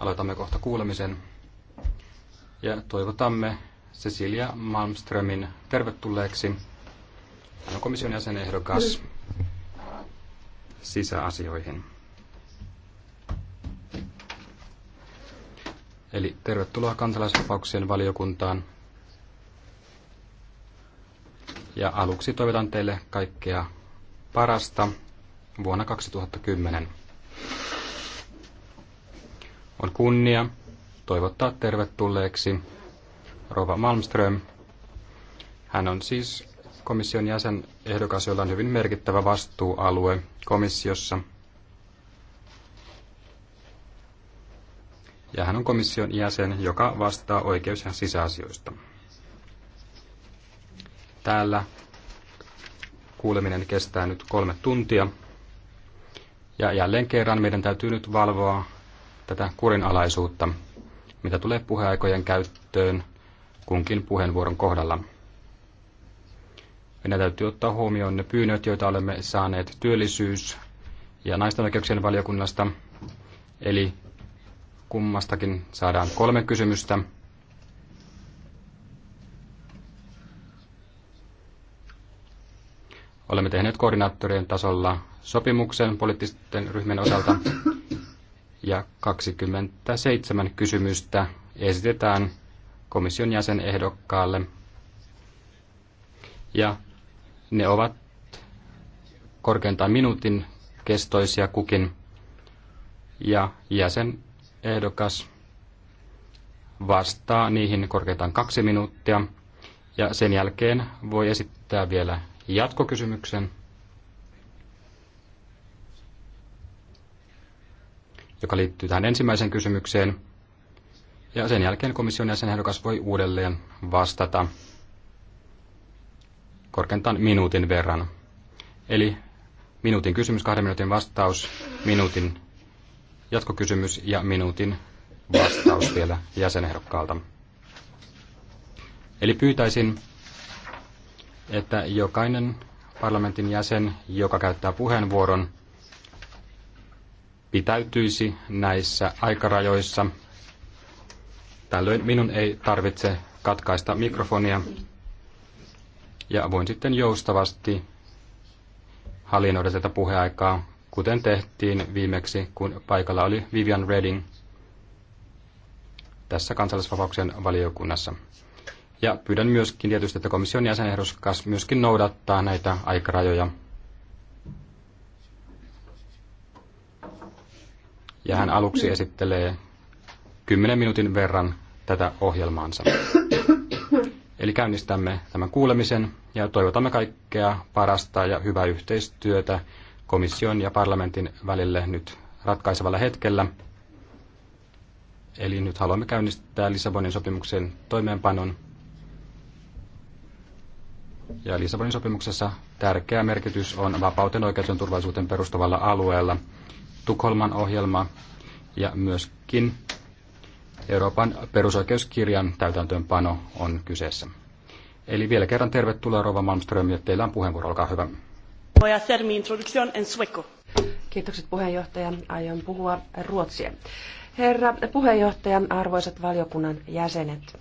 Aloitamme kohta kuulemisen ja toivotamme Cecilia Malmströmin tervetulleeksi. Hän on komission jäsenehdokas sisäasioihin. Eli tervetuloa kansalaisvapauksien valiokuntaan. Ja aluksi toivotan teille kaikkea parasta vuonna 2010. On kunnia toivottaa tervetulleeksi Rova Malmström. Hän on siis komission jäsen ehdokas, jolla on hyvin merkittävä vastuualue komissiossa. Ja hän on komission jäsen, joka vastaa oikeus- ja sisäasioista. Täällä kuuleminen kestää nyt kolme tuntia. Ja jälleen kerran meidän täytyy nyt valvoa tätä kurinalaisuutta, mitä tulee puheaikojen käyttöön kunkin puheenvuoron kohdalla. Meidän täytyy ottaa huomioon ne pyynnöt, joita olemme saaneet työllisyys- ja naisten oikeuksien valiokunnasta. Eli kummastakin saadaan kolme kysymystä. Olemme tehneet koordinaattorien tasolla sopimuksen poliittisten ryhmien osalta ja 27 kysymystä esitetään komission jäsenehdokkaalle. Ja ne ovat korkeintaan minuutin kestoisia kukin. Ja jäsenehdokas vastaa niihin korkeintaan kaksi minuuttia. Ja sen jälkeen voi esittää vielä jatkokysymyksen. joka liittyy tähän ensimmäiseen kysymykseen. Ja sen jälkeen komission jäsenehdokas voi uudelleen vastata korkeintaan minuutin verran. Eli minuutin kysymys, kahden minuutin vastaus, minuutin jatkokysymys ja minuutin vastaus vielä jäsenehdokkaalta. Eli pyytäisin, että jokainen parlamentin jäsen, joka käyttää puheenvuoron, pitäytyisi näissä aikarajoissa. Tällöin minun ei tarvitse katkaista mikrofonia ja voin sitten joustavasti hallinnoida tätä puheaikaa, kuten tehtiin viimeksi, kun paikalla oli Vivian Redding tässä kansallisvapauksien valiokunnassa. Ja pyydän myöskin tietysti, että komission jäsenehdokas myöskin noudattaa näitä aikarajoja ja hän aluksi esittelee 10 minuutin verran tätä ohjelmaansa. Eli käynnistämme tämän kuulemisen ja toivotamme kaikkea parasta ja hyvää yhteistyötä komission ja parlamentin välille nyt ratkaisevalla hetkellä. Eli nyt haluamme käynnistää Lissabonin sopimuksen toimeenpanon. Ja Lissabonin sopimuksessa tärkeä merkitys on vapauten, oikeuden turvallisuuteen perustuvalla alueella. Tukholman ohjelma ja myöskin Euroopan perusoikeuskirjan täytäntöönpano on kyseessä. Eli vielä kerran tervetuloa Rova Malmström, ja teillä on puheenvuoro, olkaa hyvä. Kiitokset puheenjohtaja. Aion puhua ruotsia. Herra puheenjohtaja, arvoisat valiokunnan jäsenet.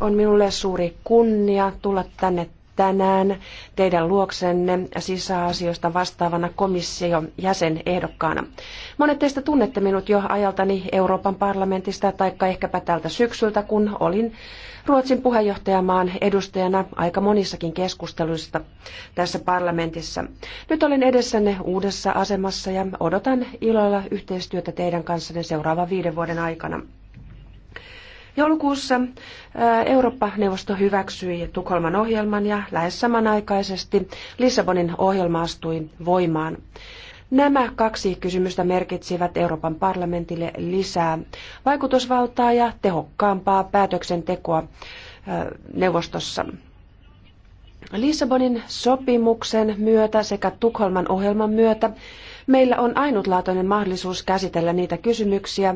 On minulle suuri kunnia tulla tänne tänään teidän luoksenne sisäasioista vastaavana komission jäsenehdokkaana. Monet teistä tunnette minut jo ajaltani Euroopan parlamentista tai ehkäpä tältä syksyltä, kun olin Ruotsin puheenjohtajamaan edustajana aika monissakin keskusteluissa tässä parlamentissa. Nyt olen edessänne uudessa asemassa ja odotan ilolla yhteistyötä teidän kanssanne seuraavan viiden vuoden aikana. Joulukuussa Eurooppa-neuvosto hyväksyi Tukholman ohjelman ja lähes samanaikaisesti Lissabonin ohjelma astui voimaan. Nämä kaksi kysymystä merkitsivät Euroopan parlamentille lisää vaikutusvaltaa ja tehokkaampaa päätöksentekoa neuvostossa. Lissabonin sopimuksen myötä sekä Tukholman ohjelman myötä meillä on ainutlaatuinen mahdollisuus käsitellä niitä kysymyksiä,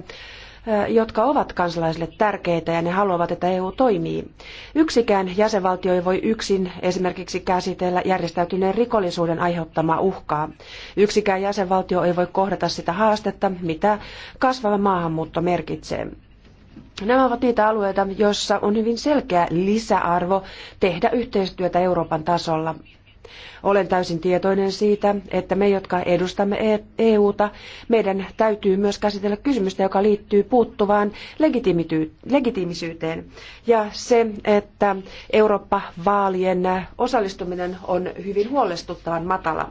jotka ovat kansalaisille tärkeitä ja ne haluavat, että EU toimii. Yksikään jäsenvaltio ei voi yksin esimerkiksi käsitellä järjestäytyneen rikollisuuden aiheuttamaa uhkaa. Yksikään jäsenvaltio ei voi kohdata sitä haastetta, mitä kasvava maahanmuutto merkitsee. Nämä ovat niitä alueita, joissa on hyvin selkeä lisäarvo tehdä yhteistyötä Euroopan tasolla. Olen täysin tietoinen siitä, että me, jotka edustamme e- EUta, meidän täytyy myös käsitellä kysymystä, joka liittyy puuttuvaan legitiimisyyteen. Ja se, että Eurooppa-vaalien osallistuminen on hyvin huolestuttavan matala.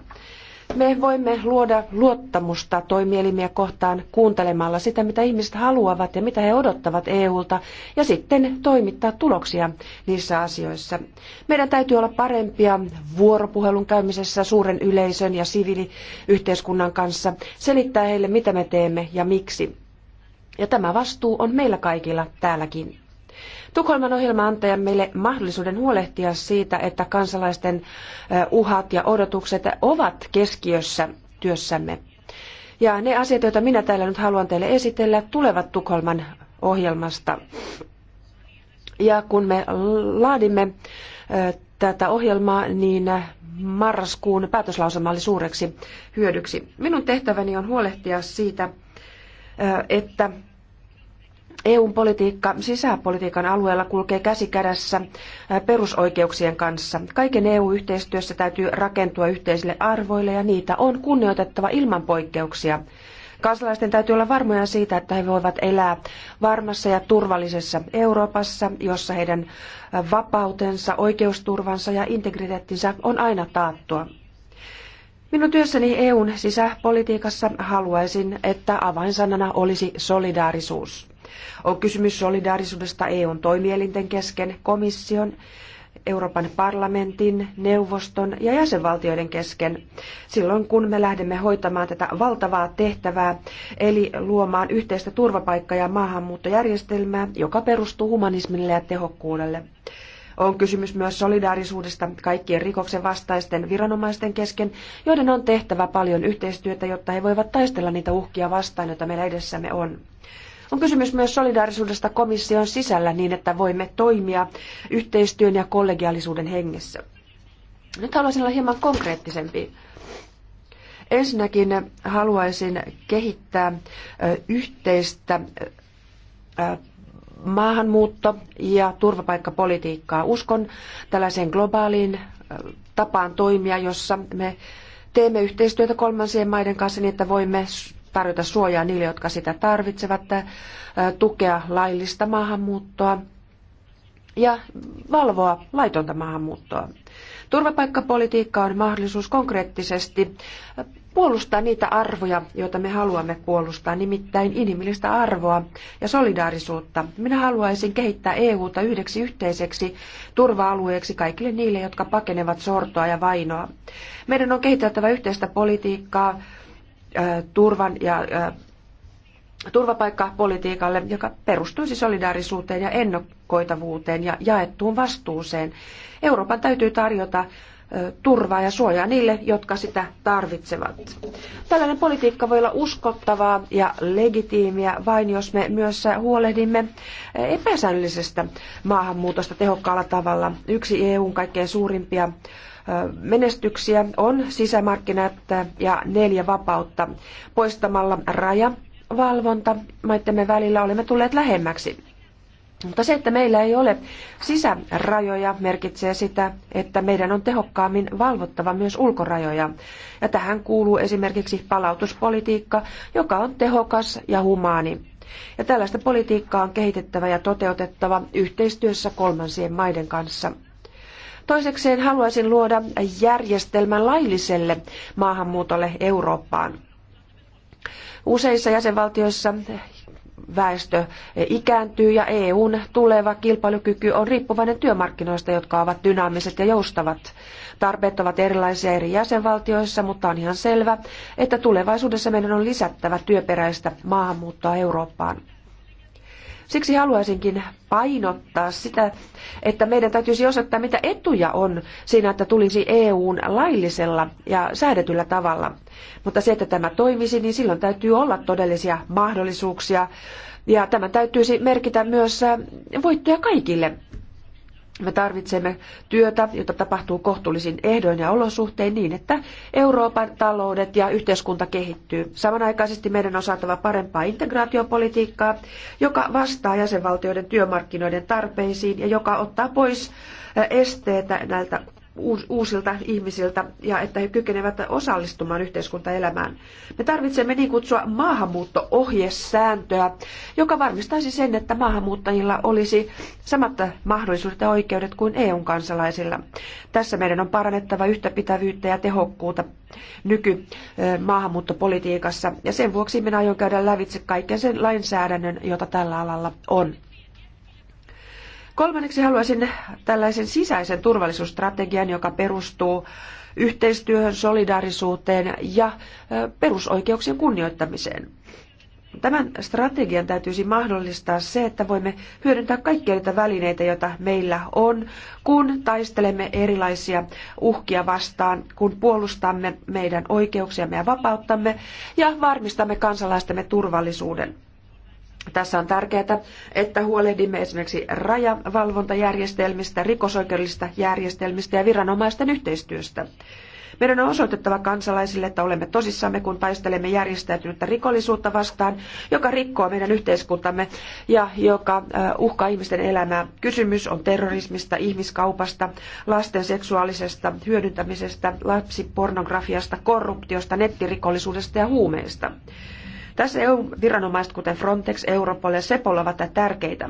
Me voimme luoda luottamusta toimielimiä kohtaan kuuntelemalla sitä, mitä ihmiset haluavat ja mitä he odottavat EUlta, ja sitten toimittaa tuloksia niissä asioissa. Meidän täytyy olla parempia vuoropuhelun käymisessä suuren yleisön ja siviiliyhteiskunnan kanssa, selittää heille, mitä me teemme ja miksi. Ja tämä vastuu on meillä kaikilla täälläkin. Tukholman ohjelma antaa meille mahdollisuuden huolehtia siitä, että kansalaisten uhat ja odotukset ovat keskiössä työssämme. Ja ne asiat, joita minä täällä nyt haluan teille esitellä, tulevat Tukholman ohjelmasta. Ja kun me laadimme tätä ohjelmaa, niin marraskuun päätöslausema oli suureksi hyödyksi. Minun tehtäväni on huolehtia siitä, että EUn politiikka sisäpolitiikan alueella kulkee käsi kädessä perusoikeuksien kanssa. Kaiken EU-yhteistyössä täytyy rakentua yhteisille arvoille ja niitä on kunnioitettava ilman poikkeuksia. Kansalaisten täytyy olla varmoja siitä, että he voivat elää varmassa ja turvallisessa Euroopassa, jossa heidän vapautensa, oikeusturvansa ja integriteettinsä on aina taattua. Minun työssäni EUn sisäpolitiikassa haluaisin, että avainsanana olisi solidaarisuus. On kysymys solidaarisuudesta EUn toimielinten kesken, komission, Euroopan parlamentin, neuvoston ja jäsenvaltioiden kesken silloin, kun me lähdemme hoitamaan tätä valtavaa tehtävää, eli luomaan yhteistä turvapaikka- ja maahanmuuttojärjestelmää, joka perustuu humanismille ja tehokkuudelle. On kysymys myös solidaarisuudesta kaikkien rikoksen vastaisten viranomaisten kesken, joiden on tehtävä paljon yhteistyötä, jotta he voivat taistella niitä uhkia vastaan, joita meillä edessämme on. On kysymys myös solidaarisuudesta komission sisällä niin, että voimme toimia yhteistyön ja kollegiaalisuuden hengessä. Nyt haluaisin olla hieman konkreettisempi. Ensinnäkin haluaisin kehittää yhteistä maahanmuutto- ja turvapaikkapolitiikkaa. Uskon tällaiseen globaaliin tapaan toimia, jossa me teemme yhteistyötä kolmansien maiden kanssa niin, että voimme tarjota suojaa niille, jotka sitä tarvitsevat, äh, tukea laillista maahanmuuttoa ja valvoa laitonta maahanmuuttoa. Turvapaikkapolitiikka on mahdollisuus konkreettisesti äh, puolustaa niitä arvoja, joita me haluamme puolustaa, nimittäin inhimillistä arvoa ja solidaarisuutta. Minä haluaisin kehittää EUta yhdeksi yhteiseksi turva-alueeksi kaikille niille, jotka pakenevat sortoa ja vainoa. Meidän on kehiteltävä yhteistä politiikkaa turvan ja turvapaikkapolitiikalle, joka perustuisi solidaarisuuteen ja ennakoitavuuteen ja jaettuun vastuuseen. Euroopan täytyy tarjota turvaa ja suojaa niille, jotka sitä tarvitsevat. Tällainen politiikka voi olla uskottavaa ja legitiimiä vain, jos me myös huolehdimme epäsäännöllisestä maahanmuutosta tehokkaalla tavalla. Yksi EUn kaikkein suurimpia menestyksiä on sisämarkkinat ja neljä vapautta. Poistamalla raja, valvonta maittemme välillä olemme tulleet lähemmäksi. Mutta se, että meillä ei ole sisärajoja, merkitsee sitä, että meidän on tehokkaammin valvottava myös ulkorajoja. Ja tähän kuuluu esimerkiksi palautuspolitiikka, joka on tehokas ja humaani. Ja tällaista politiikkaa on kehitettävä ja toteutettava yhteistyössä kolmansien maiden kanssa. Toisekseen haluaisin luoda järjestelmän lailliselle maahanmuutolle Eurooppaan. Useissa jäsenvaltioissa väestö ikääntyy ja EUn tuleva kilpailukyky on riippuvainen työmarkkinoista, jotka ovat dynaamiset ja joustavat. Tarpeet ovat erilaisia eri jäsenvaltioissa, mutta on ihan selvä, että tulevaisuudessa meidän on lisättävä työperäistä maahanmuuttoa Eurooppaan. Siksi haluaisinkin painottaa sitä, että meidän täytyisi osoittaa, mitä etuja on siinä, että tulisi EUn laillisella ja säädetyllä tavalla. Mutta se, että tämä toimisi, niin silloin täytyy olla todellisia mahdollisuuksia. Ja tämä täytyisi merkitä myös äh, voittoja kaikille me tarvitsemme työtä, jota tapahtuu kohtuullisin ehdoin ja olosuhtein niin, että Euroopan taloudet ja yhteiskunta kehittyy. Samanaikaisesti meidän on saatava parempaa integraatiopolitiikkaa, joka vastaa jäsenvaltioiden työmarkkinoiden tarpeisiin ja joka ottaa pois esteitä näiltä uusilta ihmisiltä ja että he kykenevät osallistumaan yhteiskuntaelämään. Me tarvitsemme niin kutsua maahanmuutto-ohjesääntöä, joka varmistaisi sen, että maahanmuuttajilla olisi samat mahdollisuudet ja oikeudet kuin EU-kansalaisilla. Tässä meidän on parannettava yhtäpitävyyttä ja tehokkuutta nyky maahanmuuttopolitiikassa. ja sen vuoksi minä aion käydä lävitse kaiken sen lainsäädännön, jota tällä alalla on. Kolmanneksi haluaisin tällaisen sisäisen turvallisuusstrategian, joka perustuu yhteistyöhön, solidaarisuuteen ja perusoikeuksien kunnioittamiseen. Tämän strategian täytyisi mahdollistaa se, että voimme hyödyntää kaikkia niitä välineitä, joita meillä on, kun taistelemme erilaisia uhkia vastaan, kun puolustamme meidän oikeuksiamme ja vapauttamme ja varmistamme kansalaistemme turvallisuuden. Tässä on tärkeää, että huolehdimme esimerkiksi rajavalvontajärjestelmistä, rikosoikeudellisista järjestelmistä ja viranomaisten yhteistyöstä. Meidän on osoitettava kansalaisille, että olemme tosissamme, kun taistelemme järjestäytynyttä rikollisuutta vastaan, joka rikkoo meidän yhteiskuntamme ja joka uhkaa ihmisten elämää. Kysymys on terrorismista, ihmiskaupasta, lasten seksuaalisesta hyödyntämisestä, lapsipornografiasta, korruptiosta, nettirikollisuudesta ja huumeista. Tässä EU-viranomaiset, kuten Frontex, Europol ja Sepol, ovat tärkeitä.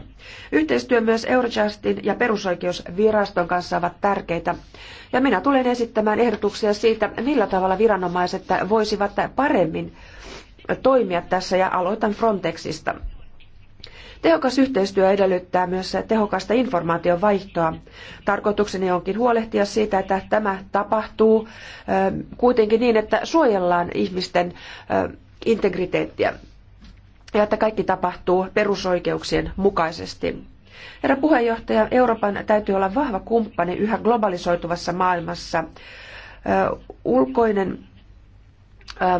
Yhteistyö myös Eurojustin ja perusoikeusviraston kanssa ovat tärkeitä. Ja minä tulen esittämään ehdotuksia siitä, millä tavalla viranomaiset voisivat paremmin toimia tässä ja aloitan Frontexista. Tehokas yhteistyö edellyttää myös tehokasta informaation vaihtoa. Tarkoitukseni onkin huolehtia siitä, että tämä tapahtuu kuitenkin niin, että suojellaan ihmisten integriteettiä ja että kaikki tapahtuu perusoikeuksien mukaisesti. Herra puheenjohtaja, Euroopan täytyy olla vahva kumppani yhä globalisoituvassa maailmassa. ulkoinen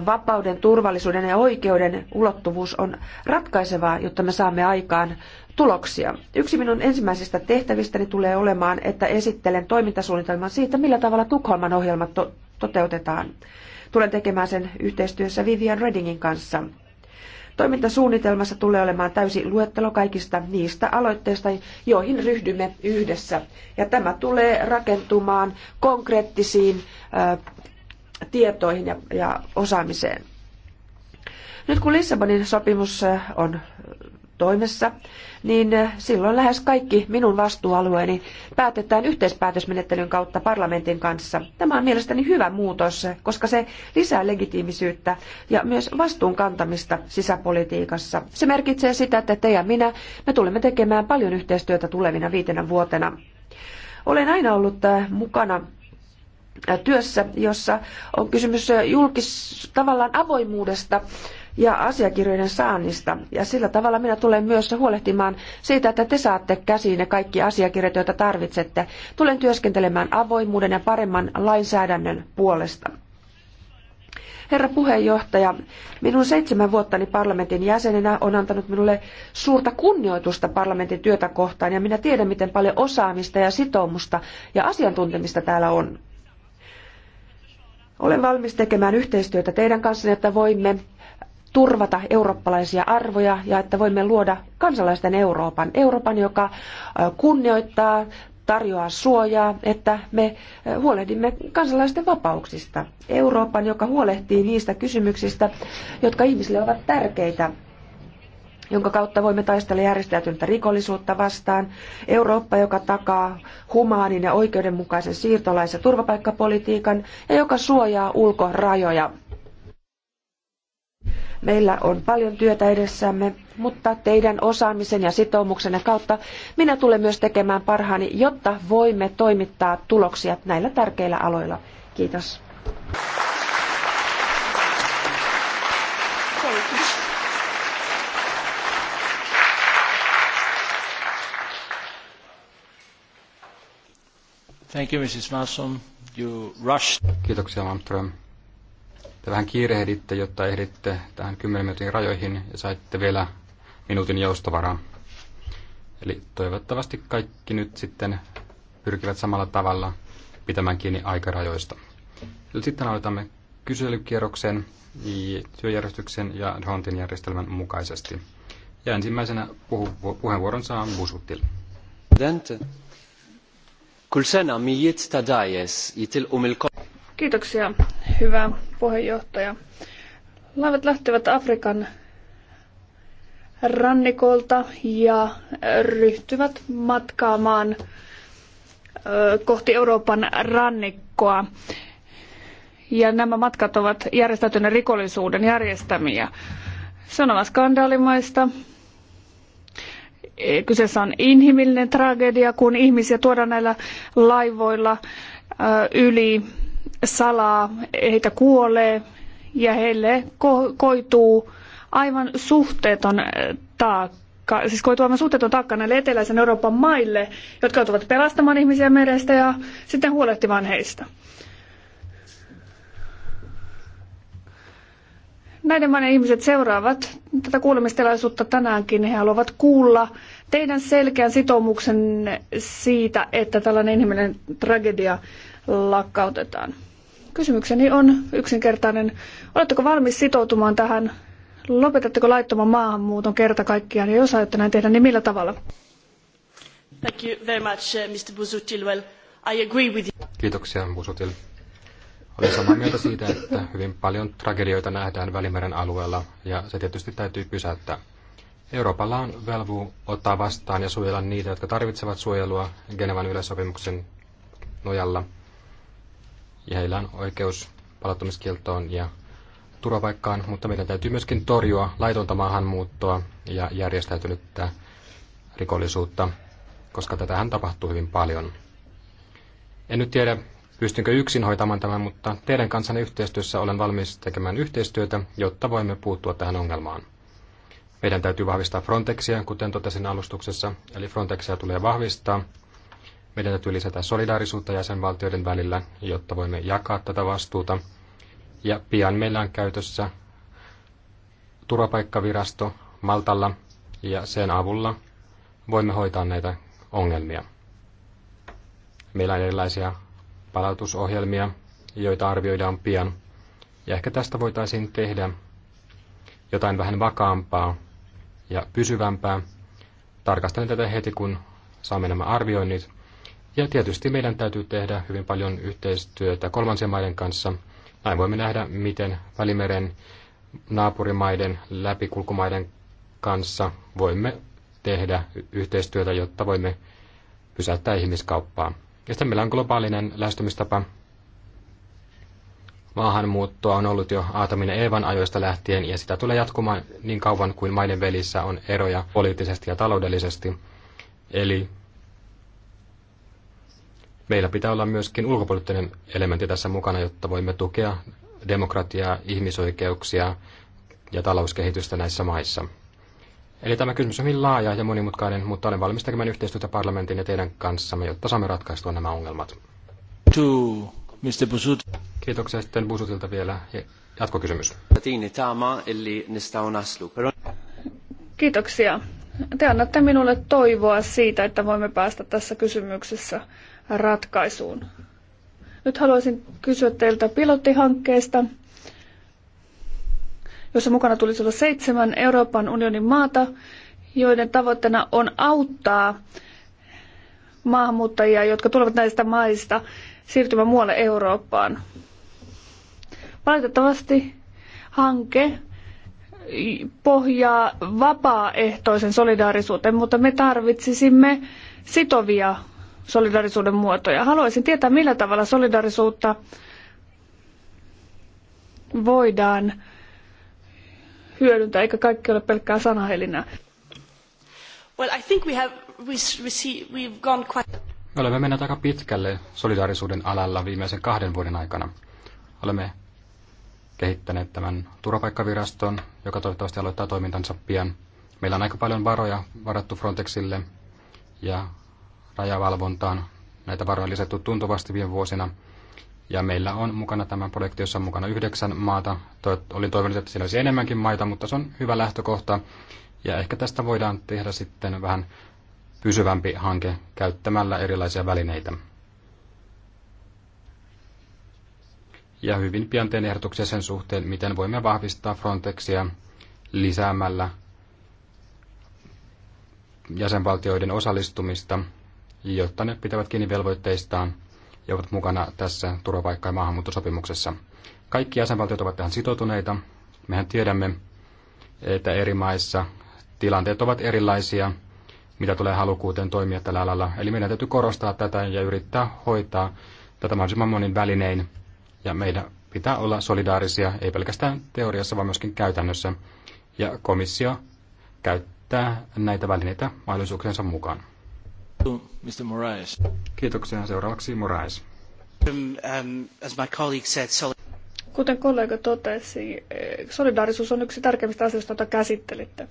vapauden, turvallisuuden ja oikeuden ulottuvuus on ratkaisevaa, jotta me saamme aikaan tuloksia. Yksi minun ensimmäisistä tehtävistäni tulee olemaan, että esittelen toimintasuunnitelman siitä, millä tavalla Tukholman ohjelma to- toteutetaan. Tulen tekemään sen yhteistyössä Vivian Reddingin kanssa. Toimintasuunnitelmassa tulee olemaan täysi luettelo kaikista niistä aloitteista, joihin ryhdymme yhdessä. Ja tämä tulee rakentumaan konkreettisiin ä, tietoihin ja, ja osaamiseen. Nyt kun Lissabonin sopimus on toimessa, niin eh, silloin lähes kaikki minun vastuualueeni päätetään yhteispäätösmenettelyn kautta parlamentin kanssa. Tämä on mielestäni hyvä muutos, koska se lisää legitiimisyyttä ja myös vastuun kantamista sisäpolitiikassa. Se merkitsee sitä, että te ja minä, me tulemme tekemään paljon yhteistyötä tulevina viitenä vuotena. Olen aina ollut eh, mukana eh, työssä, jossa on kysymys julkis, tavallaan avoimuudesta ja asiakirjojen saannista. Ja sillä tavalla minä tulen myös huolehtimaan siitä, että te saatte käsiin ne kaikki asiakirjat, joita tarvitsette. Tulen työskentelemään avoimuuden ja paremman lainsäädännön puolesta. Herra puheenjohtaja, minun seitsemän vuottani parlamentin jäsenenä on antanut minulle suurta kunnioitusta parlamentin työtä kohtaan ja minä tiedän, miten paljon osaamista ja sitoumusta ja asiantuntemista täällä on. Olen valmis tekemään yhteistyötä teidän kanssanne, että voimme turvata eurooppalaisia arvoja ja että voimme luoda kansalaisten Euroopan. Euroopan, joka kunnioittaa, tarjoaa suojaa, että me huolehdimme kansalaisten vapauksista. Euroopan, joka huolehtii niistä kysymyksistä, jotka ihmisille ovat tärkeitä jonka kautta voimme taistella järjestäytynyttä rikollisuutta vastaan, Eurooppa, joka takaa humaanin ja oikeudenmukaisen siirtolais- ja turvapaikkapolitiikan ja joka suojaa ulkorajoja Meillä on paljon työtä edessämme, mutta teidän osaamisen ja sitoumuksenne kautta minä tulen myös tekemään parhaani, jotta voimme toimittaa tuloksia näillä tärkeillä aloilla. Kiitos. Thank you, Mrs. Masson. You rushed. Kiitoksia, Malmström. Te vähän kiirehditte, jotta ehditte tähän 10 minuutin rajoihin ja saitte vielä minuutin joustovaraa. Eli toivottavasti kaikki nyt sitten pyrkivät samalla tavalla pitämään kiinni aikarajoista. Eli sitten aloitamme kyselykierroksen työjärjestyksen ja Dhontin järjestelmän mukaisesti. Ja ensimmäisenä puhu, puheenvuoron saa Busuttil. Kiitoksia, hyvä puheenjohtaja. Laivat lähtevät Afrikan rannikolta ja ryhtyvät matkaamaan kohti Euroopan rannikkoa. Ja nämä matkat ovat järjestäytyneen rikollisuuden järjestämiä. Se on skandaalimaista. E, kyseessä on inhimillinen tragedia, kun ihmisiä tuodaan näillä laivoilla yli salaa, heitä kuolee ja heille ko- koituu aivan suhteeton eh, taakka, siis koituu aivan suhteeton taakka näille eteläisen Euroopan maille, jotka joutuvat pelastamaan ihmisiä merestä ja sitten huolehtimaan heistä. Näiden maiden ihmiset seuraavat tätä kuulemistilaisuutta tänäänkin. He haluavat kuulla teidän selkeän sitoumuksen siitä, että tällainen inhimillinen tragedia lakkautetaan. Kysymykseni on yksinkertainen. Oletteko valmis sitoutumaan tähän? Lopetatteko laittoman maahanmuuton kerta kaikkiaan? Ja jos aiotte näin tehdä, niin millä tavalla? Thank you very much, uh, Mr. Busutil. Well, I agree with you. Kiitoksia, Busutil. Olen samaa mieltä siitä, että hyvin paljon tragedioita nähdään Välimeren alueella ja se tietysti täytyy pysäyttää. Euroopalla on velvollisuus ottaa vastaan ja suojella niitä, jotka tarvitsevat suojelua Genevan yleissopimuksen nojalla – ja heillä on oikeus palauttamiskieltoon ja turvapaikkaan, mutta meidän täytyy myöskin torjua laitonta maahanmuuttoa ja järjestäytynyttä rikollisuutta, koska tätähän tapahtuu hyvin paljon. En nyt tiedä, pystynkö yksin hoitamaan tämän, mutta teidän kanssanne yhteistyössä olen valmis tekemään yhteistyötä, jotta voimme puuttua tähän ongelmaan. Meidän täytyy vahvistaa Frontexia, kuten totesin alustuksessa, eli Frontexia tulee vahvistaa meidän täytyy lisätä solidaarisuutta jäsenvaltioiden välillä, jotta voimme jakaa tätä vastuuta. Ja pian meillä on käytössä turvapaikkavirasto Maltalla, ja sen avulla voimme hoitaa näitä ongelmia. Meillä on erilaisia palautusohjelmia, joita arvioidaan pian. Ja ehkä tästä voitaisiin tehdä jotain vähän vakaampaa ja pysyvämpää. Tarkastelen tätä heti, kun saamme nämä arvioinnit. Ja tietysti meidän täytyy tehdä hyvin paljon yhteistyötä kolmansien maiden kanssa. Näin voimme nähdä, miten Välimeren naapurimaiden, läpikulkumaiden kanssa voimme tehdä yhteistyötä, jotta voimme pysäyttää ihmiskauppaa. Ja sitten meillä on globaalinen lähestymistapa. Maahanmuuttoa on ollut jo Aatamin ja Eevan ajoista lähtien, ja sitä tulee jatkumaan niin kauan kuin maiden välissä on eroja poliittisesti ja taloudellisesti. Eli meillä pitää olla myöskin ulkopoliittinen elementti tässä mukana, jotta voimme tukea demokratiaa, ihmisoikeuksia ja talouskehitystä näissä maissa. Eli tämä kysymys on hyvin laaja ja monimutkainen, mutta olen valmis tekemään yhteistyötä parlamentin ja teidän kanssamme, jotta saamme ratkaistua nämä ongelmat. To Mr. Busut. Kiitoksia sitten Busutilta vielä. Jatkokysymys. Kiitoksia. Te annatte minulle toivoa siitä, että voimme päästä tässä kysymyksessä ratkaisuun. Nyt haluaisin kysyä teiltä pilottihankkeesta, jossa mukana tulisi olla seitsemän Euroopan unionin maata, joiden tavoitteena on auttaa maahanmuuttajia, jotka tulevat näistä maista siirtymään muualle Eurooppaan. Valitettavasti hanke pohjaa vapaaehtoisen solidaarisuuteen, mutta me tarvitsisimme sitovia solidarisuuden muotoja. Haluaisin tietää, millä tavalla solidarisuutta voidaan hyödyntää, eikä kaikki ole pelkkää sanahelinää. Well, I think we have received, we've gone quite... Me olemme menneet aika pitkälle solidaarisuuden alalla viimeisen kahden vuoden aikana. Olemme kehittäneet tämän turvapaikkaviraston, joka toivottavasti aloittaa toimintansa pian. Meillä on aika paljon varoja varattu Frontexille ja rajavalvontaan. Näitä varoja on lisätty tuntuvasti viime vuosina. Ja meillä on mukana tämän projekti, jossa on mukana yhdeksän maata. Olin toivonut, että siellä olisi enemmänkin maita, mutta se on hyvä lähtökohta. Ja ehkä tästä voidaan tehdä sitten vähän pysyvämpi hanke käyttämällä erilaisia välineitä. Ja hyvin pian teen ehdotuksia sen suhteen, miten voimme vahvistaa Frontexia lisäämällä jäsenvaltioiden osallistumista jotta ne pitävät kiinni velvoitteistaan ja ovat mukana tässä turvapaikka- ja maahanmuuttosopimuksessa. Kaikki jäsenvaltiot ovat tähän sitoutuneita. Mehän tiedämme, että eri maissa tilanteet ovat erilaisia, mitä tulee halukkuuteen toimia tällä alalla. Eli meidän täytyy korostaa tätä ja yrittää hoitaa tätä mahdollisimman monin välinein. Ja meidän pitää olla solidaarisia, ei pelkästään teoriassa, vaan myöskin käytännössä. Ja komissio käyttää näitä välineitä mahdollisuuksiensa mukaan. Mr. Moraes. Kiitoksia. Seuraavaksi Moraes. Um, um, Kuten kollega totesi, eh, solidaarisuus on yksi tärkeimmistä asioista, joita käsittelitte.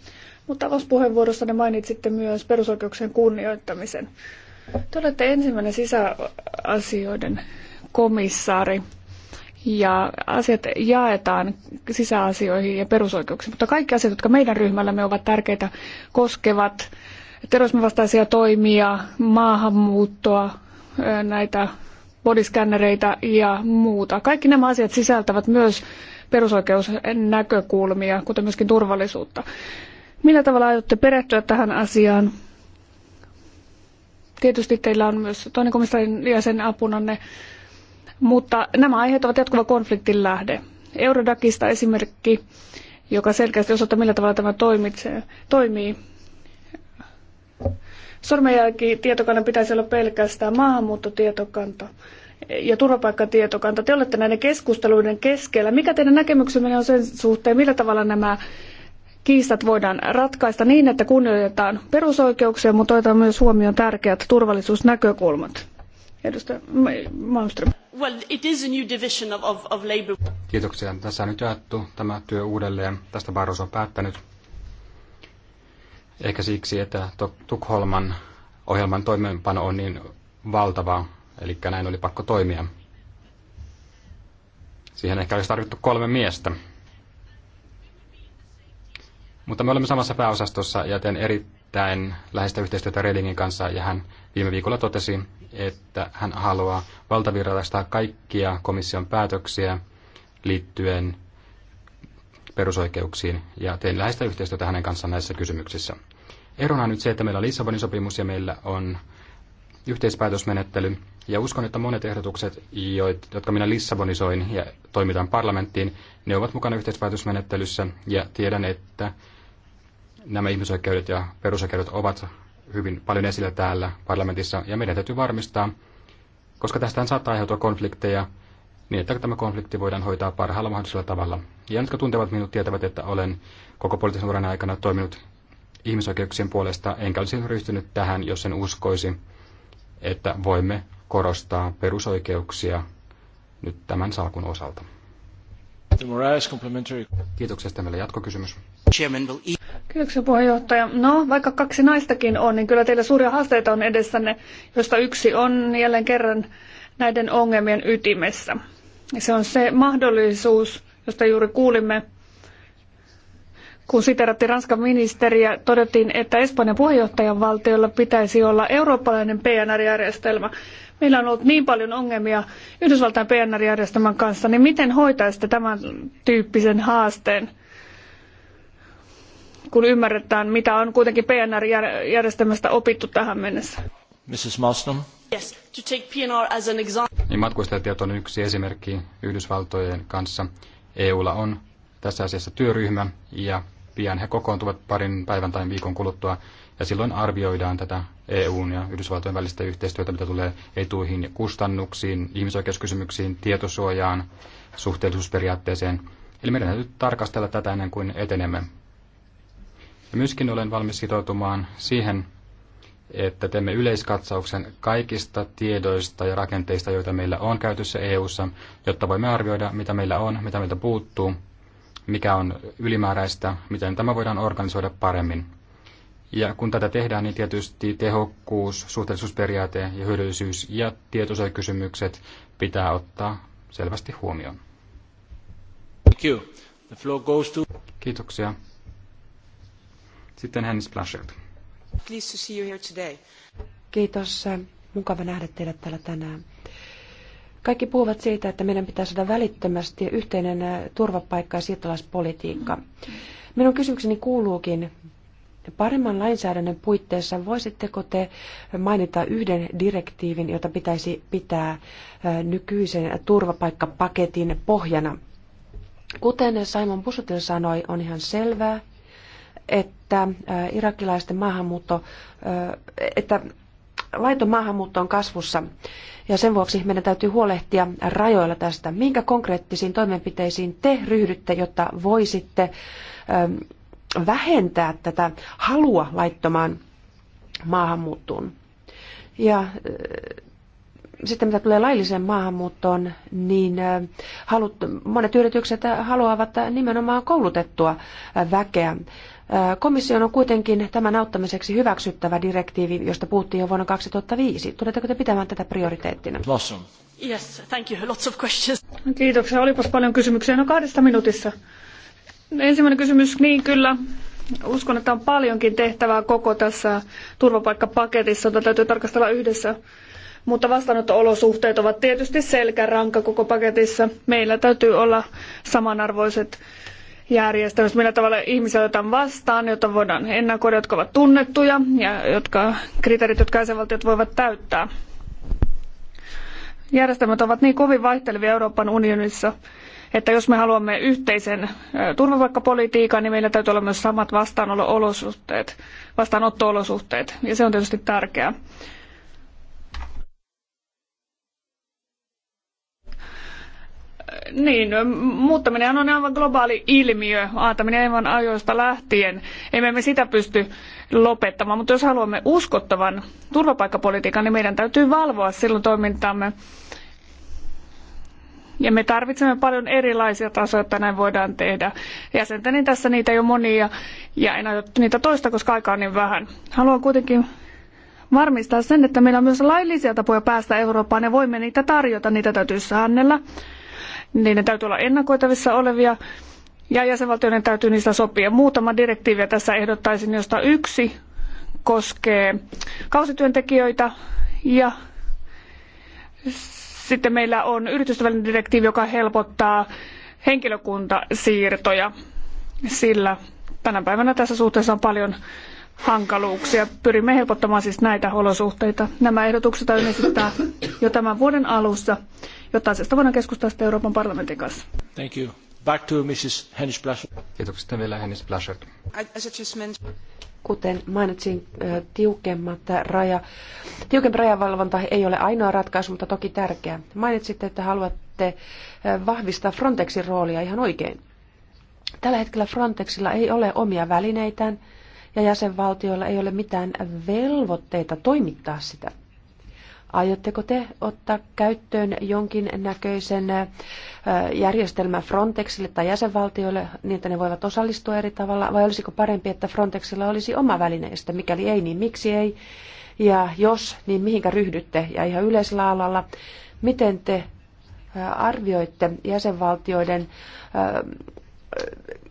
Mutta avauspuheenvuorossanne mainitsitte myös perusoikeuksien kunnioittamisen. Te olette ensimmäinen sisäasioiden komissaari ja asiat jaetaan sisäasioihin ja perusoikeuksiin, mutta kaikki asiat, jotka meidän ryhmällämme ovat tärkeitä, koskevat terrorismivastaisia toimia, maahanmuuttoa, näitä bodyscannereita ja muuta. Kaikki nämä asiat sisältävät myös perusoikeusnäkökulmia, kuten myöskin turvallisuutta. Millä tavalla aiotte perehtyä tähän asiaan? Tietysti teillä on myös toinen komissarin jäsen apunanne, mutta nämä aiheet ovat jatkuva konfliktin lähde. Eurodakista esimerkki, joka selkeästi osoittaa, millä tavalla tämä toimitsee, toimii. Sormenjälkitietokannan pitäisi olla pelkästään maahanmuuttotietokanta ja turvapaikkatietokanta. Te olette näiden keskusteluiden keskellä. Mikä teidän näkemyksenne on sen suhteen, millä tavalla nämä kiistat voidaan ratkaista niin, että kunnioitetaan perusoikeuksia, mutta otetaan myös huomioon tärkeät turvallisuusnäkökulmat? Edustaja Malmström. Well, it is a new division of, of, of labor. Kiitoksia. Tässä on nyt jaettu tämä työ uudelleen. Tästä Barroso on päättänyt. Ehkä siksi, että Tukholman ohjelman toimeenpano on niin valtava, eli näin oli pakko toimia. Siihen ehkä olisi tarvittu kolme miestä. Mutta me olemme samassa pääosastossa ja teen erittäin läheistä yhteistyötä Redingin kanssa ja hän viime viikolla totesi, että hän haluaa valtavirrallistaa kaikkia komission päätöksiä liittyen perusoikeuksiin ja tein läheistä yhteistyötä hänen kanssaan näissä kysymyksissä. Erona on nyt se, että meillä on Lissabonin sopimus ja meillä on yhteispäätösmenettely. Ja uskon, että monet ehdotukset, jotka minä Lissabonisoin ja toimitan parlamenttiin, ne ovat mukana yhteispäätösmenettelyssä ja tiedän, että nämä ihmisoikeudet ja perusoikeudet ovat hyvin paljon esillä täällä parlamentissa ja meidän täytyy varmistaa, koska tästä saattaa aiheutua konflikteja niin että tämä konflikti voidaan hoitaa parhaalla mahdollisella tavalla. Ja jotka tuntevat minut tietävät, että olen koko poliittisen uran aikana toiminut ihmisoikeuksien puolesta, enkä olisi ryhtynyt tähän, jos en uskoisi, että voimme korostaa perusoikeuksia nyt tämän salkun osalta. Kiitoksia. Sitten meillä jatkokysymys. Kiitoksia puheenjohtaja. No, vaikka kaksi naistakin on, niin kyllä teillä suuria haasteita on edessänne, josta yksi on jälleen kerran näiden ongelmien ytimessä. Se on se mahdollisuus, josta juuri kuulimme, kun siteratti Ranskan ministeriä, todettiin, että Espanjan puheenjohtajan valtiolla pitäisi olla eurooppalainen PNR-järjestelmä. Meillä on ollut niin paljon ongelmia Yhdysvaltain PNR-järjestelmän kanssa, niin miten hoitaisitte tämän tyyppisen haasteen? kun ymmärretään, mitä on kuitenkin PNR-järjestelmästä opittu tähän mennessä. Mrs. Malmström. Niin matkustajatieto on yksi esimerkki Yhdysvaltojen kanssa. EUlla on tässä asiassa työryhmä ja pian he kokoontuvat parin päivän tai viikon kuluttua ja silloin arvioidaan tätä EUn ja Yhdysvaltojen välistä yhteistyötä, mitä tulee etuihin ja kustannuksiin, ihmisoikeuskysymyksiin, tietosuojaan, suhteellisuusperiaatteeseen. Eli meidän täytyy tarkastella tätä ennen kuin etenemme. Ja myöskin olen valmis sitoutumaan siihen, että teemme yleiskatsauksen kaikista tiedoista ja rakenteista, joita meillä on käytössä EU:ssa, jotta voimme arvioida, mitä meillä on, mitä meiltä puuttuu, mikä on ylimääräistä, miten tämä voidaan organisoida paremmin. Ja kun tätä tehdään, niin tietysti tehokkuus, suhteellisuusperiaate ja hyödyllisyys ja tietosuojakysymykset pitää ottaa selvästi huomioon. Thank you. The floor goes to... Kiitoksia. Sitten Hennis Plaschert. Pleased to see you here today. Kiitos. Mukava nähdä teidät täällä tänään. Kaikki puhuvat siitä, että meidän pitää saada välittömästi yhteinen turvapaikka- ja siirtolaispolitiikka. Minun kysymykseni kuuluukin, paremman lainsäädännön puitteissa voisitteko te mainita yhden direktiivin, jota pitäisi pitää nykyisen turvapaikkapaketin pohjana? Kuten Simon Busutil sanoi, on ihan selvää, että irakilaisten maahanmuutto, että laiton maahanmuutto on kasvussa ja sen vuoksi meidän täytyy huolehtia rajoilla tästä. Minkä konkreettisiin toimenpiteisiin te ryhdytte, jotta voisitte vähentää tätä halua laittomaan maahanmuuttoon? Ja sitten mitä tulee lailliseen maahanmuuttoon, niin halut, monet yritykset haluavat nimenomaan koulutettua väkeä. Komission on kuitenkin tämän auttamiseksi hyväksyttävä direktiivi, josta puhuttiin jo vuonna 2005. Tuletteko te pitämään tätä prioriteettina? Blossom. Yes, thank you. Lots of questions. Kiitoksia. Olipas paljon kysymyksiä. No kahdesta minuutissa. Ensimmäinen kysymys, niin kyllä. Uskon, että on paljonkin tehtävää koko tässä turvapaikkapaketissa, jota täytyy tarkastella yhdessä. Mutta vastaanotto-olosuhteet ovat tietysti selkäranka koko paketissa. Meillä täytyy olla samanarvoiset järjestelmästä, millä tavalla ihmisiä otetaan vastaan, jotta voidaan ennakoida, jotka ovat tunnettuja ja jotka, kriteerit, jotka jäsenvaltiot voivat täyttää. Järjestelmät ovat niin kovin vaihtelevia Euroopan unionissa, että jos me haluamme yhteisen turvapaikkapolitiikan, niin meillä täytyy olla myös samat vastaanotto-olosuhteet, ja se on tietysti tärkeää. Niin, muuttaminen on aivan globaali ilmiö, aataminen aivan ajoista lähtien. Emme me sitä pysty lopettamaan, mutta jos haluamme uskottavan turvapaikkapolitiikan, niin meidän täytyy valvoa silloin toimintaamme. Ja me tarvitsemme paljon erilaisia tasoja, että näin voidaan tehdä. Jäsentäni niin tässä niitä jo monia ja en aio niitä toista, koska aikaa on niin vähän. Haluan kuitenkin varmistaa sen, että meillä on myös laillisia tapoja päästä Eurooppaan ja voimme niitä tarjota, niitä täytyy säännellä. Niiden täytyy olla ennakoitavissa olevia ja jäsenvaltioiden täytyy niistä sopia. Muutama direktiiviä tässä ehdottaisin, josta yksi koskee kausityöntekijöitä ja sitten meillä on yritysten välinen direktiivi, joka helpottaa henkilökuntasiirtoja, sillä tänä päivänä tässä suhteessa on paljon hankaluuksia. Pyrimme helpottamaan siis näitä olosuhteita. Nämä ehdotukset on esittää jo tämän vuoden alussa jotta asiasta voidaan keskustella sitten Euroopan parlamentin kanssa. Thank you. Back to Mrs. Hennis Blaschert. Kiitoksia vielä Hennis Blaschert. Kuten mainitsin, tiukemmat raja, tiukempi rajavalvonta ei ole ainoa ratkaisu, mutta toki tärkeä. Mainitsitte, että haluatte vahvistaa Frontexin roolia ihan oikein. Tällä hetkellä Frontexilla ei ole omia välineitään ja jäsenvaltioilla ei ole mitään velvoitteita toimittaa sitä. Aiotteko te ottaa käyttöön jonkin näköisen järjestelmän Frontexille tai jäsenvaltioille niin, että ne voivat osallistua eri tavalla, vai olisiko parempi, että Frontexilla olisi oma välineistä? Mikäli ei, niin miksi ei? Ja jos, niin mihinkä ryhdytte? Ja ihan yleisellä alalla, miten te arvioitte jäsenvaltioiden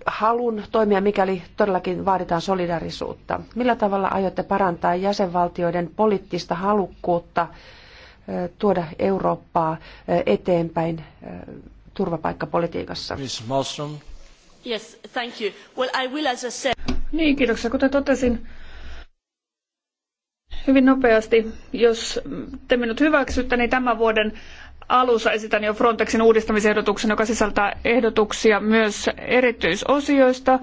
halun toimia, mikäli todellakin vaaditaan solidarisuutta. Millä tavalla aiotte parantaa jäsenvaltioiden poliittista halukkuutta tuoda Eurooppaa eteenpäin turvapaikkapolitiikassa? Yes, thank you. Well, I will, as I said... Niin, kiitoksia. Kuten totesin, hyvin nopeasti, jos te minut hyväksytte, niin tämän vuoden alussa esitän jo Frontexin uudistamisehdotuksen, joka sisältää ehdotuksia myös erityisosioista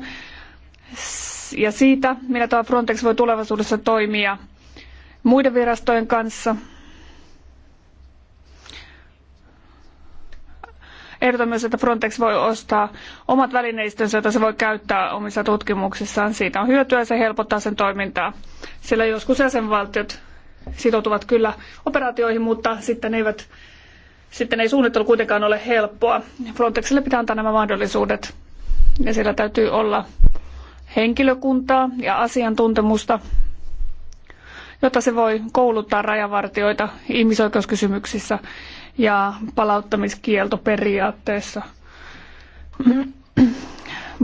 ja siitä, millä tavalla Frontex voi tulevaisuudessa toimia muiden virastojen kanssa. Ehdotan myös, että Frontex voi ostaa omat välineistönsä, joita se voi käyttää omissa tutkimuksissaan. Siitä on hyötyä ja se helpottaa sen toimintaa, sillä joskus jäsenvaltiot sitoutuvat kyllä operaatioihin, mutta sitten eivät sitten ei suunnittelu kuitenkaan ole helppoa. Frontexille pitää antaa nämä mahdollisuudet ja siellä täytyy olla henkilökuntaa ja asiantuntemusta, jotta se voi kouluttaa rajavartioita ihmisoikeuskysymyksissä ja palauttamiskieltoperiaatteessa.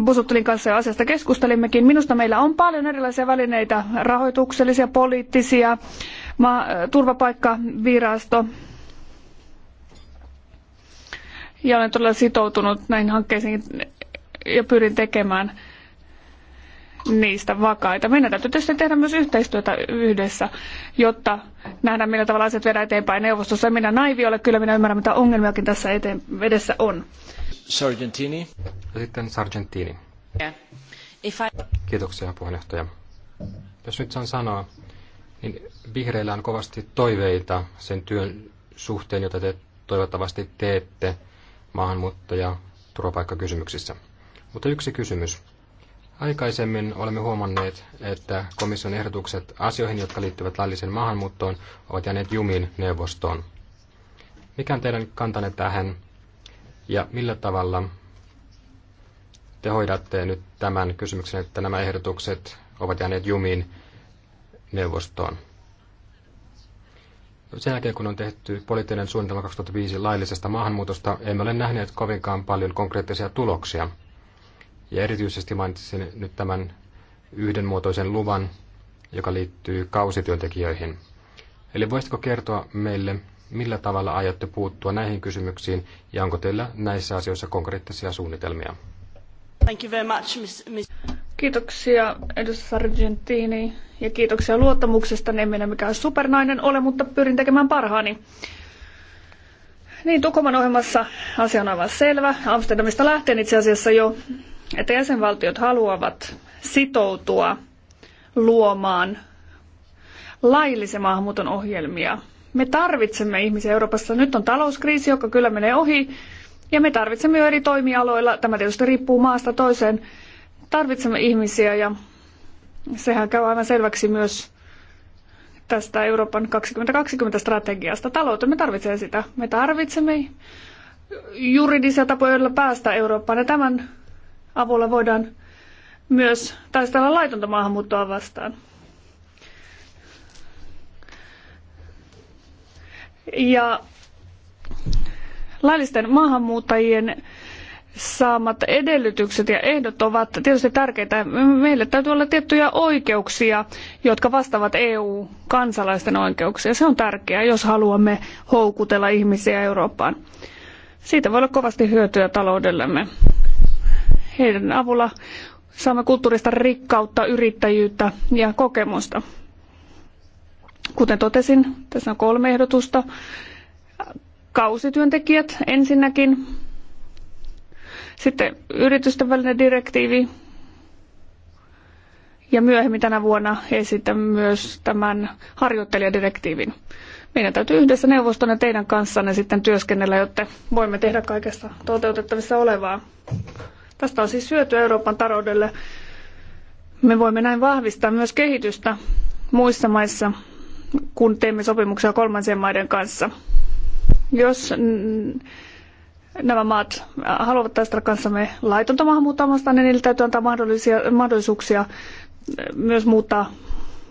Busuttelin kanssa jo asiasta keskustelimmekin. Minusta meillä on paljon erilaisia välineitä, rahoituksellisia, poliittisia, turvapaikkavirasto, ja olen todella sitoutunut näihin hankkeisiin ja pyrin tekemään niistä vakaita. Meidän täytyy tietysti tehdä myös yhteistyötä yhdessä, jotta nähdään millä tavalla asiat viedään eteenpäin neuvostossa. En minä naivi ole, kyllä minä ymmärrän mitä ongelmiakin tässä eteen, edessä on. Sargentini. sitten Sargentini. Yeah. I... Kiitoksia puheenjohtaja. Jos nyt saan sanoa, niin vihreillä on kovasti toiveita sen työn suhteen, jota te toivottavasti teette maahanmuutto- ja turvapaikkakysymyksissä. Mutta yksi kysymys. Aikaisemmin olemme huomanneet, että komission ehdotukset asioihin, jotka liittyvät lailliseen maahanmuuttoon, ovat jääneet jumiin neuvostoon. Mikä on teidän kantanne tähän ja millä tavalla te hoidatte nyt tämän kysymyksen, että nämä ehdotukset ovat jääneet jumiin neuvostoon? sen jälkeen, kun on tehty poliittinen suunnitelma 2005 laillisesta maahanmuutosta, emme ole nähneet kovinkaan paljon konkreettisia tuloksia. Ja erityisesti mainitsin nyt tämän yhdenmuotoisen luvan, joka liittyy kausityöntekijöihin. Eli voisitko kertoa meille, millä tavalla aiotte puuttua näihin kysymyksiin ja onko teillä näissä asioissa konkreettisia suunnitelmia? Thank you very much, miss, miss. Kiitoksia edustaja Sargentini ja kiitoksia luottamuksesta. En minä mikään supernainen ole, mutta pyrin tekemään parhaani. Niin, Tukoman ohjelmassa asia on aivan selvä. Amsterdamista lähtien itse asiassa jo, että jäsenvaltiot haluavat sitoutua luomaan laillisen maahanmuuton ohjelmia. Me tarvitsemme ihmisiä Euroopassa. Nyt on talouskriisi, joka kyllä menee ohi, ja me tarvitsemme jo eri toimialoilla. Tämä tietysti riippuu maasta toiseen Tarvitsemme ihmisiä ja sehän käy aivan selväksi myös tästä Euroopan 2020-strategiasta. Taloutemme tarvitsee sitä. Me tarvitsemme juridisia tapoja, joilla päästä Eurooppaan ja tämän avulla voidaan myös taistella laitonta maahanmuuttoa vastaan. Ja laillisten maahanmuuttajien saamat edellytykset ja ehdot ovat tietysti tärkeitä. Meille täytyy olla tiettyjä oikeuksia, jotka vastaavat EU-kansalaisten oikeuksia. Se on tärkeää, jos haluamme houkutella ihmisiä Eurooppaan. Siitä voi olla kovasti hyötyä taloudellemme. Heidän avulla saamme kulttuurista rikkautta, yrittäjyyttä ja kokemusta. Kuten totesin, tässä on kolme ehdotusta. Kausityöntekijät ensinnäkin sitten yritysten välinen direktiivi. Ja myöhemmin tänä vuonna esitän myös tämän harjoittelijadirektiivin. Meidän täytyy yhdessä neuvostona teidän kanssanne sitten työskennellä, jotta voimme tehdä kaikesta toteutettavissa olevaa. Tästä on siis syöty Euroopan taloudelle. Me voimme näin vahvistaa myös kehitystä muissa maissa, kun teemme sopimuksia kolmansien maiden kanssa. Jos nämä maat äh, haluavat taistella kanssamme laitonta maahanmuuttoa vastaan, niin niille täytyy antaa mahdollisia, mahdollisuuksia äh, myös muuttaa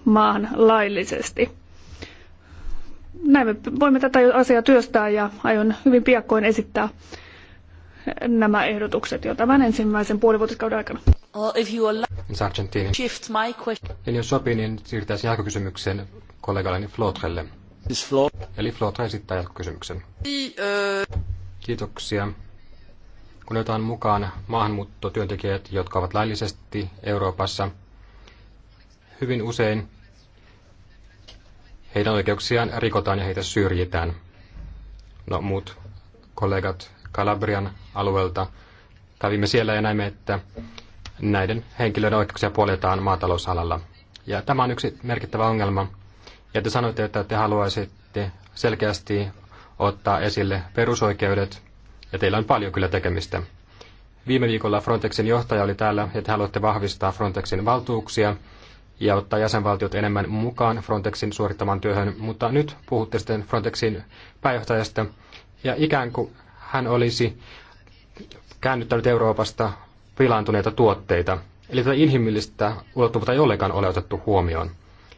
maahan laillisesti. Näin me voimme tätä asiaa työstää ja aion hyvin piakkoin esittää nämä ehdotukset jo tämän ensimmäisen puolivuotiskauden aikana. Shift my question. Eli jos sopii, niin siirtäisin jatkokysymyksen kollegalleni Flotrelle. Eli Flotre esittää jatkokysymyksen. Kiitoksia. Kun otetaan mukaan maahanmuuttotyöntekijät, jotka ovat laillisesti Euroopassa, hyvin usein heidän oikeuksiaan rikotaan ja heitä syrjitään. No muut kollegat Kalabrian alueelta kävimme siellä ja näimme, että näiden henkilöiden oikeuksia puoletaan maatalousalalla. Ja tämä on yksi merkittävä ongelma. Ja te sanoitte, että te haluaisitte selkeästi ottaa esille perusoikeudet, ja teillä on paljon kyllä tekemistä. Viime viikolla Frontexin johtaja oli täällä, että haluatte vahvistaa Frontexin valtuuksia ja ottaa jäsenvaltiot enemmän mukaan Frontexin suorittamaan työhön, mutta nyt puhutte sitten Frontexin pääjohtajasta, ja ikään kuin hän olisi käännyttänyt Euroopasta pilaantuneita tuotteita. Eli tätä inhimillistä ulottuvuutta ei ollenkaan ole otettu huomioon.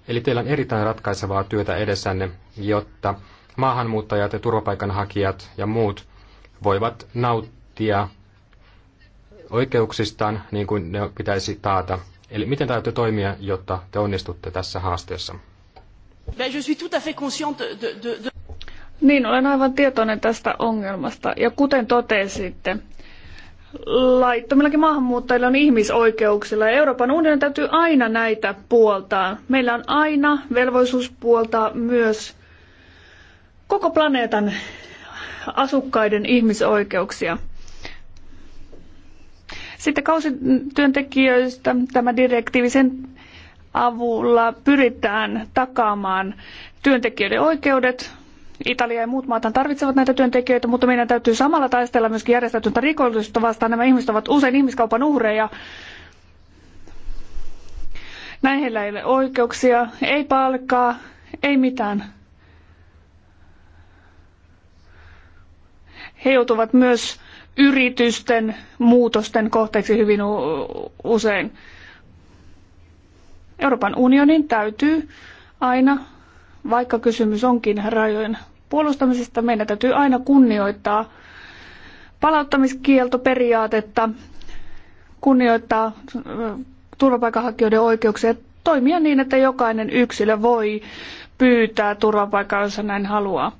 Eli teillä on erittäin ratkaisevaa työtä edessänne, jotta maahanmuuttajat ja turvapaikanhakijat ja muut voivat nauttia oikeuksistaan niin kuin ne pitäisi taata. Eli miten täytyy toimia, jotta te onnistutte tässä haasteessa? Niin, olen aivan tietoinen tästä ongelmasta. Ja kuten totesitte, laittomillakin maahanmuuttajilla on ihmisoikeuksilla ja Euroopan unionin täytyy aina näitä puoltaa. Meillä on aina velvollisuus puoltaa myös koko planeetan asukkaiden ihmisoikeuksia. Sitten kausityöntekijöistä tämä direktiivi sen avulla pyritään takaamaan työntekijöiden oikeudet. Italia ja muut maat tarvitsevat näitä työntekijöitä, mutta meidän täytyy samalla taistella myöskin järjestäytyntä rikollisuutta vastaan. Nämä ihmiset ovat usein ihmiskaupan uhreja. Näin heillä ei ole oikeuksia, ei palkkaa, ei mitään. He joutuvat myös yritysten muutosten kohteeksi hyvin usein. Euroopan unionin täytyy aina, vaikka kysymys onkin rajojen puolustamisesta, meidän täytyy aina kunnioittaa palauttamiskieltoperiaatetta, kunnioittaa turvapaikanhakijoiden oikeuksia, toimia niin, että jokainen yksilö voi pyytää turvapaikkaa, jos hän näin haluaa.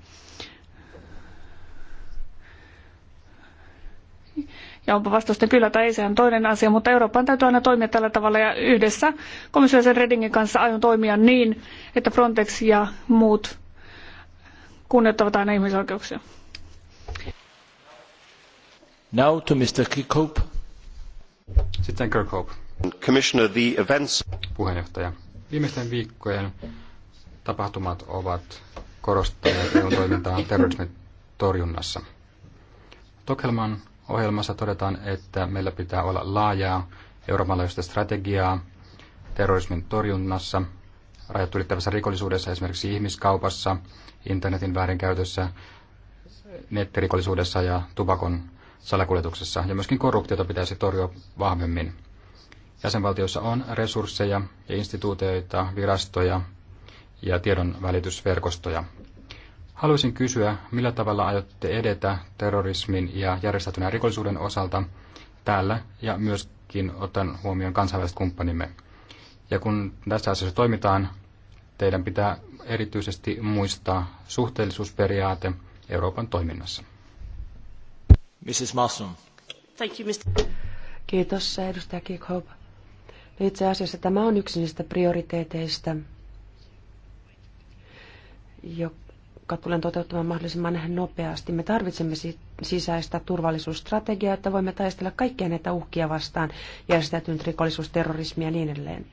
ja onpa vastausta kyllä tai ei, se on toinen asia, mutta Euroopan täytyy aina toimia tällä tavalla ja yhdessä komissiosen Redingin kanssa aion toimia niin, että Frontex ja muut kunnioittavat aina ihmisoikeuksia. Now to Mr. Kirkhope. Sitten Kirkhope. Commissioner, the events... Puheenjohtaja. Viimeisten viikkojen tapahtumat ovat korostaneet EUn toimintaa terrorismin torjunnassa. Tokhelman ohjelmassa todetaan, että meillä pitää olla laajaa Euroopan laajuista strategiaa terrorismin torjunnassa, rajat ylittävässä rikollisuudessa, esimerkiksi ihmiskaupassa, internetin väärinkäytössä, nettirikollisuudessa ja tupakon salakuljetuksessa. Ja myöskin korruptiota pitäisi torjua vahvemmin. Jäsenvaltioissa on resursseja ja instituutioita, virastoja ja tiedonvälitysverkostoja. Haluaisin kysyä, millä tavalla aiotte edetä terrorismin ja järjestäytyneen rikollisuuden osalta täällä ja myöskin otan huomioon kansainväliset kumppanimme. Ja kun tässä asiassa toimitaan, teidän pitää erityisesti muistaa suhteellisuusperiaate Euroopan toiminnassa. Mrs. Massum. Thank you, Mr. Kiitos, edustaja Kirkhope. Itse asiassa tämä on yksi niistä prioriteeteista, joka jotka tulen toteuttamaan mahdollisimman nopeasti. Me tarvitsemme sisäistä turvallisuusstrategiaa, että voimme taistella kaikkia näitä uhkia vastaan, järjestäytynyt rikollisuus, terrorismi ja niin edelleen.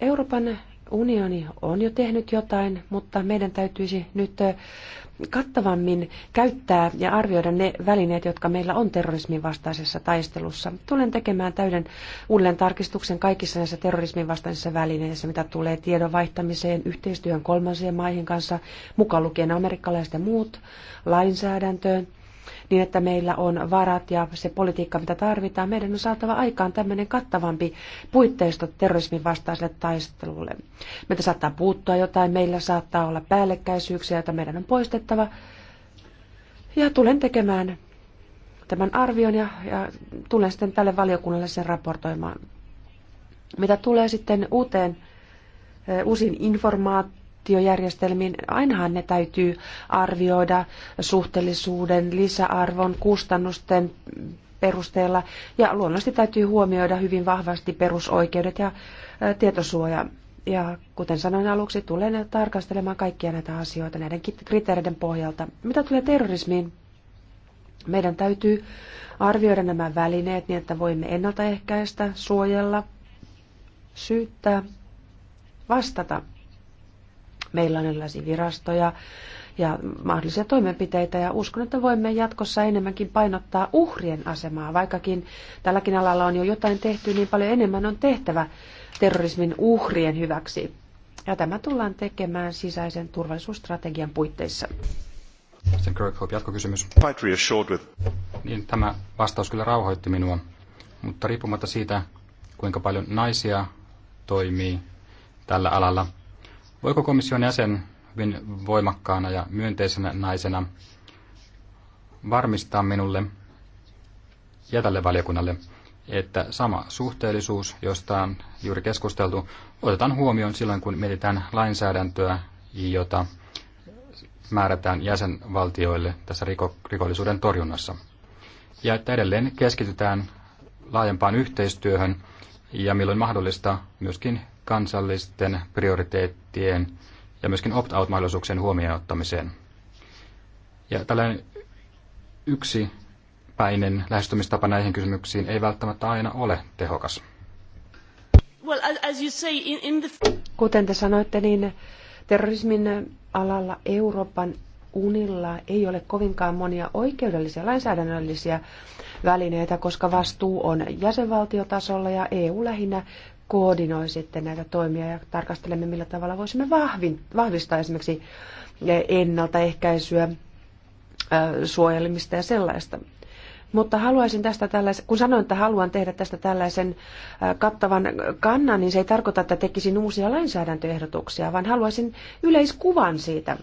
Euroopan unioni on jo tehnyt jotain, mutta meidän täytyisi nyt kattavammin käyttää ja arvioida ne välineet, jotka meillä on terrorismin vastaisessa taistelussa. Tulen tekemään täyden uudelleen tarkistuksen kaikissa näissä terrorismin vastaisissa välineissä, mitä tulee tiedon vaihtamiseen, yhteistyön kolmansien maihin kanssa, mukaan lukien amerikkalaiset ja muut, lainsäädäntöön, niin että meillä on varat ja se politiikka, mitä tarvitaan. Meidän on saatava aikaan tämmöinen kattavampi puitteisto terrorismin vastaiselle taistelulle. Meitä saattaa puuttua jotain, meillä saattaa olla päällekkäisyyksiä, joita meidän on poistettava. Ja tulen tekemään tämän arvion ja, ja tulen sitten tälle valiokunnalle sen raportoimaan. Mitä tulee sitten uuteen, eh, uusiin informaatioihin, sanktiojärjestelmiin, ainahan ne täytyy arvioida suhteellisuuden, lisäarvon, kustannusten perusteella ja luonnollisesti täytyy huomioida hyvin vahvasti perusoikeudet ja tietosuoja. Ja kuten sanoin aluksi, tulen tarkastelemaan kaikkia näitä asioita näiden kriteereiden pohjalta. Mitä tulee terrorismiin, meidän täytyy arvioida nämä välineet niin, että voimme ennaltaehkäistä, suojella, syyttää, vastata Meillä on erilaisia virastoja ja mahdollisia toimenpiteitä ja uskon, että voimme jatkossa enemmänkin painottaa uhrien asemaa, vaikkakin tälläkin alalla on jo jotain tehty, niin paljon enemmän on tehtävä terrorismin uhrien hyväksi. Ja tämä tullaan tekemään sisäisen turvallisuusstrategian puitteissa. jatkokysymys. Niin, tämä vastaus kyllä rauhoitti minua, mutta riippumatta siitä, kuinka paljon naisia toimii tällä alalla, Voiko komission jäsen hyvin voimakkaana ja myönteisenä naisena varmistaa minulle ja tälle valiokunnalle, että sama suhteellisuus, josta on juuri keskusteltu, otetaan huomioon silloin, kun mietitään lainsäädäntöä, jota määrätään jäsenvaltioille tässä rikollisuuden torjunnassa. Ja että edelleen keskitytään laajempaan yhteistyöhön ja milloin mahdollista myöskin kansallisten prioriteettien ja myöskin opt-out-mahdollisuuksien huomioon ottamiseen. Ja tällainen yksipäinen lähestymistapa näihin kysymyksiin ei välttämättä aina ole tehokas. Kuten te sanoitte, niin terrorismin alalla Euroopan unilla ei ole kovinkaan monia oikeudellisia lainsäädännöllisiä välineitä, koska vastuu on jäsenvaltiotasolla ja EU lähinnä koordinoi sitten näitä toimia ja tarkastelemme, millä tavalla voisimme vahvin, vahvistaa esimerkiksi e, ennaltaehkäisyä, suojelemista ja sellaista. Mutta haluaisin tästä tällaisen, kun sanoin, että haluan tehdä tästä tällaisen kattavan kannan, niin se ei tarkoita, että tekisin uusia lainsäädäntöehdotuksia, vaan haluaisin yleiskuvan siitä,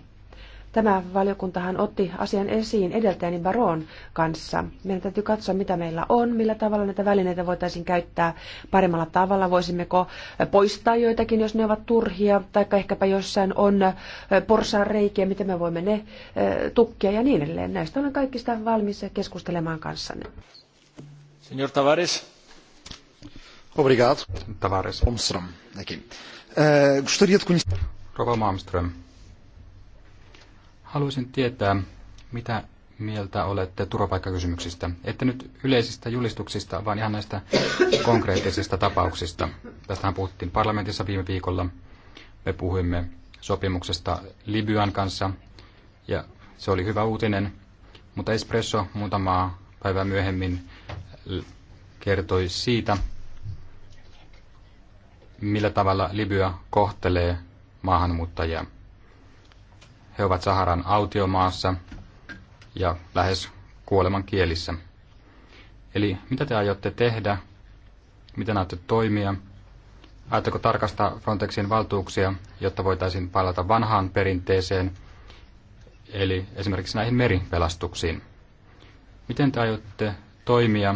Tämä valiokuntahan otti asian esiin edeltäjäni Baron kanssa. Meidän täytyy katsoa, mitä meillä on, millä tavalla näitä välineitä voitaisiin käyttää paremmalla tavalla. Voisimmeko poistaa joitakin, jos ne ovat turhia, tai ehkäpä jossain on porsaan reikiä, miten me voimme ne tukkia ja niin edelleen. Näistä olen kaikista valmis keskustelemaan kanssanne. Senior Tavares. Obrigado. Tavares. Omström. Aqui. Uh, gostaria de conhecer... Rova Malmström Haluaisin tietää, mitä mieltä olette turvapaikkakysymyksistä? Ette nyt yleisistä julistuksista, vaan ihan näistä konkreettisista tapauksista. Tästähän puhuttiin parlamentissa viime viikolla. Me puhuimme sopimuksesta Libyan kanssa, ja se oli hyvä uutinen. Mutta Espresso muutamaa päivää myöhemmin kertoi siitä, millä tavalla Libya kohtelee maahanmuuttajia. He ovat Saharan autiomaassa ja lähes kuoleman kielissä. Eli mitä te aiotte tehdä? Miten aiotte toimia? Aiotteko tarkastaa Frontexin valtuuksia, jotta voitaisiin palata vanhaan perinteeseen, eli esimerkiksi näihin meripelastuksiin? Miten te aiotte toimia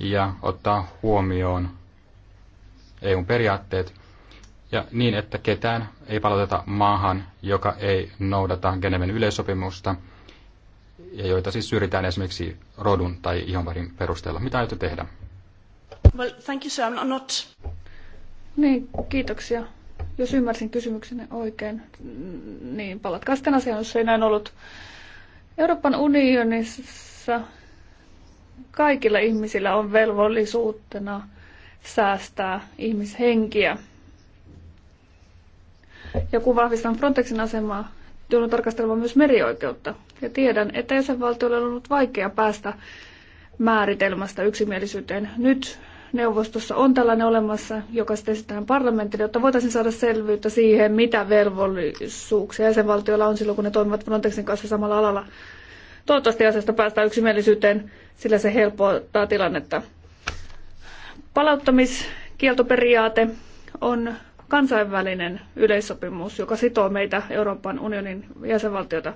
ja ottaa huomioon EUn periaatteet, ja niin, että ketään ei palauteta maahan, joka ei noudata Geneven yleissopimusta ja joita siis syrjitään esimerkiksi rodun tai ihonvärin perusteella. Mitä aiotte tehdä? Well, thank you, sir. I'm not... Niin, kiitoksia. Jos ymmärsin kysymyksenne oikein, niin palatkaa sitten asiaan, jos ei näin ollut. Euroopan unionissa kaikilla ihmisillä on velvollisuutena säästää ihmishenkiä. Ja kun vahvistan Frontexin asemaa, joudun tarkastelemaan myös merioikeutta. Ja tiedän, että jäsenvaltioille on ollut vaikea päästä määritelmästä yksimielisyyteen. Nyt neuvostossa on tällainen olemassa, joka sitten esitetään parlamentille, jotta voitaisiin saada selvyyttä siihen, mitä velvollisuuksia jäsenvaltioilla on silloin, kun ne toimivat Frontexin kanssa samalla alalla. Toivottavasti asiasta päästään yksimielisyyteen, sillä se helpottaa tilannetta. Palauttamiskieltoperiaate on kansainvälinen yleissopimus, joka sitoo meitä Euroopan unionin jäsenvaltiota.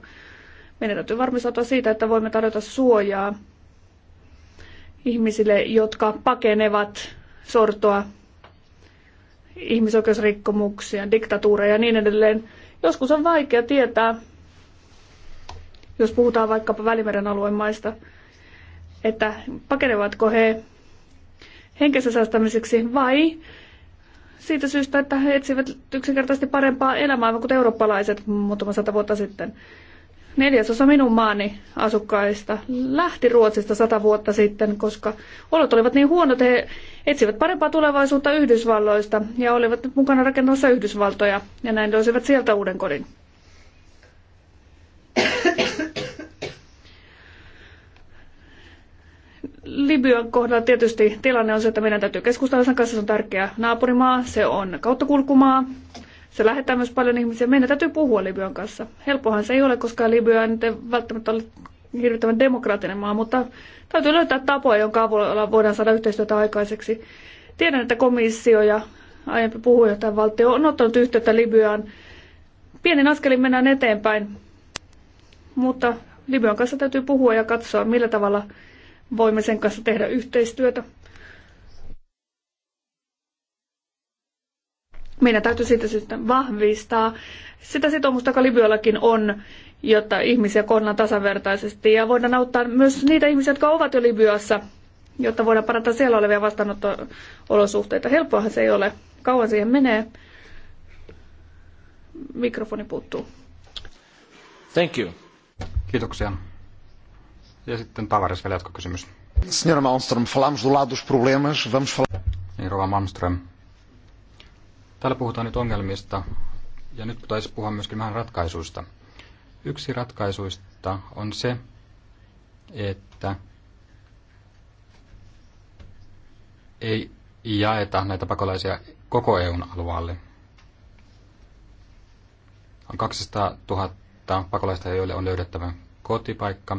Meidän täytyy varmistautua siitä, että voimme tarjota suojaa ihmisille, jotka pakenevat sortoa, ihmisoikeusrikkomuksia, diktatuureja ja niin edelleen. Joskus on vaikea tietää, jos puhutaan vaikkapa Välimeren alueen maista, että pakenevatko he henkensä säästämiseksi vai siitä syystä, että he etsivät yksinkertaisesti parempaa elämää, kuin eurooppalaiset muutama sata vuotta sitten. Neljäsosa minun maani asukkaista lähti Ruotsista sata vuotta sitten, koska olot olivat niin huonot, he etsivät parempaa tulevaisuutta Yhdysvalloista ja olivat mukana rakentamassa Yhdysvaltoja ja näin löysivät sieltä uuden kodin. Libyan kohdalla tietysti tilanne on se, että meidän täytyy keskustella sen kanssa. Se on tärkeä naapurimaa, se on kauttakulkumaa. Se lähettää myös paljon ihmisiä. Meidän täytyy puhua Libyan kanssa. Helppohan se ei ole, koska Libya ei välttämättä ole hirvittävän demokraattinen maa, mutta täytyy löytää tapoja, jonka avulla voidaan saada yhteistyötä aikaiseksi. Tiedän, että komissio ja aiempi puhujohtajan valtio on ottanut yhteyttä Libyaan. Pienin askelin mennään eteenpäin, mutta Libyan kanssa täytyy puhua ja katsoa, millä tavalla voimme sen kanssa tehdä yhteistyötä. Meidän täytyy siitä sitten vahvistaa sitä sitoumusta, joka Libyallakin on, jotta ihmisiä kohdellaan tasavertaisesti. Ja voidaan auttaa myös niitä ihmisiä, jotka ovat jo Libyassa, jotta voidaan parantaa siellä olevia vastaanotto-olosuhteita. Helppoahan se ei ole. Kauan siihen menee. Mikrofoni puuttuu. Thank you. Kiitoksia. Ja sitten Tavares vielä jatkokysymys. Senhora Malmström, falamos do lado dos problemas, vamos falar... Niin, Rova Malmström. Täällä puhutaan nyt ongelmista, ja nyt pitäisi puhua myöskin vähän ratkaisuista. Yksi ratkaisuista on se, että ei jaeta näitä pakolaisia koko EUn alueelle. On 200 000 pakolaista, joille on löydettävä kotipaikka,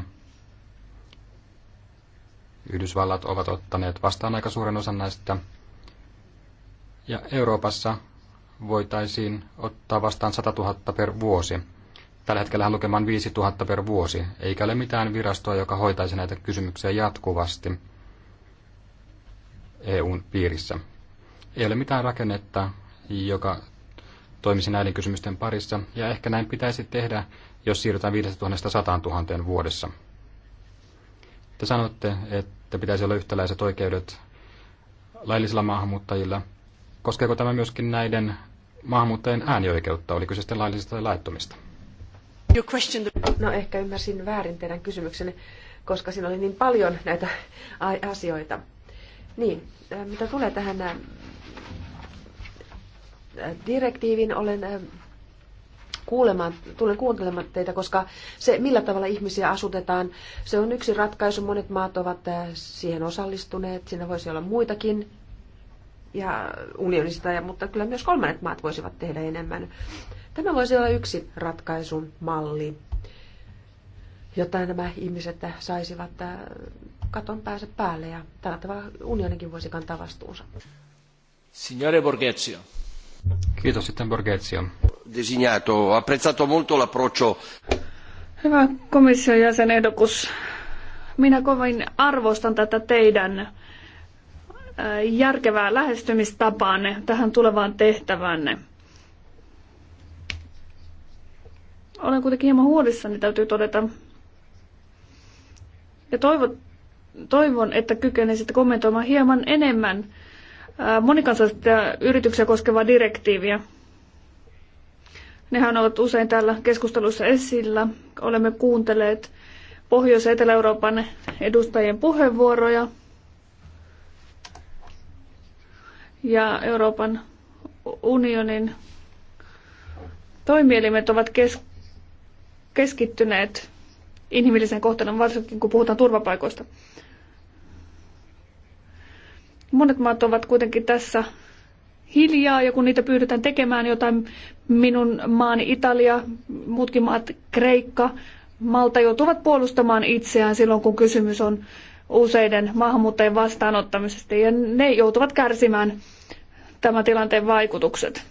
Yhdysvallat ovat ottaneet vastaan aika suuren osan näistä. Ja Euroopassa voitaisiin ottaa vastaan 100 000 per vuosi. Tällä hetkellä lukemaan 5 000 per vuosi, eikä ole mitään virastoa, joka hoitaisi näitä kysymyksiä jatkuvasti EUn piirissä. Ei ole mitään rakennetta, joka toimisi näiden kysymysten parissa, ja ehkä näin pitäisi tehdä, jos siirrytään 5 000 100 000 vuodessa. Te sanotte, että pitäisi olla yhtäläiset oikeudet laillisilla maahanmuuttajilla. Koskeeko tämä myöskin näiden maahanmuuttajien äänioikeutta, oli se sitten laillisista tai laittomista? No ehkä ymmärsin väärin teidän kysymyksenne, koska siinä oli niin paljon näitä asioita. Niin, äh, mitä tulee tähän äh, direktiivin, olen äh, kuulemaan, tulen kuuntelemaan teitä, koska se, millä tavalla ihmisiä asutetaan, se on yksi ratkaisu. Monet maat ovat äh, siihen osallistuneet, siinä voisi olla muitakin ja unionista, mutta kyllä myös kolmannet maat voisivat tehdä enemmän. Tämä voisi olla yksi ratkaisun malli, jotta nämä ihmiset saisivat äh, katon pääse päälle ja tällä tavalla unionikin voisi kantaa vastuunsa. Signore Borghezio. Kiitos sitten Borgetsio. Designato, apprezzato molto l'approccio. Hyvä komission jäsenehdokus. Minä kovin arvostan tätä teidän äh, järkevää lähestymistapaanne tähän tulevaan tehtävänne. Olen kuitenkin hieman huolissani, täytyy todeta. Ja toivon, toivon että kykenisitte kommentoimaan hieman enemmän monikansallisia yrityksiä koskevaa direktiiviä. Nehän ovat usein täällä keskustelussa esillä. Olemme kuunteleet Pohjois- ja Etelä-Euroopan edustajien puheenvuoroja ja Euroopan unionin toimielimet ovat kes- keskittyneet inhimillisen kohtelun, varsinkin kun puhutaan turvapaikoista. Monet maat ovat kuitenkin tässä hiljaa ja kun niitä pyydetään tekemään jotain, minun maani Italia, muutkin maat Kreikka, Malta joutuvat puolustamaan itseään silloin, kun kysymys on useiden maahanmuuttajien vastaanottamisesta ja ne joutuvat kärsimään tämän tilanteen vaikutukset.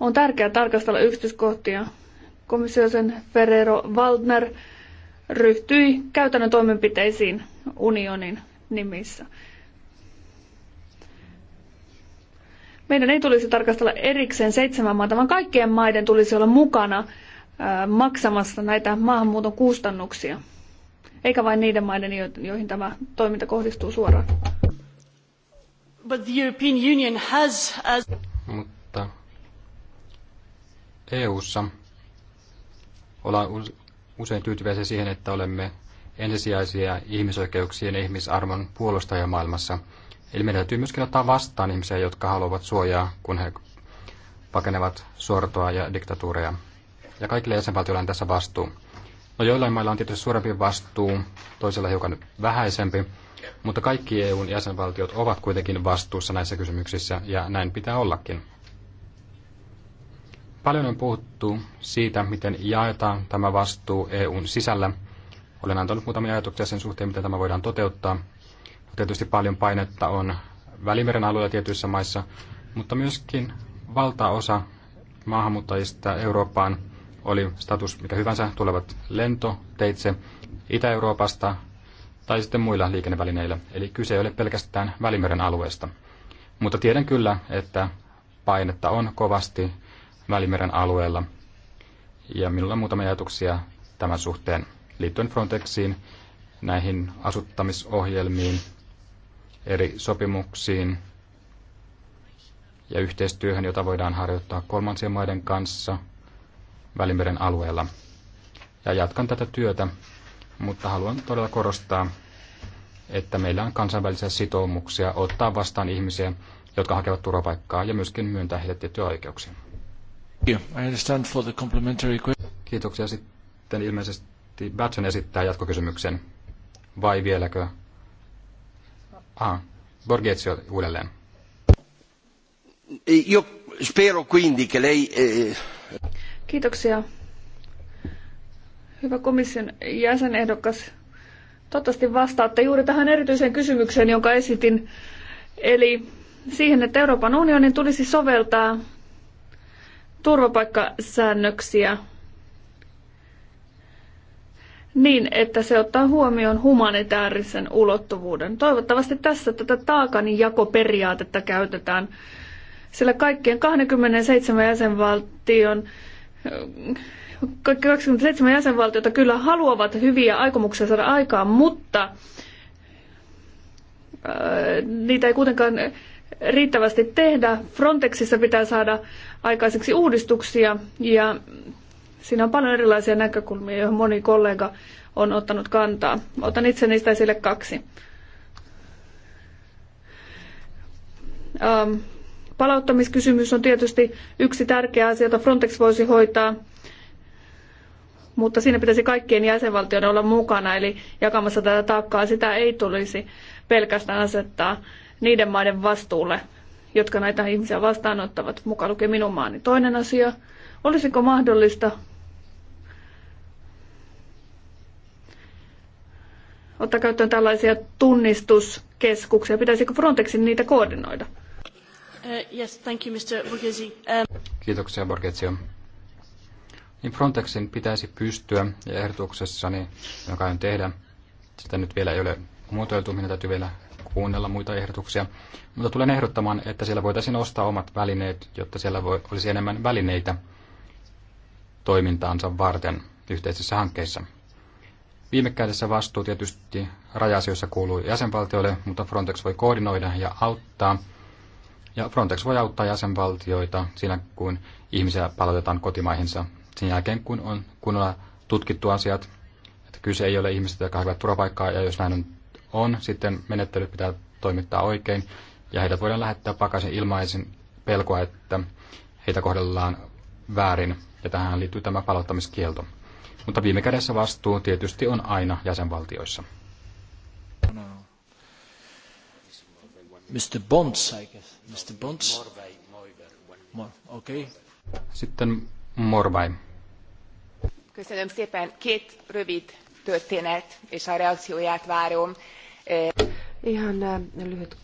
On tärkeää tarkastella yksityiskohtia. sen Ferrero Waldner ryhtyi käytännön toimenpiteisiin unionin nimissä. Meidän ei tulisi tarkastella erikseen seitsemän maata, vaan kaikkien maiden tulisi olla mukana maksamassa näitä maahanmuuton kustannuksia, eikä vain niiden maiden, joihin tämä toiminta kohdistuu suoraan. Has... Mutta EU:ssa ollaan usein tyytyväisiä siihen, että olemme ensisijaisia ihmisoikeuksien ja ihmisarvon puolustajia maailmassa. Eli meidän täytyy myöskin ottaa vastaan ihmisiä, jotka haluavat suojaa, kun he pakenevat sortoa ja diktatuureja. Ja kaikille jäsenvaltioilla on tässä vastuu. No joillain mailla on tietysti suurempi vastuu, toisella hiukan vähäisempi, mutta kaikki EUn jäsenvaltiot ovat kuitenkin vastuussa näissä kysymyksissä, ja näin pitää ollakin. Paljon on puhuttu siitä, miten jaetaan tämä vastuu EUn sisällä. Olen antanut muutamia ajatuksia sen suhteen, miten tämä voidaan toteuttaa. Tietysti paljon painetta on Välimeren alueella tietyissä maissa, mutta myöskin valtaosa maahanmuuttajista Eurooppaan oli status mikä hyvänsä, tulevat lentoteitse Itä-Euroopasta tai sitten muilla liikennevälineillä. Eli kyse ei ole pelkästään Välimeren alueesta. Mutta tiedän kyllä, että painetta on kovasti Välimeren alueella. Ja minulla on muutamia ajatuksia tämän suhteen liittyen Frontexiin, näihin asuttamisohjelmiin, eri sopimuksiin ja yhteistyöhön, jota voidaan harjoittaa kolmansien maiden kanssa Välimeren alueella. Ja jatkan tätä työtä, mutta haluan todella korostaa, että meillä on kansainvälisiä sitoumuksia ottaa vastaan ihmisiä, jotka hakevat turvapaikkaa ja myöskin myöntää heille tiettyjä oikeuksia. Kiitoksia. Sitten ilmeisesti Batson esittää jatkokysymyksen. Vai vieläkö? Ah, Borghezio uudelleen. Io spero quindi che lei... Eh, Kiitoksia. Hyvä komission jäsenehdokas. Toivottavasti vastaatte juuri tähän erityiseen kysymykseen, jonka esitin. Eli siihen, että Euroopan unionin tulisi soveltaa turvapaikkasäännöksiä niin, että se ottaa huomioon humanitaarisen ulottuvuuden. Toivottavasti tässä tätä taakan jakoperiaatetta käytetään, sillä kaikkien 27 jäsenvaltion kaikki 27 jäsenvaltiota kyllä haluavat hyviä aikomuksia saada aikaan, mutta niitä ei kuitenkaan riittävästi tehdä. Frontexissa pitää saada aikaiseksi uudistuksia ja siinä on paljon erilaisia näkökulmia, joihin moni kollega on ottanut kantaa. Otan itse niistä esille kaksi. Ähm, palauttamiskysymys on tietysti yksi tärkeä asia, jota Frontex voisi hoitaa, mutta siinä pitäisi kaikkien jäsenvaltioiden olla mukana, eli jakamassa tätä taakkaa sitä ei tulisi pelkästään asettaa niiden maiden vastuulle, jotka näitä ihmisiä vastaanottavat, mukaan lukee minun maani. Toinen asia, olisiko mahdollista ottaa käyttöön tällaisia tunnistuskeskuksia? Pitäisikö Frontexin niitä koordinoida? Uh, yes, thank you, Mr. Borghesi. Um... Kiitoksia, Borghesio. Niin Frontexin pitäisi pystyä, ja ehdotuksessani, jonka on tehdä, sitä nyt vielä ei ole muotoiltu, minä täytyy vielä kuunnella muita ehdotuksia, mutta tulen ehdottamaan, että siellä voitaisiin ostaa omat välineet, jotta siellä voi, olisi enemmän välineitä toimintaansa varten yhteisissä hankkeissa. Viime kädessä vastuu tietysti raja-asioissa kuuluu jäsenvaltioille, mutta Frontex voi koordinoida ja auttaa. Ja Frontex voi auttaa jäsenvaltioita siinä, kun ihmisiä palautetaan kotimaihinsa sen jälkeen, kun on kunnolla tutkittu asiat, että kyse ei ole ihmisistä, jotka hakevat turvapaikkaa, ja jos näin on on, sitten menettelyt pitää toimittaa oikein ja heidät voidaan lähettää pakaisin ilmaisen pelkoa, että heitä kohdellaan väärin ja tähän liittyy tämä palauttamiskielto. Mutta viime kädessä vastuu tietysti on aina jäsenvaltioissa. Mr. Bonds, I guess. Mr. Bonds. okay. Sitten Morvai. Köszönöm szépen. Két rövid történet és a reakcióját várom. Ihan lyhyt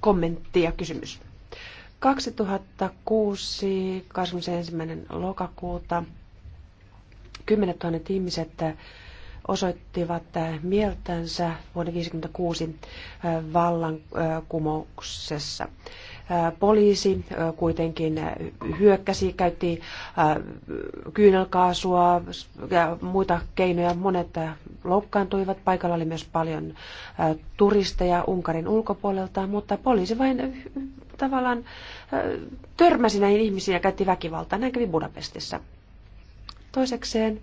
kommentti ja kysymys. 2006, 21. lokakuuta, 10 000 ihmiset osoittivat mieltänsä vuoden 1956 vallankumouksessa. Poliisi kuitenkin hyökkäsi, käytti kyynelkaasua ja muita keinoja. Monet loukkaantuivat. Paikalla oli myös paljon turisteja Unkarin ulkopuolelta, mutta poliisi vain tavallaan törmäsi näihin ihmisiin ja käytti väkivaltaa. Näin kävi Budapestissa. Toisekseen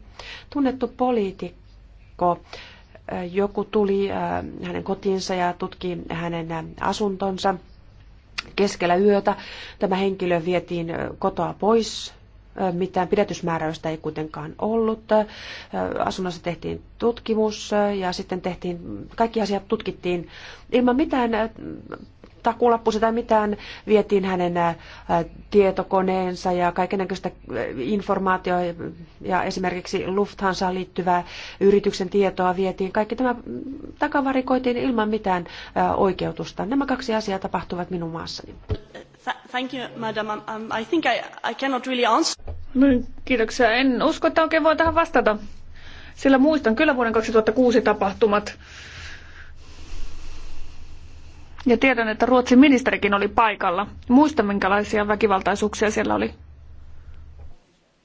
tunnettu poliitikko joku tuli hänen kotiinsa ja tutki hänen asuntonsa. Keskellä yötä tämä henkilö vietiin kotoa pois. Mitään pidätysmääräystä ei kuitenkaan ollut. Asunnossa tehtiin tutkimus ja sitten tehtiin, kaikki asiat tutkittiin ilman mitään takulappusi tai mitään, vietiin hänen äh, tietokoneensa ja kaikenlaista äh, informaatiota ja esimerkiksi Lufthansa liittyvää yrityksen tietoa vietiin. Kaikki tämä takavarikoitiin ilman mitään äh, oikeutusta. Nämä kaksi asiaa tapahtuvat minun maassani. Thank you, madam. Um, um, I think I, I cannot really answer. Mm, kiitoksia. En usko, että oikein voi tähän vastata. Sillä muistan kyllä vuoden 2006 tapahtumat. Ja tiedän, että Ruotsin ministerikin oli paikalla. Muista, minkälaisia väkivaltaisuuksia siellä oli.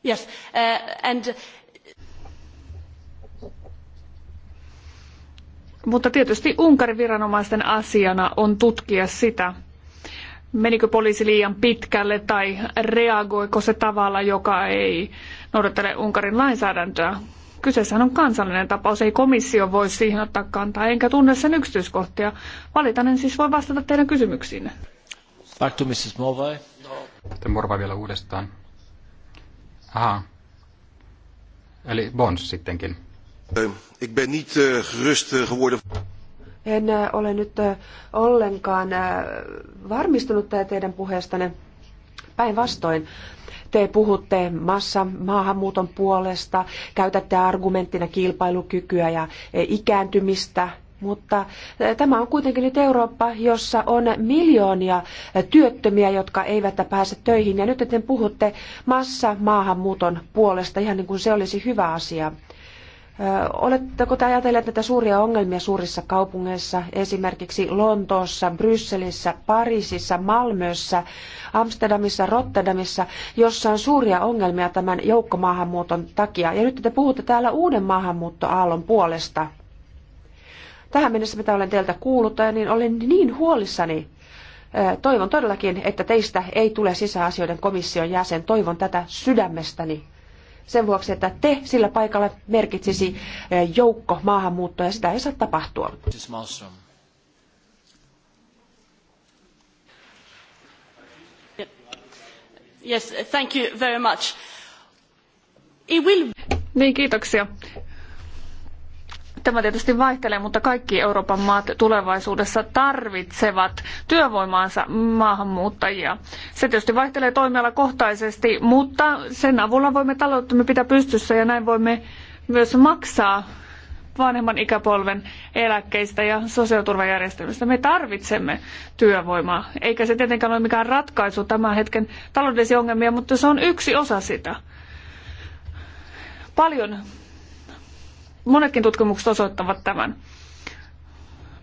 Yes, uh, and... Mutta tietysti Unkarin viranomaisten asiana on tutkia sitä, menikö poliisi liian pitkälle tai reagoiko se tavalla, joka ei noudattele Unkarin lainsäädäntöä. Kyseessähän on kansallinen tapaus, ei komissio voi siihen ottaa kantaa, enkä tunne sen yksityiskohtia. Valitanen siis voi vastata teidän kysymyksiinne. Back to Mrs. Morvai. No. Sitten vielä uudestaan. Aha. Eli Bons sittenkin. Ik ben niet eh, gerust eh, geworden. En eh, ole nyt ollenkaan varmistunut teidän puheestanne. Päinvastoin. Te puhutte massa maahanmuuton puolesta, käytätte argumenttina kilpailukykyä ja e, ikääntymistä, mutta e, tämä on kuitenkin nyt Eurooppa, jossa on miljoonia e, työttömiä, jotka eivät pääse töihin. Ja nyt te puhutte massa maahanmuuton puolesta, ihan niin kuin se olisi hyvä asia. Oletteko te ajatelleet näitä suuria ongelmia suurissa kaupungeissa, esimerkiksi Lontoossa, Brysselissä, Pariisissa, Malmössä, Amsterdamissa, Rotterdamissa, jossa on suuria ongelmia tämän joukkomaahanmuuton takia? Ja nyt te puhutte täällä uuden maahanmuuttoaallon puolesta. Tähän mennessä, mitä olen teiltä kuullut, niin olen niin huolissani. Toivon todellakin, että teistä ei tule sisäasioiden komission jäsen. Toivon tätä sydämestäni sen vuoksi, että te sillä paikalla merkitsisi eh, joukko maahanmuuttoa ja sitä ei saa tapahtua. Yes, thank you very much. It will... Niin, kiitoksia. Tämä tietysti vaihtelee, mutta kaikki Euroopan maat tulevaisuudessa tarvitsevat työvoimaansa maahanmuuttajia. Se tietysti vaihtelee toimialakohtaisesti, mutta sen avulla voimme talouttamme pitää pystyssä ja näin voimme myös maksaa vanhemman ikäpolven eläkkeistä ja sosiaaliturvajärjestelmistä. Me tarvitsemme työvoimaa, eikä se tietenkään ole mikään ratkaisu tämän hetken taloudellisia ongelmia, mutta se on yksi osa sitä. Paljon monetkin tutkimukset osoittavat tämän.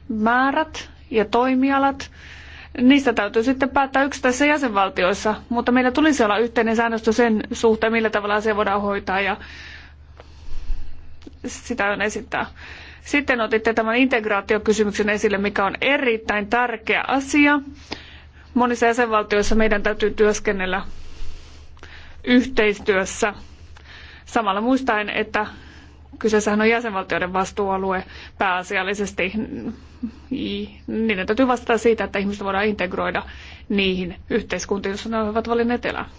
Määrät ja toimialat, niistä täytyy sitten päättää yksittäisissä jäsenvaltioissa, mutta meillä tulisi olla yhteinen säännöstö sen suhteen, millä tavalla asia voidaan hoitaa ja sitä on esittää. Sitten otitte tämän integraatiokysymyksen esille, mikä on erittäin tärkeä asia. Monissa jäsenvaltioissa meidän täytyy työskennellä yhteistyössä. Samalla muistaen, että Kyseessähän on jäsenvaltioiden vastuualue pääasiallisesti. Niiden täytyy vastata siitä, että ihmiset voidaan integroida niihin yhteiskuntiin, joissa ne ovat valinneet elää.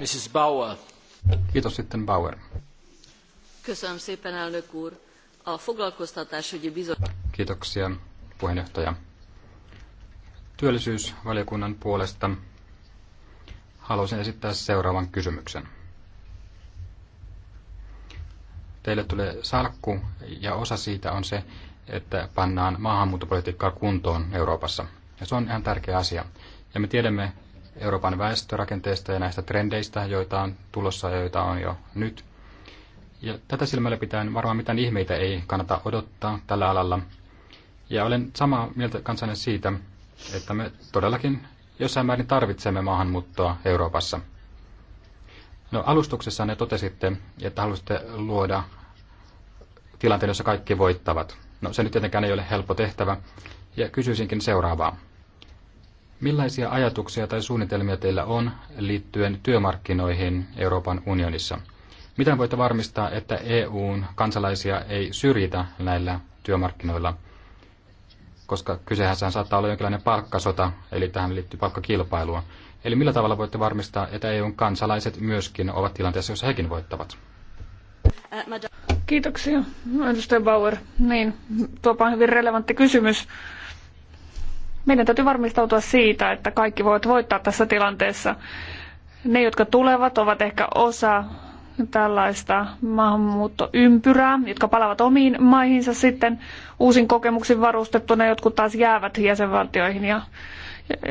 Mrs. Bauer. Kiitos sitten Bauer. Kiitoksia, puheenjohtaja. Työllisyysvaliokunnan puolesta haluaisin esittää seuraavan kysymyksen teille tulee salkku ja osa siitä on se, että pannaan maahanmuuttopolitiikkaa kuntoon Euroopassa. Ja se on ihan tärkeä asia. Ja me tiedämme Euroopan väestörakenteesta ja näistä trendeistä, joita on tulossa ja joita on jo nyt. Ja tätä silmällä pitäen varmaan mitään ihmeitä ei kannata odottaa tällä alalla. Ja olen samaa mieltä kanssanne siitä, että me todellakin jossain määrin tarvitsemme maahanmuuttoa Euroopassa – No alustuksessa ne totesitte, että halusitte luoda tilanteen, jossa kaikki voittavat. No se nyt tietenkään ei ole helppo tehtävä. Ja kysyisinkin seuraavaa. Millaisia ajatuksia tai suunnitelmia teillä on liittyen työmarkkinoihin Euroopan unionissa? Miten voitte varmistaa, että EUn kansalaisia ei syrjitä näillä työmarkkinoilla? Koska kysehän saattaa olla jonkinlainen palkkasota, eli tähän liittyy palkkakilpailua. Eli millä tavalla voitte varmistaa, että EUn kansalaiset myöskin ovat tilanteessa, jossa hekin voittavat? Kiitoksia, edustaja Bauer. Niin, tuopa on hyvin relevantti kysymys. Meidän täytyy varmistautua siitä, että kaikki voivat voittaa tässä tilanteessa. Ne, jotka tulevat, ovat ehkä osa tällaista maahanmuuttoympyrää, jotka palavat omiin maihinsa sitten uusin kokemuksin varustettuna, jotkut taas jäävät jäsenvaltioihin ja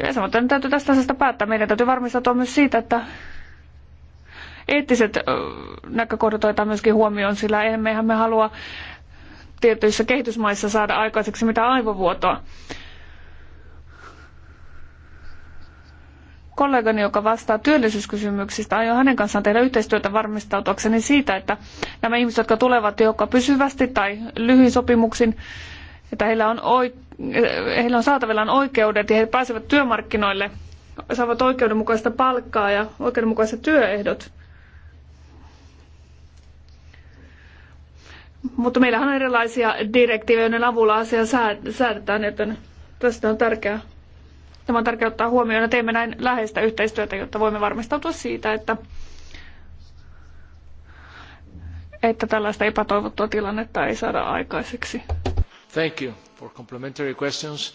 Jäsenvaltioiden täytyy tästä asiasta päättää. Meidän täytyy varmistautua myös siitä, että eettiset näkökohdat otetaan myöskin huomioon, sillä emmehän me halua tietyissä kehitysmaissa saada aikaiseksi mitään aivovuotoa. kollegani, joka vastaa työllisyyskysymyksistä, aion hänen kanssaan tehdä yhteistyötä varmistautuakseni siitä, että nämä ihmiset, jotka tulevat joko pysyvästi tai lyhyin sopimuksin, että heillä on heillä on saatavillaan oikeudet ja he pääsevät työmarkkinoille, saavat oikeudenmukaista palkkaa ja oikeudenmukaiset työehdot. Mutta meillähän on erilaisia direktiivejä, joiden avulla asia säädetään, joten tästä on tärkeää. Tämä on tärkeää ottaa huomioon ja teemme näin läheistä yhteistyötä, jotta voimme varmistautua siitä, että, että tällaista epätoivottua tilannetta ei saada aikaiseksi. Thank you for complementary questions.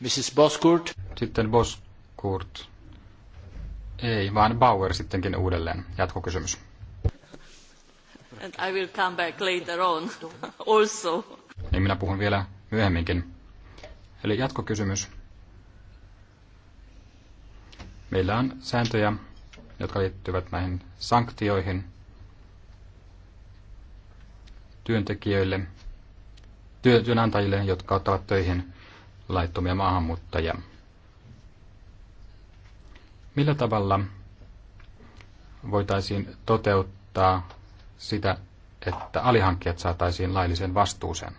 Mrs. Boskurt. Sitten Boskurt. Ei, vaan Bauer sittenkin uudelleen. Jatkokysymys. And I will come back later on also. Niin minä puhun vielä myöhemminkin. Eli jatkokysymys. Meillä on sääntöjä, jotka liittyvät näihin sanktioihin työntekijöille, työnantajille, jotka ottavat töihin laittomia maahanmuuttajia. Millä tavalla voitaisiin toteuttaa sitä, että alihankkijat saataisiin laillisen vastuuseen?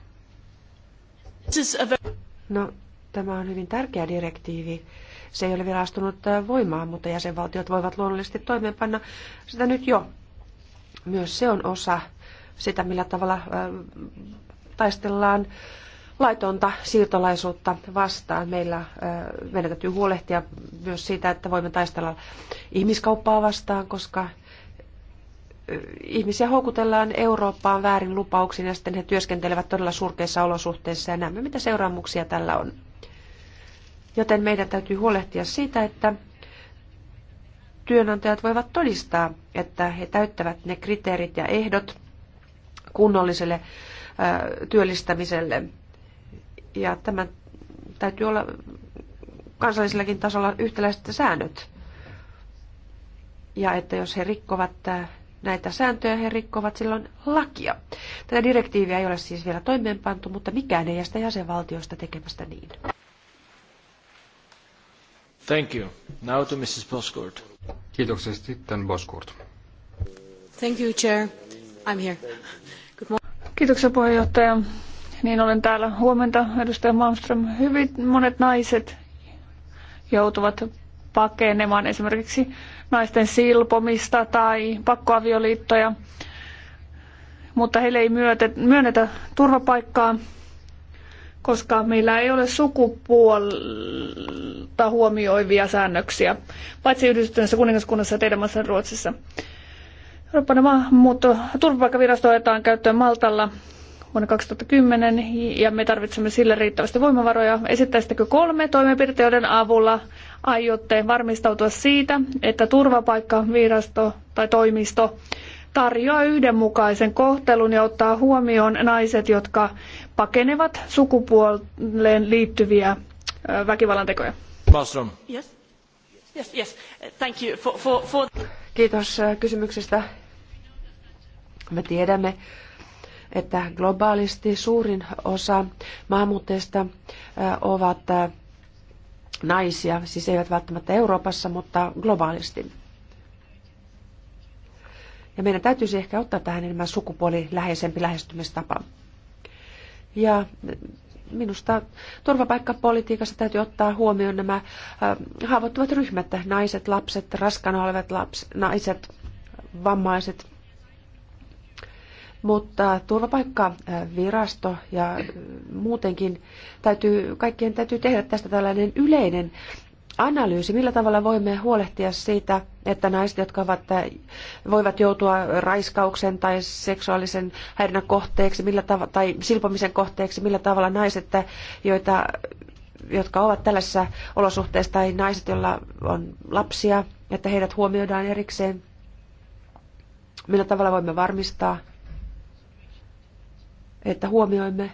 No, tämä on hyvin tärkeä direktiivi. Se ei ole vielä astunut äh, voimaan, mutta jäsenvaltiot voivat luonnollisesti toimeenpanna sitä nyt jo. Myös se on osa sitä, millä tavalla äh, taistellaan laitonta siirtolaisuutta vastaan. Meillä, meidän täytyy huolehtia myös siitä, että voimme taistella ihmiskauppaa vastaan, koska ihmisiä houkutellaan Eurooppaan väärin lupauksin ja sitten he työskentelevät todella surkeissa olosuhteissa ja näemme, mitä seuraamuksia tällä on. Joten meidän täytyy huolehtia siitä, että työnantajat voivat todistaa, että he täyttävät ne kriteerit ja ehdot kunnolliselle työllistämiselle. Ja tämän täytyy olla kansallisellakin tasolla yhtäläiset säännöt. Ja että jos he rikkovat näitä sääntöjä, he rikkovat silloin lakia. Tätä direktiiviä ei ole siis vielä toimeenpantu, mutta mikään ei jästä jäsenvaltioista tekemästä niin. Thank you. Now to Mrs. Boskurt. Kiitoksia sitten Boskurt. Thank you, Chair. I'm here. Kiitoksia puheenjohtaja. Niin olen täällä. Huomenta edustaja Malmström. Hyvin monet naiset joutuvat pakenemaan esimerkiksi naisten silpomista tai pakkoavioliittoja, mutta heille ei myönnetä turvapaikkaa, koska meillä ei ole sukupuolta huomioivia säännöksiä, paitsi yhdistyneessä kuningaskunnassa ja teidän Ruotsissa. Euroopan maahanmuutto- turvapaikkavirasto otetaan käyttöön Maltalla vuonna 2010 ja me tarvitsemme sille riittävästi voimavaroja. Esittäisittekö kolme toimenpidettä, joiden avulla aiotte varmistautua siitä, että turvapaikkavirasto tai toimisto tarjoaa yhdenmukaisen kohtelun ja ottaa huomioon naiset, jotka pakenevat sukupuoleen liittyviä tekoja. Yes. Yes, yes. Thank you for, for, for... Kiitos äh, kysymyksestä. Me tiedämme, että globaalisti suurin osa maahanmuuttajista äh, ovat äh, naisia, siis eivät välttämättä Euroopassa, mutta globaalisti. Ja meidän täytyisi ehkä ottaa tähän enemmän sukupuoliläheisempi lähestymistapa. Ja minusta turvapaikkapolitiikassa täytyy ottaa huomioon nämä äh, haavoittuvat ryhmät, naiset, lapset, raskaana olevat lapset, naiset, vammaiset. Mutta turvapaikkavirasto ja äh, muutenkin täytyy, kaikkien täytyy tehdä tästä tällainen yleinen analyysi, millä tavalla voimme huolehtia siitä, että naiset, jotka ovat, voivat joutua raiskauksen tai seksuaalisen häirinnän kohteeksi millä tav- tai silpomisen kohteeksi, millä tavalla naiset, joita, jotka ovat tällaisessa olosuhteessa tai naiset, joilla on lapsia, että heidät huomioidaan erikseen, millä tavalla voimme varmistaa, että huomioimme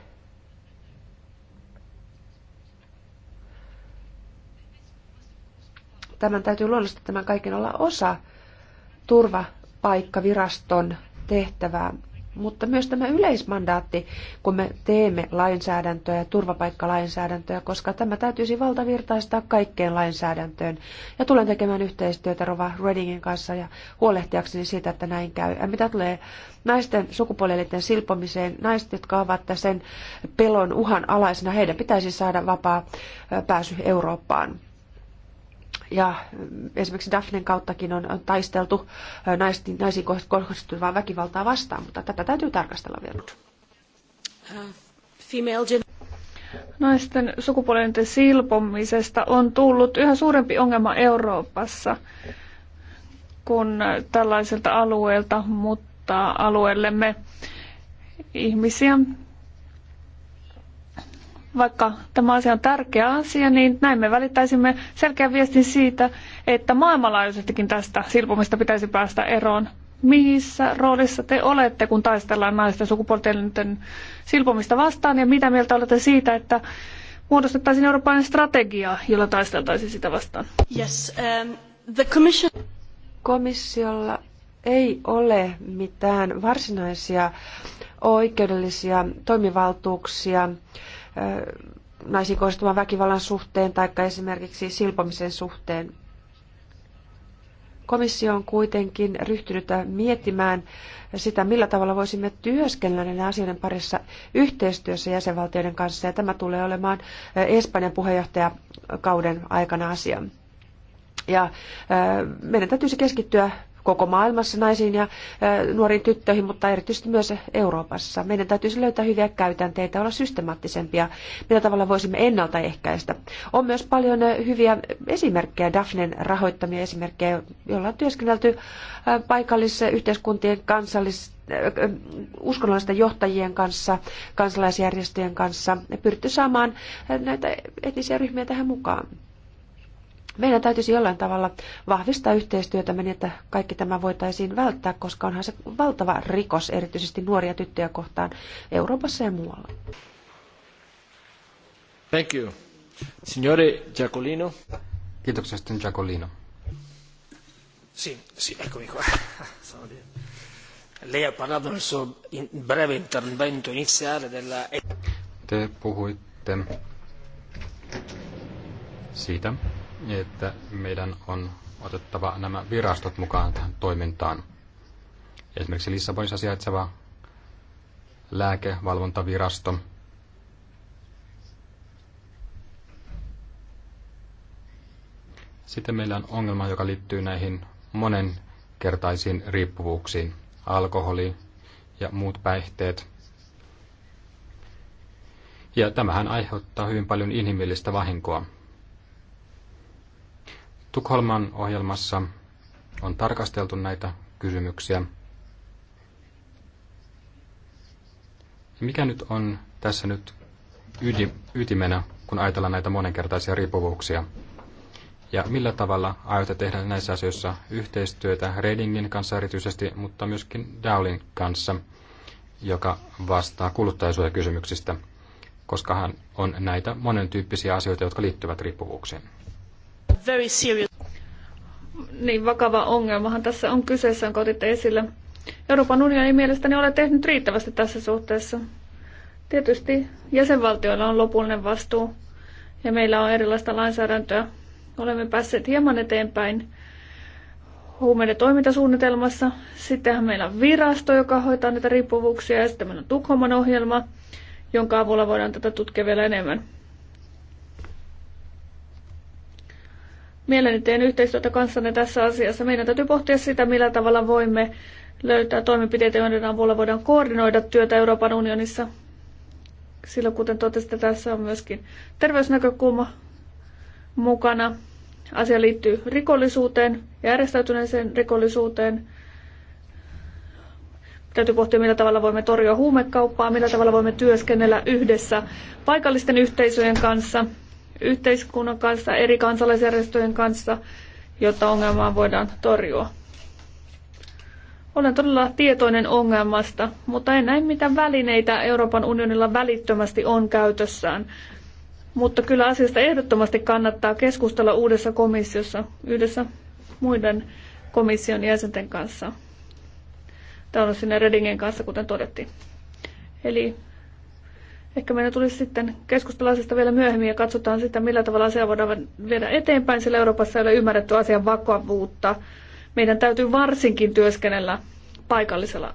tämän täytyy luonnollisesti tämän kaiken olla osa turvapaikkaviraston tehtävää, mutta myös tämä yleismandaatti, kun me teemme lainsäädäntöä ja turvapaikkalainsäädäntöä, koska tämä täytyisi valtavirtaistaa kaikkeen lainsäädäntöön. Ja tulen tekemään yhteistyötä Rova Reddingin kanssa ja huolehtiakseni siitä, että näin käy. Ja mitä tulee naisten sukupuolielinten silpomiseen, naiset, jotka ovat sen pelon uhan alaisena, heidän pitäisi saada vapaa pääsy Eurooppaan ja mm, esimerkiksi Daphnen kauttakin on, taisteltu naisiin, naisiin kohdistuvaa väkivaltaa vastaan, mutta tätä täytyy tarkastella vielä. Uh, Naisten sukupuolinten silpomisesta on tullut yhä suurempi ongelma Euroopassa kuin tällaiselta alueelta, mutta alueellemme ihmisiä vaikka tämä asia on tärkeä asia, niin näin me välittäisimme selkeän viestin siitä, että maailmanlaajuisestikin tästä silpomista pitäisi päästä eroon. Missä roolissa te olette, kun taistellaan naisten sukupuolten silpomista vastaan ja mitä mieltä olette siitä, että muodostettaisiin eurooppalainen strategia, jolla taisteltaisiin sitä vastaan? Yes, um, the commission... Komissiolla ei ole mitään varsinaisia oikeudellisia toimivaltuuksia naisiin kohdistuvan väkivallan suhteen tai esimerkiksi silpomisen suhteen. Komissio on kuitenkin ryhtynyt miettimään sitä, millä tavalla voisimme työskennellä näiden asioiden parissa yhteistyössä jäsenvaltioiden kanssa, ja tämä tulee olemaan Espanjan puheenjohtajakauden aikana asia. Ja meidän täytyisi keskittyä koko maailmassa naisiin ja nuoriin tyttöihin, mutta erityisesti myös Euroopassa. Meidän täytyisi löytää hyviä käytänteitä, olla systemaattisempia, millä tavalla voisimme ennaltaehkäistä. On myös paljon hyviä esimerkkejä, Daphnen rahoittamia esimerkkejä, joilla on työskennelty paikallisyhteiskuntien kansallis uskonnollisten johtajien kanssa, kansalaisjärjestöjen kanssa ja pyritty saamaan näitä etnisiä ryhmiä tähän mukaan. Meidän täytyisi jollain tavalla vahvistaa yhteistyötä niin, että kaikki tämä voitaisiin välttää, koska onhan se valtava rikos erityisesti nuoria tyttöjä kohtaan Euroopassa ja muualla. Thank you. Signore Giacolino. Kiitoksia sitten Giacolino. Sì, sì, eccomi qua. Lei ha parlato nel suo breve intervento iniziale della... E- Te puhuitte siitä, niin, että meidän on otettava nämä virastot mukaan tähän toimintaan. Esimerkiksi Lissabonissa sijaitseva lääkevalvontavirasto. Sitten meillä on ongelma, joka liittyy näihin monenkertaisiin riippuvuuksiin. Alkoholi ja muut päihteet. Ja tämähän aiheuttaa hyvin paljon inhimillistä vahinkoa. Tukholman ohjelmassa on tarkasteltu näitä kysymyksiä. Mikä nyt on tässä nyt ytimenä, kun ajatellaan näitä monenkertaisia riippuvuuksia? Ja millä tavalla aiotte tehdä näissä asioissa yhteistyötä Redingin kanssa erityisesti, mutta myöskin Dowlin kanssa, joka vastaa kuluttajasuojakysymyksistä, koska hän on näitä monen asioita, jotka liittyvät riippuvuuksiin very serious... Niin vakava ongelmahan tässä on kyseessä, jonka otitte esille. Euroopan unioni mielestäni ole tehnyt riittävästi tässä suhteessa. Tietysti jäsenvaltioilla on lopullinen vastuu ja meillä on erilaista lainsäädäntöä. Olemme päässeet hieman eteenpäin huumeiden toimintasuunnitelmassa. Sittenhän meillä on virasto, joka hoitaa näitä riippuvuuksia ja sitten meillä on Tukholman ohjelma, jonka avulla voidaan tätä tutkia vielä enemmän. Mielelläni teen yhteistyötä kanssanne tässä asiassa. Meidän täytyy pohtia sitä, millä tavalla voimme löytää toimenpiteitä, joiden avulla voidaan koordinoida työtä Euroopan unionissa. Silloin, kuten totesitte, tässä on myöskin terveysnäkökulma mukana. Asia liittyy rikollisuuteen, järjestäytyneeseen rikollisuuteen. Täytyy pohtia, millä tavalla voimme torjua huumekauppaa, millä tavalla voimme työskennellä yhdessä paikallisten yhteisöjen kanssa – yhteiskunnan kanssa, eri kansalaisjärjestöjen kanssa, jotta ongelmaa voidaan torjua. Olen todella tietoinen ongelmasta, mutta en näe mitä välineitä Euroopan unionilla välittömästi on käytössään. Mutta kyllä asiasta ehdottomasti kannattaa keskustella uudessa komissiossa yhdessä muiden komission jäsenten kanssa. Tämä on sinne Redingen kanssa, kuten todettiin. Eli Ehkä meidän tulisi sitten keskustella asiasta vielä myöhemmin ja katsotaan sitä, millä tavalla asiaa voidaan viedä eteenpäin, sillä Euroopassa ei ole ymmärretty asian vakavuutta. Meidän täytyy varsinkin työskennellä paikallisella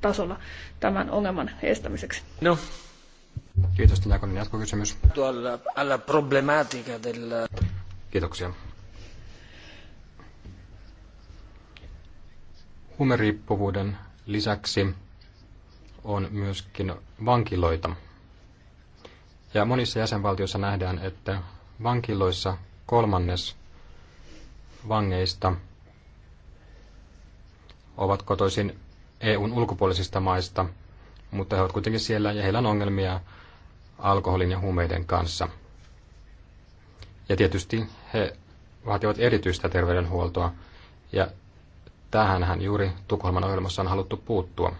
tasolla tämän ongelman estämiseksi. No. Kiitos, Jakonin jatkokysymys. Alla, Kiitoksia. Huumeriippuvuuden lisäksi on myöskin vankiloita, ja monissa jäsenvaltioissa nähdään, että vankiloissa kolmannes vangeista ovat kotoisin EUn ulkopuolisista maista, mutta he ovat kuitenkin siellä ja heillä on ongelmia alkoholin ja huumeiden kanssa. Ja tietysti he vaativat erityistä terveydenhuoltoa, ja tähänhän juuri Tukholman ohjelmassa on haluttu puuttua.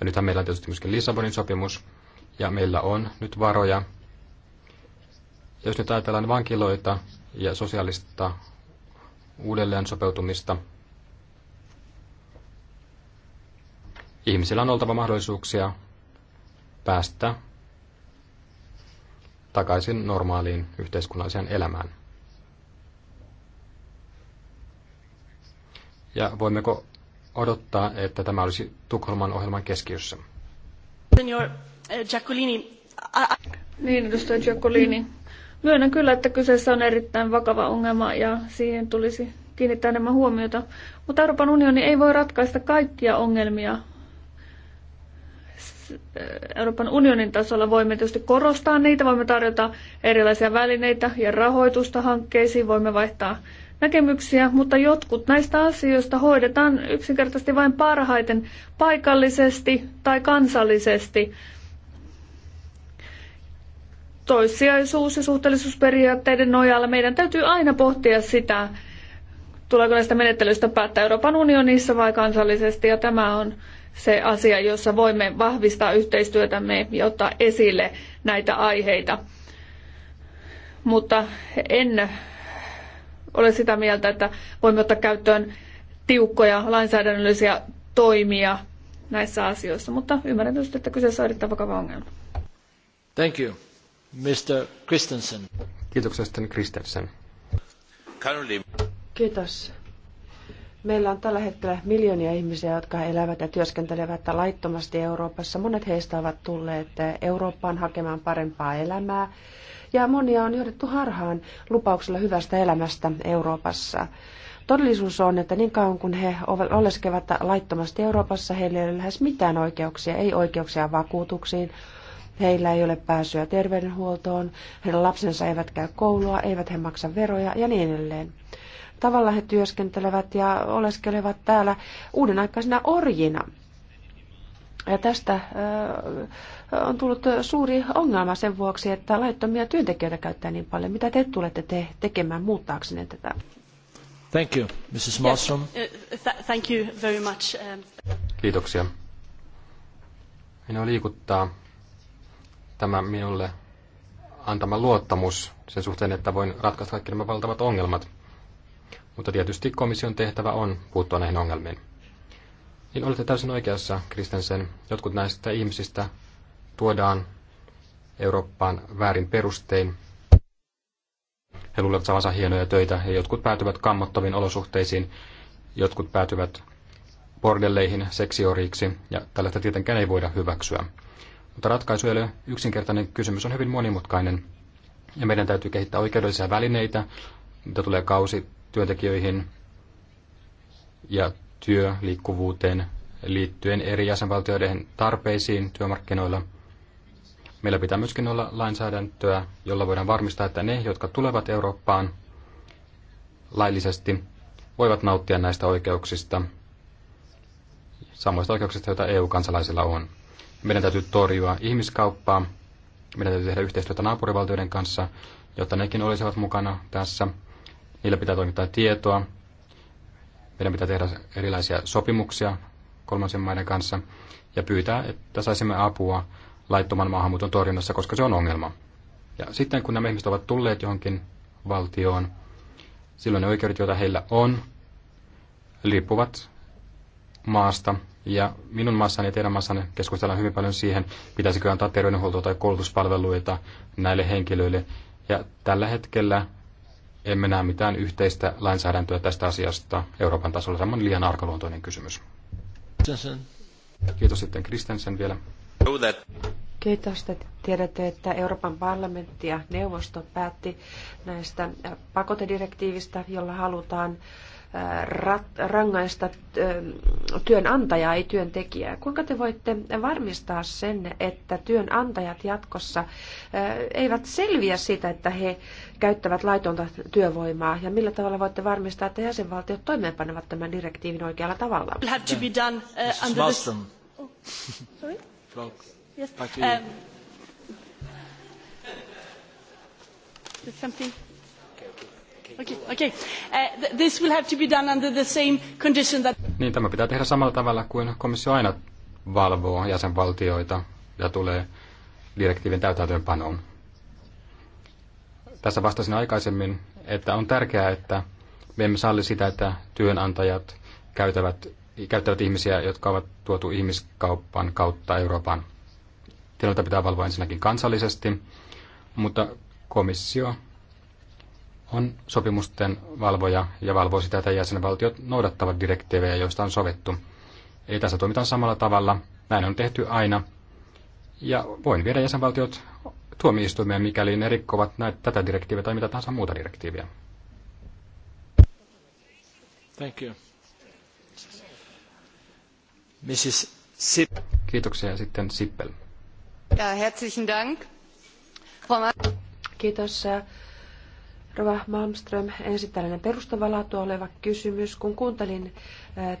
Ja nythän meillä on tietysti myöskin Lissabonin sopimus, ja meillä on nyt varoja. Jos nyt ajatellaan vankiloita ja sosiaalista uudelleen sopeutumista, ihmisillä on oltava mahdollisuuksia päästä takaisin normaaliin yhteiskunnalliseen elämään. Ja voimmeko odottaa, että tämä olisi Tukholman ohjelman keskiössä. Senior eh, Giacolini. Niin, edustaja Giacolini. Myönnän kyllä, että kyseessä on erittäin vakava ongelma ja siihen tulisi kiinnittää enemmän huomiota. Mutta Euroopan unioni ei voi ratkaista kaikkia ongelmia. Eh, Euroopan unionin tasolla voimme tietysti korostaa niitä, voimme tarjota erilaisia välineitä ja rahoitusta hankkeisiin, voimme vaihtaa näkemyksiä, mutta jotkut näistä asioista hoidetaan yksinkertaisesti vain parhaiten paikallisesti tai kansallisesti. Toissijaisuus- ja suhteellisuusperiaatteiden nojalla meidän täytyy aina pohtia sitä, tuleeko näistä menettelyistä päättää Euroopan unionissa vai kansallisesti, ja tämä on se asia, jossa voimme vahvistaa yhteistyötämme ja ottaa esille näitä aiheita. Mutta en olen sitä mieltä, että voimme ottaa käyttöön tiukkoja lainsäädännöllisiä toimia näissä asioissa, mutta ymmärrän tietysti, että kyseessä on erittäin vakava ongelma. Thank you. Mr. Christensen. Kiitoksia sitten Currently. Kiitos. Meillä on tällä hetkellä miljoonia ihmisiä, jotka elävät ja työskentelevät laittomasti Euroopassa. Monet heistä ovat tulleet Eurooppaan hakemaan parempaa elämää ja monia on johdettu harhaan lupauksella hyvästä elämästä Euroopassa. Todellisuus on, että niin kauan kun he oleskevat laittomasti Euroopassa, heillä ei ole lähes mitään oikeuksia, ei oikeuksia vakuutuksiin, heillä ei ole pääsyä terveydenhuoltoon, heidän lapsensa eivät käy koulua, eivät he maksa veroja ja niin edelleen. Tavallaan he työskentelevät ja oleskelevat täällä uudenaikaisina orjina. Ja tästä on tullut suuri ongelma sen vuoksi, että laittomia työntekijöitä käyttää niin paljon. Mitä te tulette te tekemään muuttaaksenne tätä? Thank you, Mrs. Malmström. Uh, thank you very much. Um. Kiitoksia. Minua liikuttaa tämä minulle antama luottamus sen suhteen, että voin ratkaista kaikki nämä valtavat ongelmat. Mutta tietysti komission tehtävä on puuttua näihin ongelmiin. Niin olette täysin oikeassa, Kristensen. Jotkut näistä ihmisistä tuodaan Eurooppaan väärin perustein. He luulevat saavansa hienoja töitä ja jotkut päätyvät kammottaviin olosuhteisiin, jotkut päätyvät bordelleihin, seksioriiksi ja tällaista tietenkään ei voida hyväksyä. Mutta ratkaisu ei ole yksinkertainen kysymys, on hyvin monimutkainen ja meidän täytyy kehittää oikeudellisia välineitä, mitä tulee kausityöntekijöihin ja työliikkuvuuteen liittyen eri jäsenvaltioiden tarpeisiin työmarkkinoilla. Meillä pitää myöskin olla lainsäädäntöä, jolla voidaan varmistaa, että ne, jotka tulevat Eurooppaan laillisesti, voivat nauttia näistä oikeuksista, samoista oikeuksista, joita EU-kansalaisilla on. Meidän täytyy torjua ihmiskauppaa, meidän täytyy tehdä yhteistyötä naapurivaltioiden kanssa, jotta nekin olisivat mukana tässä. Niillä pitää toimittaa tietoa, meidän pitää tehdä erilaisia sopimuksia kolmansien maiden kanssa ja pyytää, että saisimme apua laittoman maahanmuuton torjunnassa, koska se on ongelma. Ja sitten kun nämä ihmiset ovat tulleet johonkin valtioon, silloin ne oikeudet, joita heillä on, riippuvat maasta. Ja minun maassani ja teidän maassanne keskustellaan hyvin paljon siihen, pitäisikö antaa terveydenhuoltoa tai koulutuspalveluita näille henkilöille. Ja tällä hetkellä emme näe mitään yhteistä lainsäädäntöä tästä asiasta Euroopan tasolla. Tämä on liian arkaluontoinen kysymys. Kiitos sitten Kristensen vielä. Kiitos, että tiedätte, että Euroopan parlamentti ja neuvosto päätti näistä pakotedirektiivistä, jolla halutaan rangaista työnantajaa, ei työntekijää. Kuinka te voitte varmistaa sen, että työnantajat jatkossa eivät selviä siitä, että he käyttävät laitonta työvoimaa, ja millä tavalla voitte varmistaa, että jäsenvaltiot toimeenpanevat tämän direktiivin oikealla tavalla? Uh, oh, yes. Um, something. Okay, uh, this will have to be done under the same condition that... Niin, tämä pitää tehdä samalla tavalla kuin komissio aina valvoo jäsenvaltioita ja tulee direktiivin täytäntöönpanoon. Tässä vastasin aikaisemmin, että on tärkeää, että me emme salli sitä, että työnantajat käytävät, käyttävät ihmisiä, jotka ovat tuotu ihmiskauppan kautta Euroopan. Tilannetta pitää valvoa ensinnäkin kansallisesti, mutta komissio on sopimusten valvoja ja valvoo sitä, että jäsenvaltiot noudattavat direktiivejä, joista on sovittu. Ei tässä toimita samalla tavalla. Näin on tehty aina. Ja voin viedä jäsenvaltiot tuomioistuimeen, mikäli ne rikkovat näitä, tätä direktiiviä tai mitä tahansa muuta direktiiviä. Thank you. Mrs. Sip. Kiitoksia sitten Sippel. Ja, herzlichen Dank. Kiitos Rova Malmström, ensin tällainen perustavalaatua oleva kysymys. Kun kuuntelin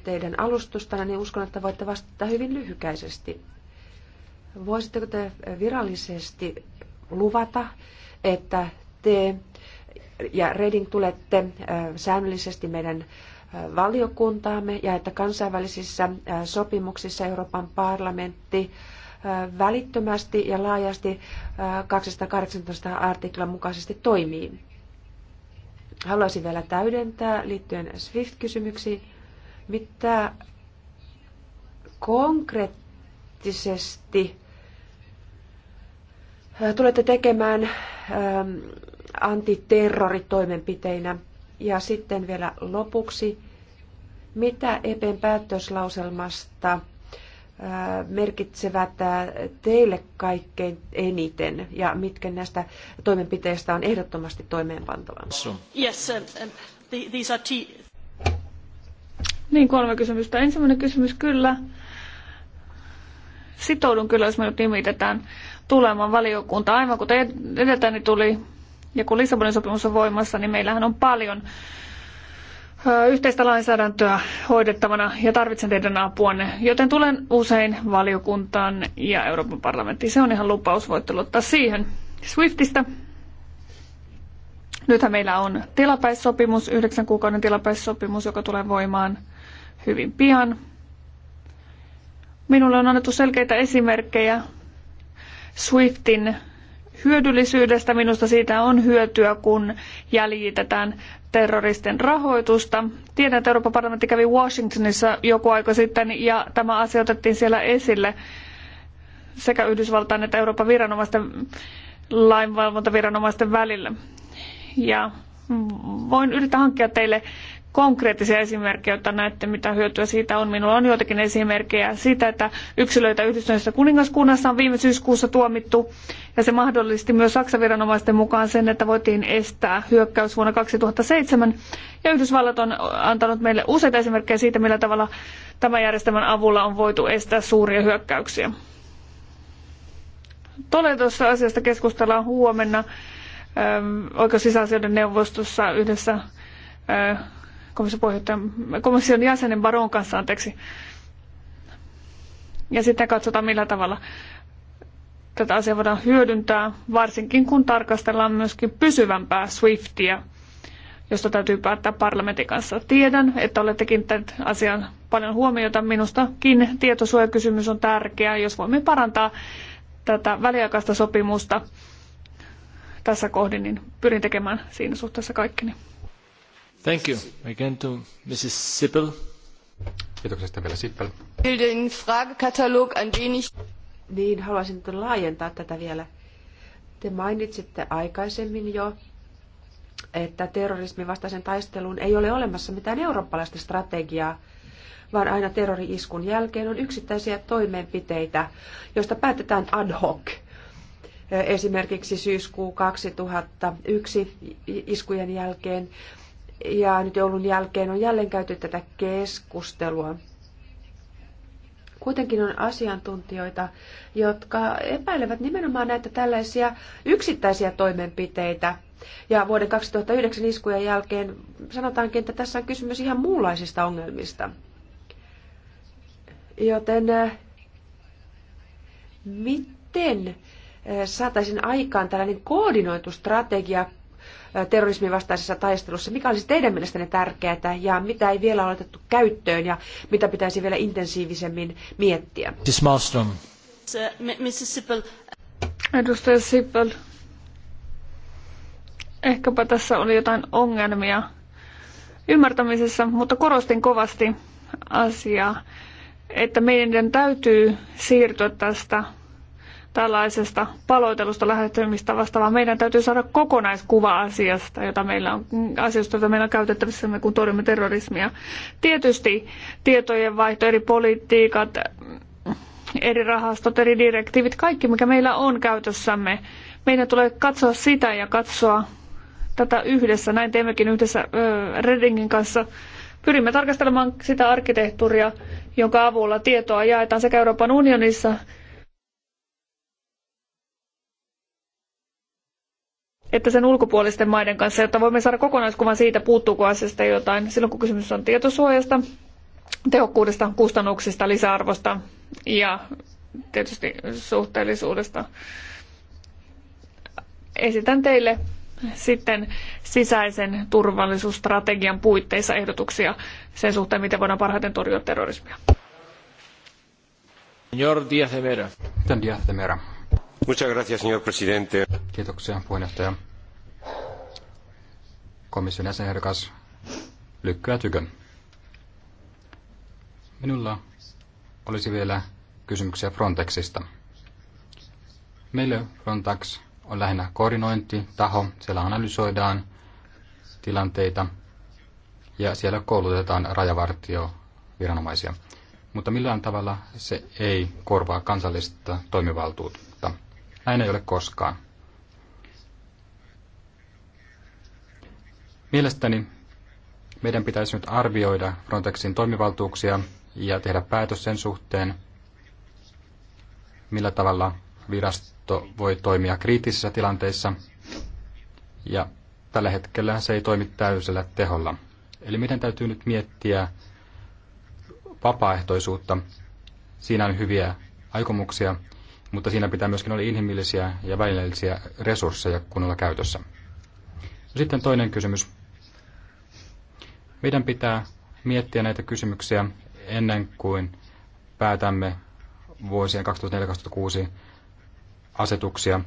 teidän alustustanne, niin uskon, että voitte vastata hyvin lyhykäisesti. Voisitteko te virallisesti luvata, että te ja Reding tulette säännöllisesti meidän valiokuntaamme ja että kansainvälisissä sopimuksissa Euroopan parlamentti välittömästi ja laajasti 218 artiklan mukaisesti toimii. Haluaisin vielä täydentää liittyen SWIFT-kysymyksiin, mitä konkreettisesti äh, tulette tekemään ähm, antiterroritoimenpiteinä. Ja sitten vielä lopuksi, mitä EPn päätöslauselmasta – merkitsevät teille kaikkein eniten ja mitkä näistä toimenpiteistä on ehdottomasti toimeenpantava? Yes, um, um, these are niin, kolme kysymystä. Ensimmäinen kysymys, kyllä. Sitoudun kyllä, jos minut nimitetään tulemaan valiokunta. Aivan kuten edeltäni tuli ja kun Lissabonin sopimus on voimassa, niin meillähän on paljon yhteistä lainsäädäntöä hoidettavana ja tarvitsen teidän apuanne, joten tulen usein valiokuntaan ja Euroopan parlamenttiin. Se on ihan lupaus, voitte luottaa siihen. Swiftistä. Nythän meillä on tilapäissopimus, yhdeksän kuukauden tilapäissopimus, joka tulee voimaan hyvin pian. Minulle on annettu selkeitä esimerkkejä Swiftin hyödyllisyydestä. Minusta siitä on hyötyä, kun jäljitetään terroristen rahoitusta. Tiedän, että Euroopan parlamentti kävi Washingtonissa joku aika sitten ja tämä asia otettiin siellä esille sekä Yhdysvaltain että Euroopan viranomaisten lainvalvontaviranomaisten välillä. Ja voin yrittää hankkia teille konkreettisia esimerkkejä, jotta näette, mitä hyötyä siitä on. Minulla on joitakin esimerkkejä siitä, että yksilöitä yhdistyneessä kuningaskunnassa on viime syyskuussa tuomittu, ja se mahdollisti myös Saksan viranomaisten mukaan sen, että voitiin estää hyökkäys vuonna 2007. Ja Yhdysvallat on antanut meille useita esimerkkejä siitä, millä tavalla tämän järjestelmän avulla on voitu estää suuria hyökkäyksiä. Toledossa asiasta keskustellaan huomenna sisäasioiden neuvostossa yhdessä komission, komission jäsenen Baron kanssa, anteeksi. Ja sitten katsotaan, millä tavalla tätä asiaa voidaan hyödyntää, varsinkin kun tarkastellaan myöskin pysyvämpää SWIFTiä, josta täytyy päättää parlamentin kanssa. Tiedän, että olette kiinnittäneet asiaan paljon huomiota. Minustakin tietosuojakysymys on tärkeä, jos voimme parantaa tätä väliaikaista sopimusta tässä kohdin, niin pyrin tekemään siinä suhteessa kaikkeni. Thank Fragekatalog, an den ich... Niin, haluaisin laajentaa tätä vielä. Te mainitsitte aikaisemmin jo, että terrorismin vastaisen taisteluun ei ole olemassa mitään eurooppalaista strategiaa, vaan aina terrori-iskun jälkeen on yksittäisiä toimenpiteitä, joista päätetään ad hoc. Esimerkiksi syyskuu 2001 iskujen jälkeen ja nyt joulun jälkeen on jälleen käyty tätä keskustelua. Kuitenkin on asiantuntijoita, jotka epäilevät nimenomaan näitä tällaisia yksittäisiä toimenpiteitä. Ja vuoden 2009 iskujen jälkeen sanotaankin, että tässä on kysymys ihan muunlaisista ongelmista. Joten äh, miten äh, saataisiin aikaan tällainen koordinoitu strategia terrorismin vastaisessa taistelussa. Mikä olisi teidän mielestänne tärkeää ja mitä ei vielä ole otettu käyttöön ja mitä pitäisi vielä intensiivisemmin miettiä? Edustaja Sippel. Ehkäpä tässä oli jotain ongelmia ymmärtämisessä, mutta korostin kovasti asiaa, että meidän täytyy siirtyä tästä tällaisesta paloitelusta lähestymistä vaan Meidän täytyy saada kokonaiskuva asiasta, jota meillä on, asiasta, jota meillä on käytettävissämme, kun torjumme terrorismia. Tietysti tietojen vaihto, eri politiikat, eri rahastot, eri direktiivit, kaikki mikä meillä on käytössämme. Meidän tulee katsoa sitä ja katsoa tätä yhdessä. Näin teemmekin yhdessä Redingin kanssa. Pyrimme tarkastelemaan sitä arkkitehtuuria, jonka avulla tietoa jaetaan sekä Euroopan unionissa että sen ulkopuolisten maiden kanssa, jotta voimme saada kokonaiskuvan siitä, puuttuuko asiasta jotain silloin, kun kysymys on tietosuojasta, tehokkuudesta, kustannuksista, lisäarvosta ja tietysti suhteellisuudesta. Esitän teille sitten sisäisen turvallisuusstrategian puitteissa ehdotuksia sen suhteen, miten voidaan parhaiten torjua terrorismia. Señor Díaz de Mera. Díaz de Mera. Muchas gracias, señor presidente. Kiitoksia, puheenjohtaja. Komission jäsenherkas lykkäytykö? Minulla olisi vielä kysymyksiä Frontexista. Meille Frontex on lähinnä koordinointitaho, siellä analysoidaan tilanteita ja siellä koulutetaan rajavartioviranomaisia. Mutta millään tavalla se ei korvaa kansallista toimivaltuutta. Näin ei ole koskaan. Mielestäni meidän pitäisi nyt arvioida Frontexin toimivaltuuksia ja tehdä päätös sen suhteen, millä tavalla virasto voi toimia kriittisissä tilanteissa. Ja tällä hetkellä se ei toimi täysillä teholla. Eli meidän täytyy nyt miettiä vapaaehtoisuutta. Siinä on hyviä aikomuksia, mutta siinä pitää myöskin olla inhimillisiä ja välineellisiä resursseja kunnolla käytössä. No sitten toinen kysymys. Meidän pitää miettiä näitä kysymyksiä ennen kuin päätämme vuosien 2004-2006 asetuksia,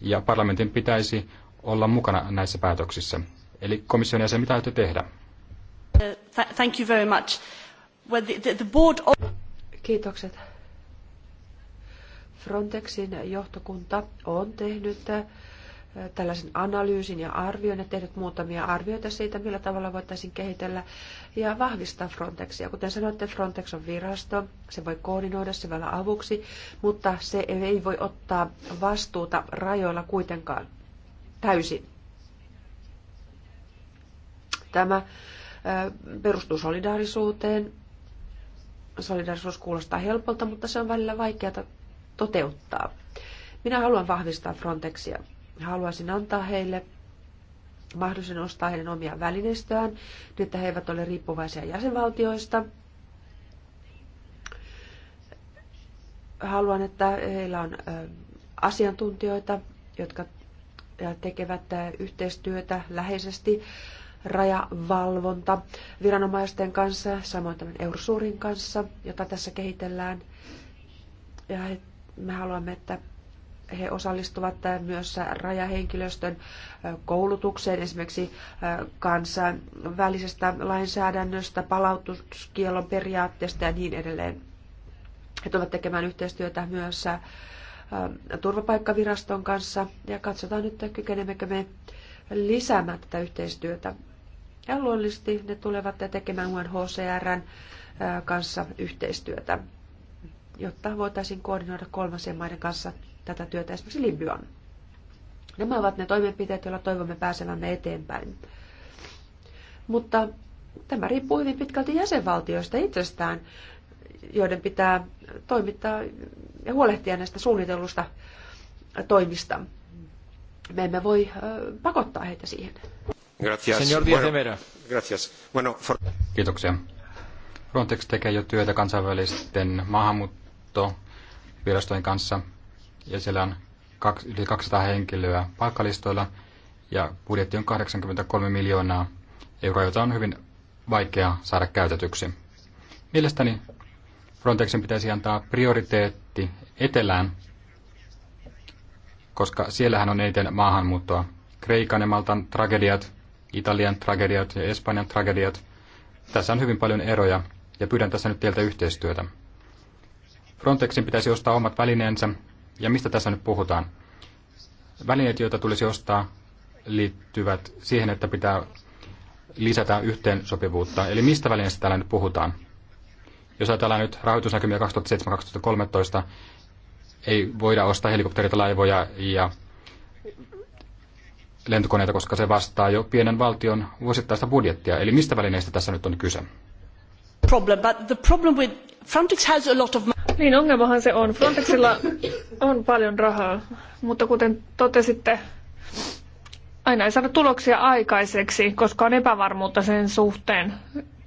ja parlamentin pitäisi olla mukana näissä päätöksissä. Eli komission jäsen, mitä aiotte tehdä? Uh, thank you very much. Well, the, the board... Kiitokset. Frontexin johtokunta on tehnyt äh, tällaisen analyysin ja arvion ja tehnyt muutamia arvioita siitä, millä tavalla voitaisiin kehitellä ja vahvistaa Frontexia. Kuten sanoitte, Frontex on virasto, se voi koordinoida, se voi olla avuksi, mutta se ei voi ottaa vastuuta rajoilla kuitenkaan täysin. Tämä äh, perustuu solidaarisuuteen. Solidaarisuus kuulostaa helpolta, mutta se on välillä vaikeata toteuttaa. Minä haluan vahvistaa Frontexia. Haluaisin antaa heille mahdollisuuden ostaa heidän omia välineistöään, niin että he eivät ole riippuvaisia jäsenvaltioista. Haluan, että heillä on asiantuntijoita, jotka tekevät yhteistyötä läheisesti rajavalvonta viranomaisten kanssa, samoin tämän Eurosuurin kanssa, jota tässä kehitellään. Ja me haluamme, että he osallistuvat myös rajahenkilöstön koulutukseen, esimerkiksi kansainvälisestä lainsäädännöstä, palautuskielon periaatteesta ja niin edelleen. He tulevat tekemään yhteistyötä myös turvapaikkaviraston kanssa ja katsotaan nyt, kykenemmekö me lisäämään tätä yhteistyötä. Ja luonnollisesti ne tulevat tekemään UNHCRn kanssa yhteistyötä jotta voitaisiin koordinoida kolmansien maiden kanssa tätä työtä, esimerkiksi Libyan. Nämä ovat ne toimenpiteet, joilla toivomme pääsevämme eteenpäin. Mutta tämä riippuu hyvin pitkälti jäsenvaltioista itsestään, joiden pitää toimittaa ja huolehtia näistä suunnitellusta toimista. Me emme voi pakottaa heitä siihen. Kiitoksia. Frontex tekee jo työtä kansainvälisten maahanmuuttajien virastojen kanssa ja siellä on kaksi, yli 200 henkilöä palkkalistoilla ja budjetti on 83 miljoonaa euroa, jota on hyvin vaikea saada käytetyksi. Mielestäni Frontexin pitäisi antaa prioriteetti etelään, koska siellähän on eniten maahanmuuttoa. Kreikan ja Maltan tragediat, Italian tragediat ja Espanjan tragediat. Tässä on hyvin paljon eroja ja pyydän tässä nyt teiltä yhteistyötä. Frontexin pitäisi ostaa omat välineensä. Ja mistä tässä nyt puhutaan? Välineet, joita tulisi ostaa, liittyvät siihen, että pitää lisätä yhteensopivuutta. Eli mistä välineistä täällä nyt puhutaan? Jos ajatellaan nyt rahoitusnäkymiä 2007-2013, ei voida ostaa helikopterita, laivoja ja lentokoneita, koska se vastaa jo pienen valtion vuosittaista budjettia. Eli mistä välineistä tässä nyt on kyse? Problem, but the problem with Frontex has a lot of niin, ongelmahan se on. Frontexilla on paljon rahaa, mutta kuten totesitte, aina ei saada tuloksia aikaiseksi, koska on epävarmuutta sen suhteen.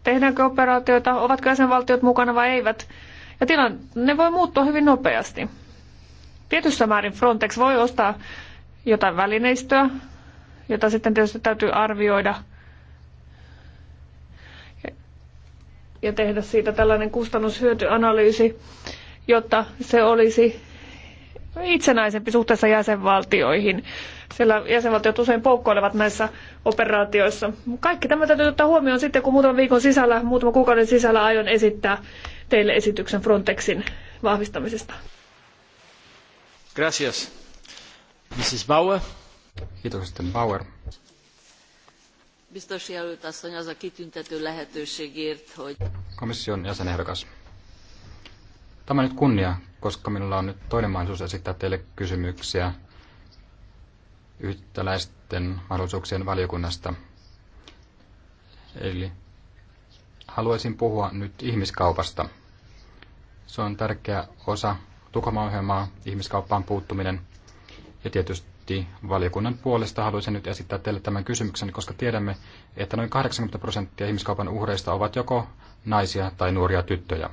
Tehdäänkö operaatioita, ovatko jäsenvaltiot mukana vai eivät? Ja tilanne ne voi muuttua hyvin nopeasti. Tietyssä määrin Frontex voi ostaa jotain välineistöä, jota sitten tietysti täytyy arvioida ja tehdä siitä tällainen kustannushyötyanalyysi jotta se olisi itsenäisempi suhteessa jäsenvaltioihin. Siellä jäsenvaltiot usein poukkoilevat näissä operaatioissa. Kaikki tämä täytyy ottaa huomioon sitten, kun muutaman viikon sisällä, muutaman kuukauden sisällä aion esittää teille esityksen Frontexin vahvistamisesta. Gracias. Mrs. Bauer. Kiitos Bauer. Biztos az a kitüntető lehetőségért, hogy... Komission jäsenehdokas. Tämä on nyt kunnia, koska minulla on nyt toinen mahdollisuus esittää teille kysymyksiä yhtäläisten mahdollisuuksien valiokunnasta. Eli haluaisin puhua nyt ihmiskaupasta. Se on tärkeä osa Tukholman ihmiskauppaan puuttuminen. Ja tietysti valiokunnan puolesta haluaisin nyt esittää teille tämän kysymyksen, koska tiedämme, että noin 80 prosenttia ihmiskaupan uhreista ovat joko naisia tai nuoria tyttöjä.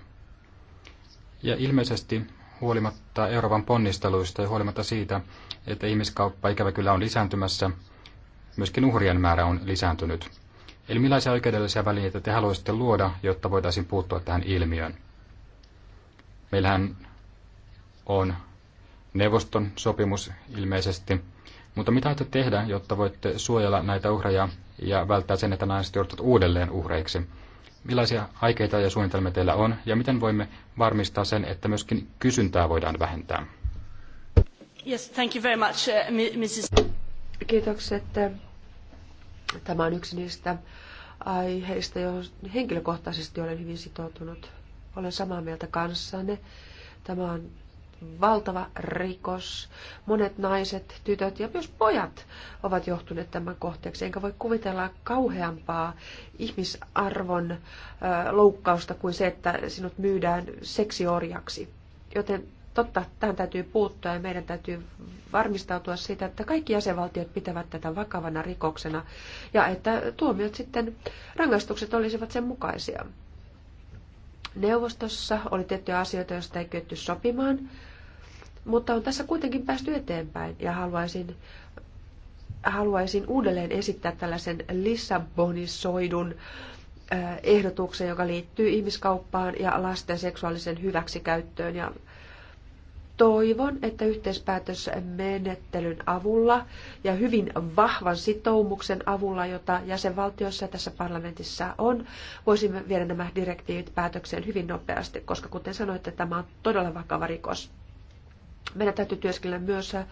Ja ilmeisesti huolimatta Euroopan ponnisteluista ja huolimatta siitä, että ihmiskauppa ikävä kyllä on lisääntymässä, myöskin uhrien määrä on lisääntynyt. Eli millaisia oikeudellisia välineitä te haluaisitte luoda, jotta voitaisiin puuttua tähän ilmiöön? Meillähän on neuvoston sopimus ilmeisesti, mutta mitä aiotte tehdä, jotta voitte suojella näitä uhreja ja välttää sen, että naiset joutuvat uudelleen uhreiksi? millaisia aikeita ja suunnitelmia teillä on ja miten voimme varmistaa sen, että myöskin kysyntää voidaan vähentää? Yes, thank you very much, uh, Mrs. Kiitokset. Tämä on yksi niistä aiheista, joihin henkilökohtaisesti olen hyvin sitoutunut. Olen samaa mieltä kanssanne. Tämä on valtava rikos. Monet naiset, tytöt ja myös pojat ovat johtuneet tämän kohteeksi. Enkä voi kuvitella kauheampaa ihmisarvon loukkausta kuin se, että sinut myydään seksiorjaksi. Joten totta, tähän täytyy puuttua ja meidän täytyy varmistautua siitä, että kaikki jäsenvaltiot pitävät tätä vakavana rikoksena ja että tuomiot sitten, rangaistukset olisivat sen mukaisia neuvostossa oli tiettyjä asioita, joista ei kyetty sopimaan. Mutta on tässä kuitenkin päästy eteenpäin ja haluaisin, haluaisin uudelleen esittää tällaisen Lissabonisoidun äh, ehdotuksen, joka liittyy ihmiskauppaan ja lasten seksuaalisen hyväksikäyttöön. Ja toivon, että menettelyn avulla ja hyvin vahvan sitoumuksen avulla, jota jäsenvaltiossa ja tässä parlamentissa on, voisimme viedä nämä direktiivit päätökseen hyvin nopeasti, koska kuten sanoitte, tämä on todella vakava rikos. Meidän täytyy työskennellä myös äh,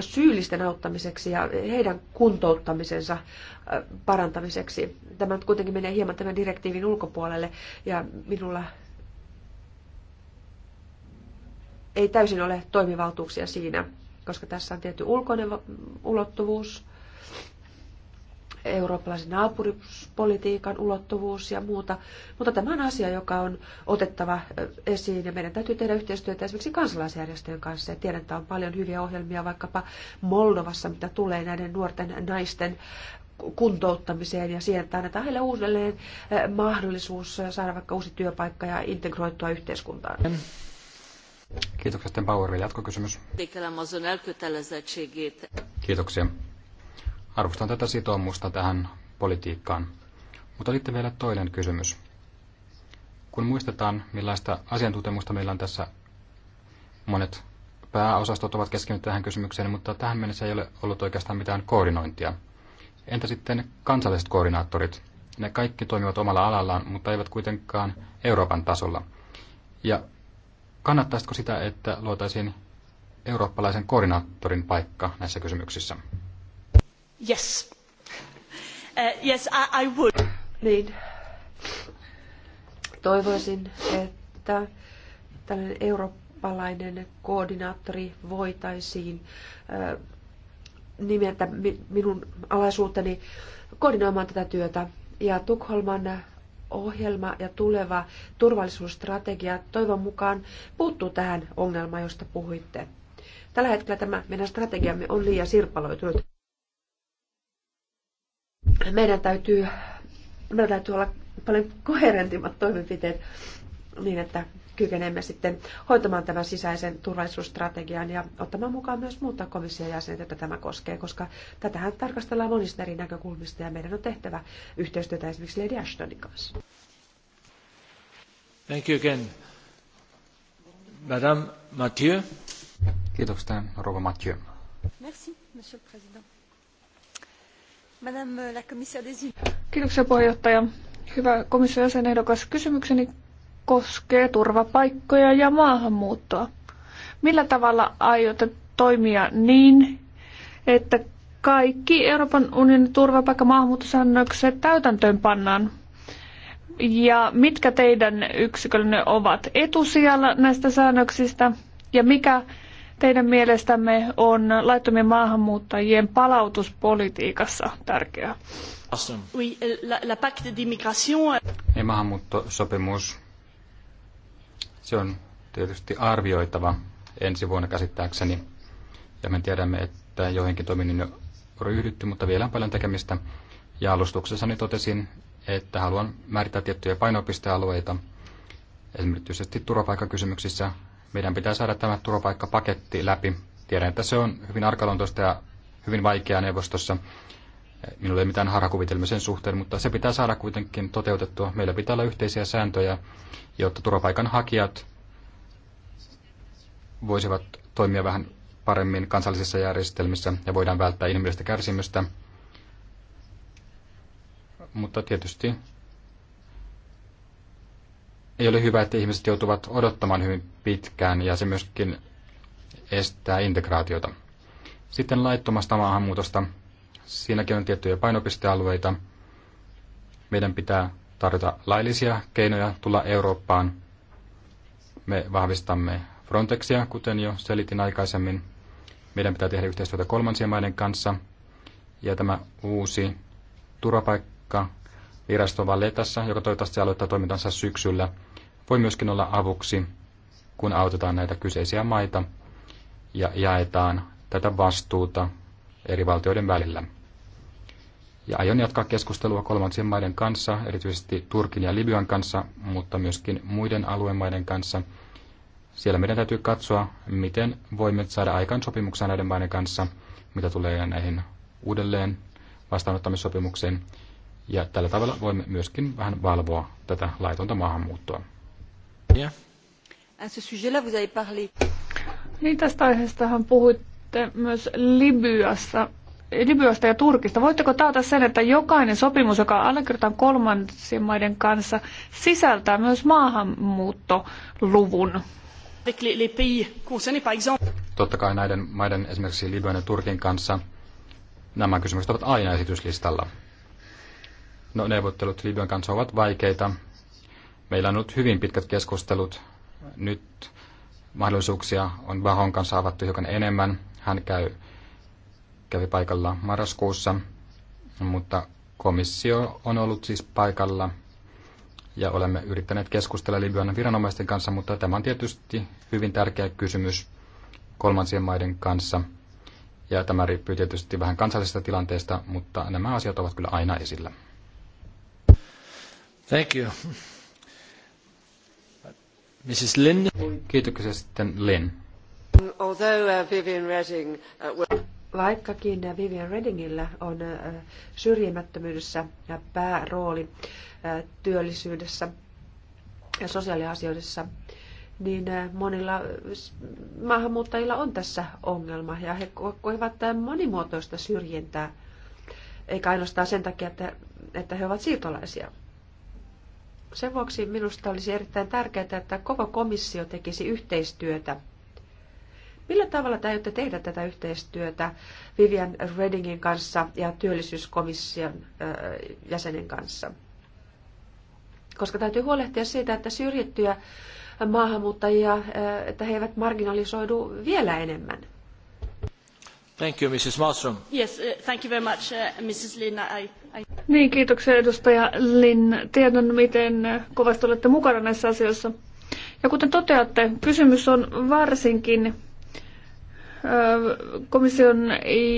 syyllisten auttamiseksi ja heidän kuntouttamisensa äh, parantamiseksi. Tämä kuitenkin menee hieman tämän direktiivin ulkopuolelle ja minulla ei täysin ole toimivaltuuksia siinä, koska tässä on tietty ulkoinen ulottuvuus eurooppalaisen naapuripolitiikan ulottuvuus ja muuta. Mutta tämä on asia, joka on otettava esiin ja meidän täytyy tehdä yhteistyötä esimerkiksi kansalaisjärjestöjen kanssa. Ja tiedän, että on paljon hyviä ohjelmia vaikkapa Moldovassa, mitä tulee näiden nuorten naisten kuntouttamiseen ja siihen, että annetaan heille uudelleen mahdollisuus saada vaikka uusi työpaikka ja integroitua yhteiskuntaan. Kiitoksia. Sitten Bauerille jatkokysymys. Kiitoksia. Arvostan tätä sitoumusta tähän politiikkaan. Mutta sitten vielä toinen kysymys. Kun muistetaan, millaista asiantuntemusta meillä on tässä, monet pääosastot ovat keskittyneet tähän kysymykseen, mutta tähän mennessä ei ole ollut oikeastaan mitään koordinointia. Entä sitten kansalliset koordinaattorit? Ne kaikki toimivat omalla alallaan, mutta eivät kuitenkaan Euroopan tasolla. Ja kannattaisiko sitä, että luotaisiin eurooppalaisen koordinaattorin paikka näissä kysymyksissä? Uh, niin. Toivoisin, että tällainen eurooppalainen koordinaattori voitaisiin uh, nimetä minun alaisuuteni koordinoimaan tätä työtä. Ja Tukholman ohjelma ja tuleva turvallisuusstrategia toivon mukaan puuttuu tähän ongelmaan, josta puhuitte. Tällä hetkellä tämä meidän strategiamme on liian sirpaloitunut meidän täytyy, meidän täytyy olla paljon koherentimmat toimenpiteet niin, että kykenemme sitten hoitamaan tämän sisäisen turvallisuusstrategian ja ottamaan mukaan myös muuta komission jäsenet, joita tämä koskee, koska tätähän tarkastellaan monista eri näkökulmista ja meidän on tehtävä yhteistyötä esimerkiksi Lady Ashtonin kanssa. Thank you again. Madame Mathieu. Kiitoksia, rouva Mathieu. Merci, monsieur le président. Madame la Kiitoksia puheenjohtaja. Hyvä komission jäsenehdokas. Kysymykseni koskee turvapaikkoja ja maahanmuuttoa. Millä tavalla aiotte toimia niin, että kaikki Euroopan unionin turvapaikka- maahanmuuttosäännökset täytäntöön pannaan? Ja mitkä teidän yksikönne ovat etusijalla näistä säännöksistä? Ja mikä teidän mielestämme on laittomien maahanmuuttajien palautuspolitiikassa tärkeää? Oui, euh, la, la pacte d'immigration. Ei euh, niin, maahanmuuttosopimus. Se on tietysti arvioitava ensi vuonna käsittääkseni. Ja me tiedämme, että joihinkin toiminnin on ryhdytty, mutta vielä on paljon tekemistä. Ja alustuksessani totesin, että haluan määrittää tiettyjä painopistealueita, esimerkiksi turvapaikkakysymyksissä, meidän pitää saada tämä turvapaikkapaketti läpi. Tiedän, että se on hyvin arkaluontoista ja hyvin vaikeaa neuvostossa. Minulla ei mitään harhakuvitelmia sen suhteen, mutta se pitää saada kuitenkin toteutettua. Meillä pitää olla yhteisiä sääntöjä, jotta turvapaikan hakijat voisivat toimia vähän paremmin kansallisissa järjestelmissä ja voidaan välttää inhimillistä kärsimystä. Mutta tietysti ei ole hyvä, että ihmiset joutuvat odottamaan hyvin pitkään ja se myöskin estää integraatiota. Sitten laittomasta maahanmuutosta. Siinäkin on tiettyjä painopistealueita. Meidän pitää tarjota laillisia keinoja tulla Eurooppaan. Me vahvistamme Frontexia, kuten jo selitin aikaisemmin. Meidän pitää tehdä yhteistyötä kolmansien maiden kanssa. Ja tämä uusi turvapaikka virasto Valletassa, joka toivottavasti aloittaa toimintansa syksyllä, voi myöskin olla avuksi, kun autetaan näitä kyseisiä maita ja jaetaan tätä vastuuta eri valtioiden välillä. Ja aion jatkaa keskustelua kolmansien maiden kanssa, erityisesti Turkin ja Libyan kanssa, mutta myöskin muiden alueen maiden kanssa. Siellä meidän täytyy katsoa, miten voimme saada aikaan sopimuksia näiden maiden kanssa, mitä tulee näihin uudelleen vastaanottamissopimukseen. Ja tällä tavalla voimme myöskin vähän valvoa tätä laitonta maahanmuuttoa. À ce sujet-là, vous avez parlé. Niin tästä aiheestahan puhuitte myös Libyassa. Libyasta ja Turkista. Voitteko taata sen, että jokainen sopimus, joka allekirjoitetaan kolmansien maiden kanssa, sisältää myös maahanmuuttoluvun? Totta kai näiden maiden, esimerkiksi Libyan ja Turkin kanssa, nämä kysymykset ovat aina esityslistalla. No, neuvottelut Libyan kanssa ovat vaikeita, Meillä on ollut hyvin pitkät keskustelut. Nyt mahdollisuuksia on Bahon kanssa avattu hiukan enemmän. Hän käy, kävi paikalla marraskuussa, mutta komissio on ollut siis paikalla ja olemme yrittäneet keskustella Libyan viranomaisten kanssa, mutta tämä on tietysti hyvin tärkeä kysymys kolmansien maiden kanssa. Ja tämä riippuu tietysti vähän kansallisesta tilanteesta, mutta nämä asiat ovat kyllä aina esillä. Thank you. Mrs. Lynn. Kiitoksia sitten Lynn. Although uh, Vivian Redding, Vaikkakin uh, uh, Vivian Reddingillä on syrjimättömyydessä päärooli työllisyydessä ja sosiaaliasioissa, niin monilla maahanmuuttajilla on tässä ongelma ja he kokevat monimuotoista syrjintää, eikä ainoastaan sen takia, että, että he ovat siirtolaisia. Sen vuoksi minusta olisi erittäin tärkeää, että koko komissio tekisi yhteistyötä. Millä tavalla te aiotte tehdä tätä yhteistyötä Vivian Reddingin kanssa ja työllisyyskomission jäsenen kanssa? Koska täytyy huolehtia siitä, että syrjittyjä maahanmuuttajia, että he eivät marginalisoidu vielä enemmän. Uh, uh, niin, kiitoksia edustaja Lin. Tiedän, miten kovasti olette mukana näissä asioissa. Ja kuten toteatte, kysymys on varsinkin komission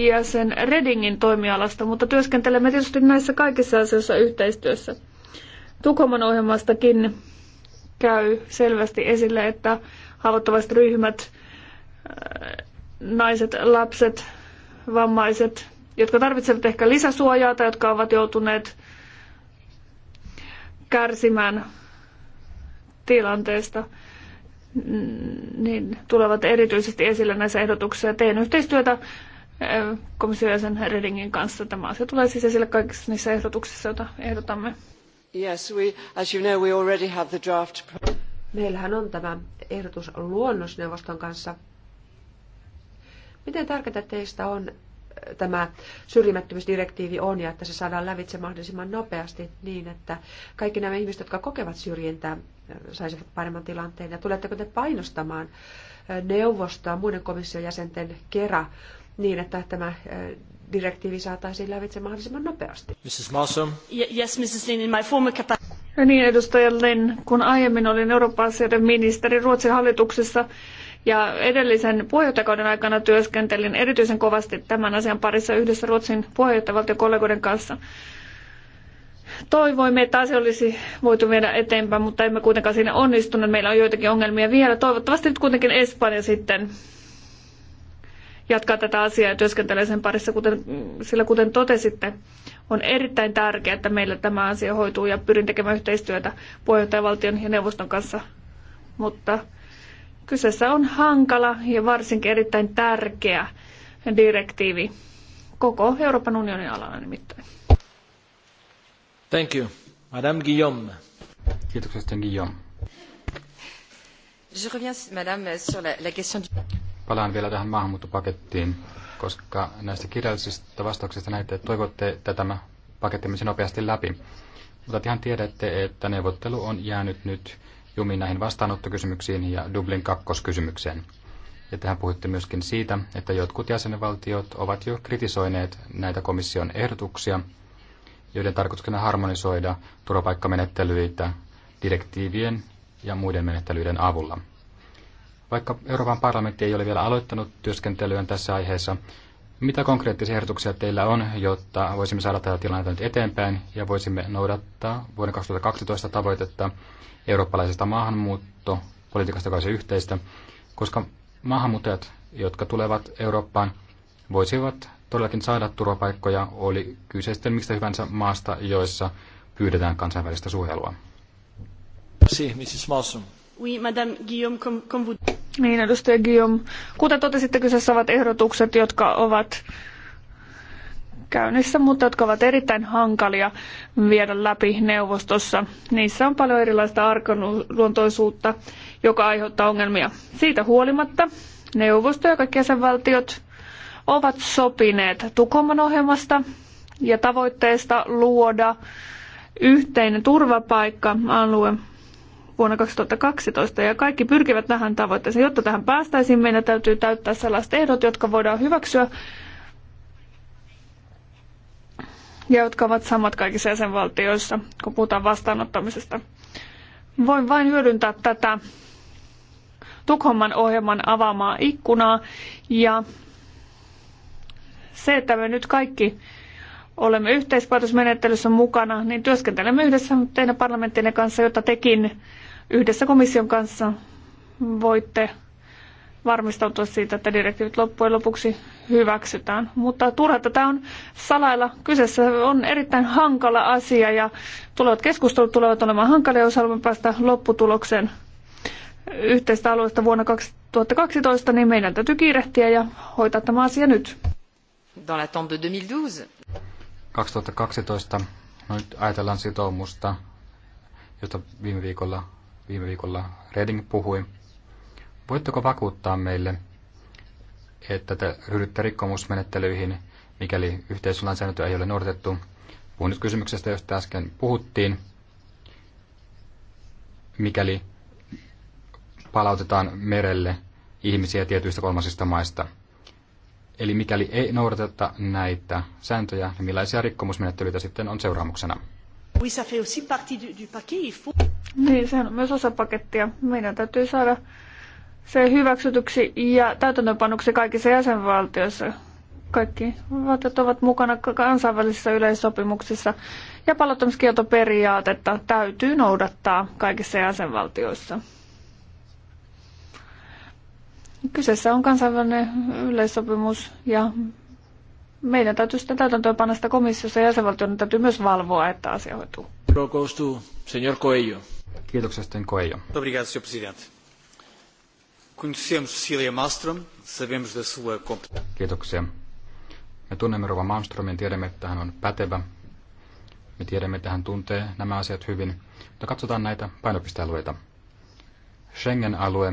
jäsen Redingin toimialasta, mutta työskentelemme tietysti näissä kaikissa asioissa yhteistyössä. Tukholman ohjelmastakin käy selvästi esille, että haavoittuvaiset ryhmät naiset, lapset, vammaiset, jotka tarvitsevat ehkä lisäsuojaa tai jotka ovat joutuneet kärsimään tilanteesta, niin tulevat erityisesti esille näissä ehdotuksissa. Teen yhteistyötä komission jäsen Redingin kanssa. Tämä asia tulee siis esille kaikissa niissä ehdotuksissa, joita ehdotamme. Yes, we, as you know, we already have the draft. Meillähän on tämä ehdotus luonnosneuvoston kanssa Miten tärkeää teistä on äh, tämä syrjimättömyysdirektiivi on ja että se saadaan lävitse mahdollisimman nopeasti niin, että kaikki nämä ihmiset, jotka kokevat syrjintää, äh, saisivat paremman tilanteen? Ja tuletteko te painostamaan äh, neuvostoa muiden komission jäsenten kera niin, että tämä direktiivi saataisiin lävitse mahdollisimman nopeasti? Mrs. Malsom. Yes, Mrs. Lin, in my former capacity. Niin, edustaja Lin, kun aiemmin olin Euroopan asioiden ministeri Ruotsin hallituksessa, ja edellisen puheenjohtajakauden aikana työskentelin erityisen kovasti tämän asian parissa yhdessä Ruotsin puheenjohtajavaltiokollegoiden kanssa. Toivoimme, että asia olisi voitu viedä eteenpäin, mutta emme kuitenkaan siinä onnistuneet. Meillä on joitakin ongelmia vielä. Toivottavasti nyt kuitenkin Espanja sitten jatkaa tätä asiaa ja työskentelee sen parissa, kuten, sillä kuten totesitte, on erittäin tärkeää, että meillä tämä asia hoituu ja pyrin tekemään yhteistyötä puheenjohtajavaltion ja neuvoston kanssa. Mutta Kyseessä on hankala ja varsinkin erittäin tärkeä direktiivi koko Euroopan unionin alalla nimittäin. Thank you. Madame Guillaume. Kiitoksia Guillaume. Je reviens, madame, sur la, la question du... Palaan vielä tähän maahanmuuttopakettiin, koska näistä kirjallisista vastauksista näette, että toivotte, että tämä paketti menisi nopeasti läpi. Mutta ihan tiedätte, että neuvottelu on jäänyt nyt jumiin näihin vastaanottokysymyksiin ja Dublin kakkoskysymykseen. Ja tähän puhutte myöskin siitä, että jotkut jäsenvaltiot ovat jo kritisoineet näitä komission ehdotuksia, joiden tarkoituksena harmonisoida turvapaikkamenettelyitä direktiivien ja muiden menettelyiden avulla. Vaikka Euroopan parlamentti ei ole vielä aloittanut työskentelyä tässä aiheessa, mitä konkreettisia ehdotuksia teillä on, jotta voisimme saada tätä tilannetta nyt eteenpäin ja voisimme noudattaa vuoden 2012 tavoitetta eurooppalaisesta maahanmuuttopolitiikasta, joka olisi yhteistä, koska maahanmuuttajat, jotka tulevat Eurooppaan, voisivat todellakin saada turvapaikkoja, oli kyse sitten mistä hyvänsä maasta, joissa pyydetään kansainvälistä suojelua. Si, Mrs. Malson. Oui, Madame Guillaume, comme, comme vous... Niin, edustaja Guillaume. Kuten totesitte, kyseessä ovat ehdotukset, jotka ovat käynnissä, mutta jotka ovat erittäin hankalia viedä läpi neuvostossa. Niissä on paljon erilaista arkaluontoisuutta, joka aiheuttaa ongelmia. Siitä huolimatta neuvosto ja kaikki jäsenvaltiot ovat sopineet Tukoman ohjelmasta ja tavoitteesta luoda yhteinen turvapaikka-alue vuonna 2012 ja kaikki pyrkivät tähän tavoitteeseen. Jotta tähän päästäisiin, meidän täytyy täyttää sellaiset ehdot, jotka voidaan hyväksyä ja jotka ovat samat kaikissa jäsenvaltioissa, kun puhutaan vastaanottamisesta. Voin vain hyödyntää tätä Tukholman ohjelman avaamaa ikkunaa ja se, että me nyt kaikki olemme yhteispäätösmenettelyssä mukana, niin työskentelemme yhdessä teidän parlamenttien kanssa, jotta tekin yhdessä komission kanssa voitte varmistautua siitä, että direktiivit loppujen lopuksi hyväksytään. Mutta turha tätä on salailla. Kyseessä on erittäin hankala asia ja tulevat keskustelut tulevat olemaan hankalia, jos haluamme päästä lopputulokseen yhteistä alueesta vuonna 2012, niin meidän täytyy kiirehtiä ja hoitaa tämä asia nyt. Dans 2012. 2012 no nyt ajatellaan sitoumusta, jota viime viikolla, viime viikolla Reding puhui. Voitteko vakuuttaa meille, että te ryhdytte rikkomusmenettelyihin, mikäli yhteisölainsäädäntö ei ole noudatettu? Puhun nyt kysymyksestä, josta äsken puhuttiin. Mikäli palautetaan merelle ihmisiä tietyistä kolmasista maista. Eli mikäli ei noudateta näitä sääntöjä, niin millaisia rikkomusmenettelyitä sitten on seuraamuksena? Niin, sehän on myös osa pakettia. Meidän täytyy saada se hyväksytyksi ja täytäntöönpannuksi kaikissa jäsenvaltioissa. Kaikki valtiot ovat mukana kansainvälisissä yleissopimuksissa ja palauttamiskieltoperiaatetta täytyy noudattaa kaikissa jäsenvaltioissa. Kyseessä on kansainvälinen yleissopimus ja meidän täytyy sitten täytäntöönpanna sitä komissiossa ja jäsenvaltioiden täytyy myös valvoa, että asia hoituu. Kiitoksia sitten Coelho. Obrigado, Conhecemos Malmström, sabemos da sua Kiitoksia. Me tunnemme Rova Malmströmin, tiedämme, että hän on pätevä. Me tiedämme, että hän tuntee nämä asiat hyvin. Mutta katsotaan näitä painopistealueita. Schengen-alue,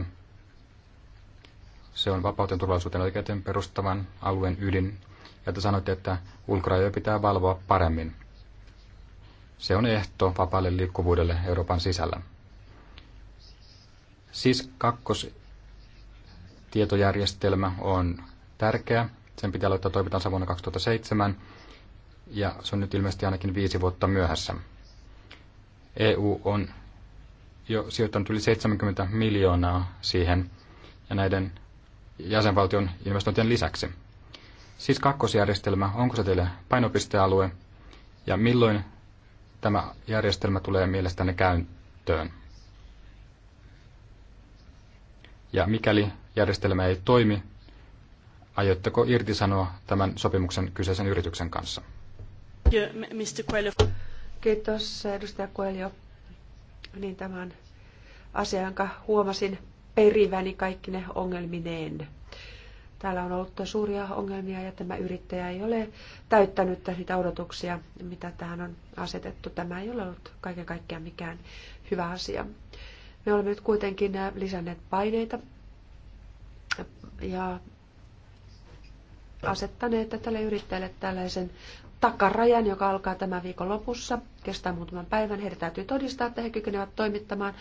se on vapauteen, turvallisuuteen ja oikeuteen perustavan alueen ydin. Ja te sanoitte, että ulkorajoja pitää valvoa paremmin. Se on ehto vapaalle liikkuvuudelle Euroopan sisällä. Siis kakkos tietojärjestelmä on tärkeä. Sen pitää aloittaa toimintansa vuonna 2007 ja se on nyt ilmeisesti ainakin viisi vuotta myöhässä. EU on jo sijoittanut yli 70 miljoonaa siihen ja näiden jäsenvaltion investointien lisäksi. Siis kakkosjärjestelmä, onko se teille painopistealue ja milloin tämä järjestelmä tulee mielestäni käyttöön? Ja mikäli järjestelmä ei toimi, aiotteko irtisanoa tämän sopimuksen kyseisen yrityksen kanssa? Kiitos, edustaja Coelho. Niin tämän asia, jonka huomasin periväni kaikki ne ongelmineen. Täällä on ollut suuria ongelmia ja tämä yrittäjä ei ole täyttänyt niitä odotuksia, mitä tähän on asetettu. Tämä ei ole ollut kaiken kaikkiaan mikään hyvä asia. Me olemme nyt kuitenkin lisänneet paineita ja asettaneet tälle yrittäjälle tällaisen takarajan, joka alkaa tämän viikon lopussa, kestää muutaman päivän. Heidän täytyy todistaa, että he kykenevät toimittamaan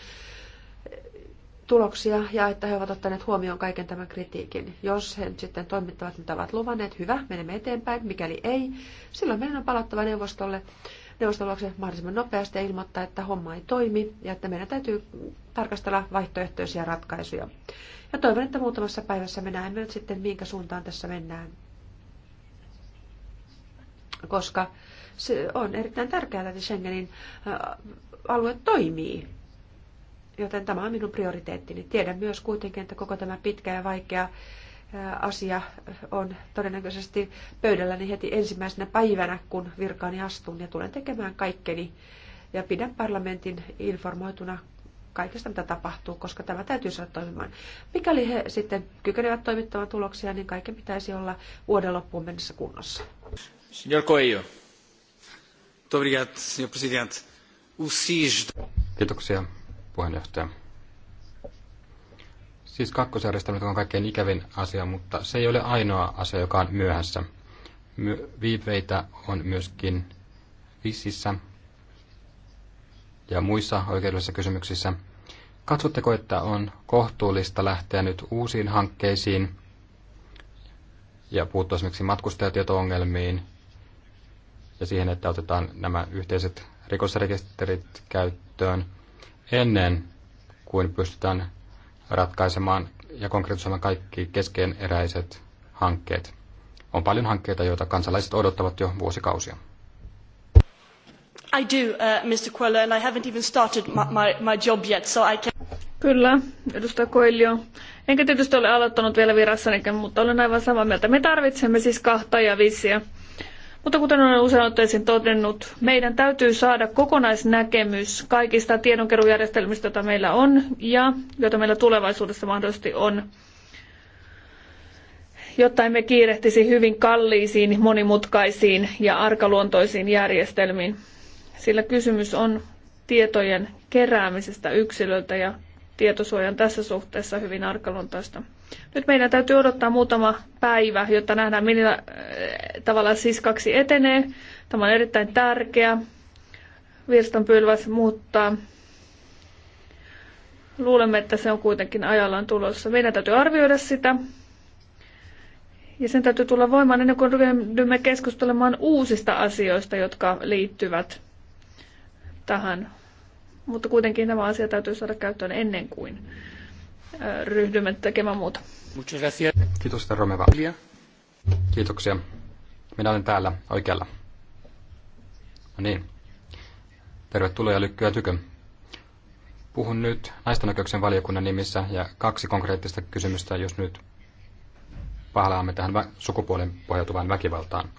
tuloksia ja että he ovat ottaneet huomioon kaiken tämän kritiikin. Jos he sitten toimittavat, mitä ovat luvanneet, hyvä, menemme eteenpäin. Mikäli ei, silloin meidän on palattava neuvostolle neuvostoluokse mahdollisimman nopeasti ja ilmoittaa, että homma ei toimi ja että meidän täytyy tarkastella vaihtoehtoisia ratkaisuja. Ja toivon, että muutamassa päivässä me näemme nyt sitten, minkä suuntaan tässä mennään. Koska se on erittäin tärkeää, että Schengenin äh, alue toimii. Joten tämä on minun prioriteettini. Tiedän myös kuitenkin, että koko tämä pitkä ja vaikea asia on todennäköisesti pöydälläni heti ensimmäisenä päivänä, kun virkaani astun ja tulen tekemään kaikkeni ja pidän parlamentin informoituna kaikesta, mitä tapahtuu, koska tämä täytyy saada toimimaan. Mikäli he sitten kykenevät toimittamaan tuloksia, niin kaiken pitäisi olla vuoden loppuun mennessä kunnossa. Signor Coelho. Obrigado, signor Presidente. Kiitoksia, puheenjohtaja siis kakkosjärjestelmä on kaikkein ikävin asia, mutta se ei ole ainoa asia, joka on myöhässä. My- viipeitä on myöskin vississä ja muissa oikeudellisissa kysymyksissä. Katsotteko, että on kohtuullista lähteä nyt uusiin hankkeisiin ja puuttua esimerkiksi matkustajatieto-ongelmiin ja siihen, että otetaan nämä yhteiset rikosrekisterit käyttöön ennen kuin pystytään ratkaisemaan ja konkretisoimaan kaikki keskeneräiset hankkeet. On paljon hankkeita, joita kansalaiset odottavat jo vuosikausia. I do, uh, Mr. Quello, and I haven't even started my, my, my job yet, so I can... Kyllä, edustaja Koilio. Enkä tietysti ole aloittanut vielä virassanikin, mutta olen aivan samaa mieltä. Me tarvitsemme siis kahta ja visiä. Mutta kuten olen usein otteeseen todennut, meidän täytyy saada kokonaisnäkemys kaikista tiedonkeruujärjestelmistä, joita meillä on ja joita meillä tulevaisuudessa mahdollisesti on, jotta emme kiirehtisi hyvin kalliisiin, monimutkaisiin ja arkaluontoisiin järjestelmiin. Sillä kysymys on tietojen keräämisestä yksilöltä ja tietosuojan tässä suhteessa hyvin arkaluontoista. Nyt meidän täytyy odottaa muutama päivä, jotta nähdään, millä äh, tavalla siis kaksi etenee. Tämä on erittäin tärkeä virstanpylväs, muuttaa. luulemme, että se on kuitenkin ajallaan tulossa. Meidän täytyy arvioida sitä. Ja sen täytyy tulla voimaan ennen kuin ryhdymme keskustelemaan uusista asioista, jotka liittyvät tähän. Mutta kuitenkin nämä asiat täytyy saada käyttöön ennen kuin ryhdymme tekemään muuta. Kiitos, Romeva. Kiitoksia. Minä olen täällä oikealla. No niin. Tervetuloa ja lykkyä tykö. Puhun nyt naisten oikeuksien valiokunnan nimissä ja kaksi konkreettista kysymystä, jos nyt pahlaamme tähän sukupuolen pohjautuvaan väkivaltaan.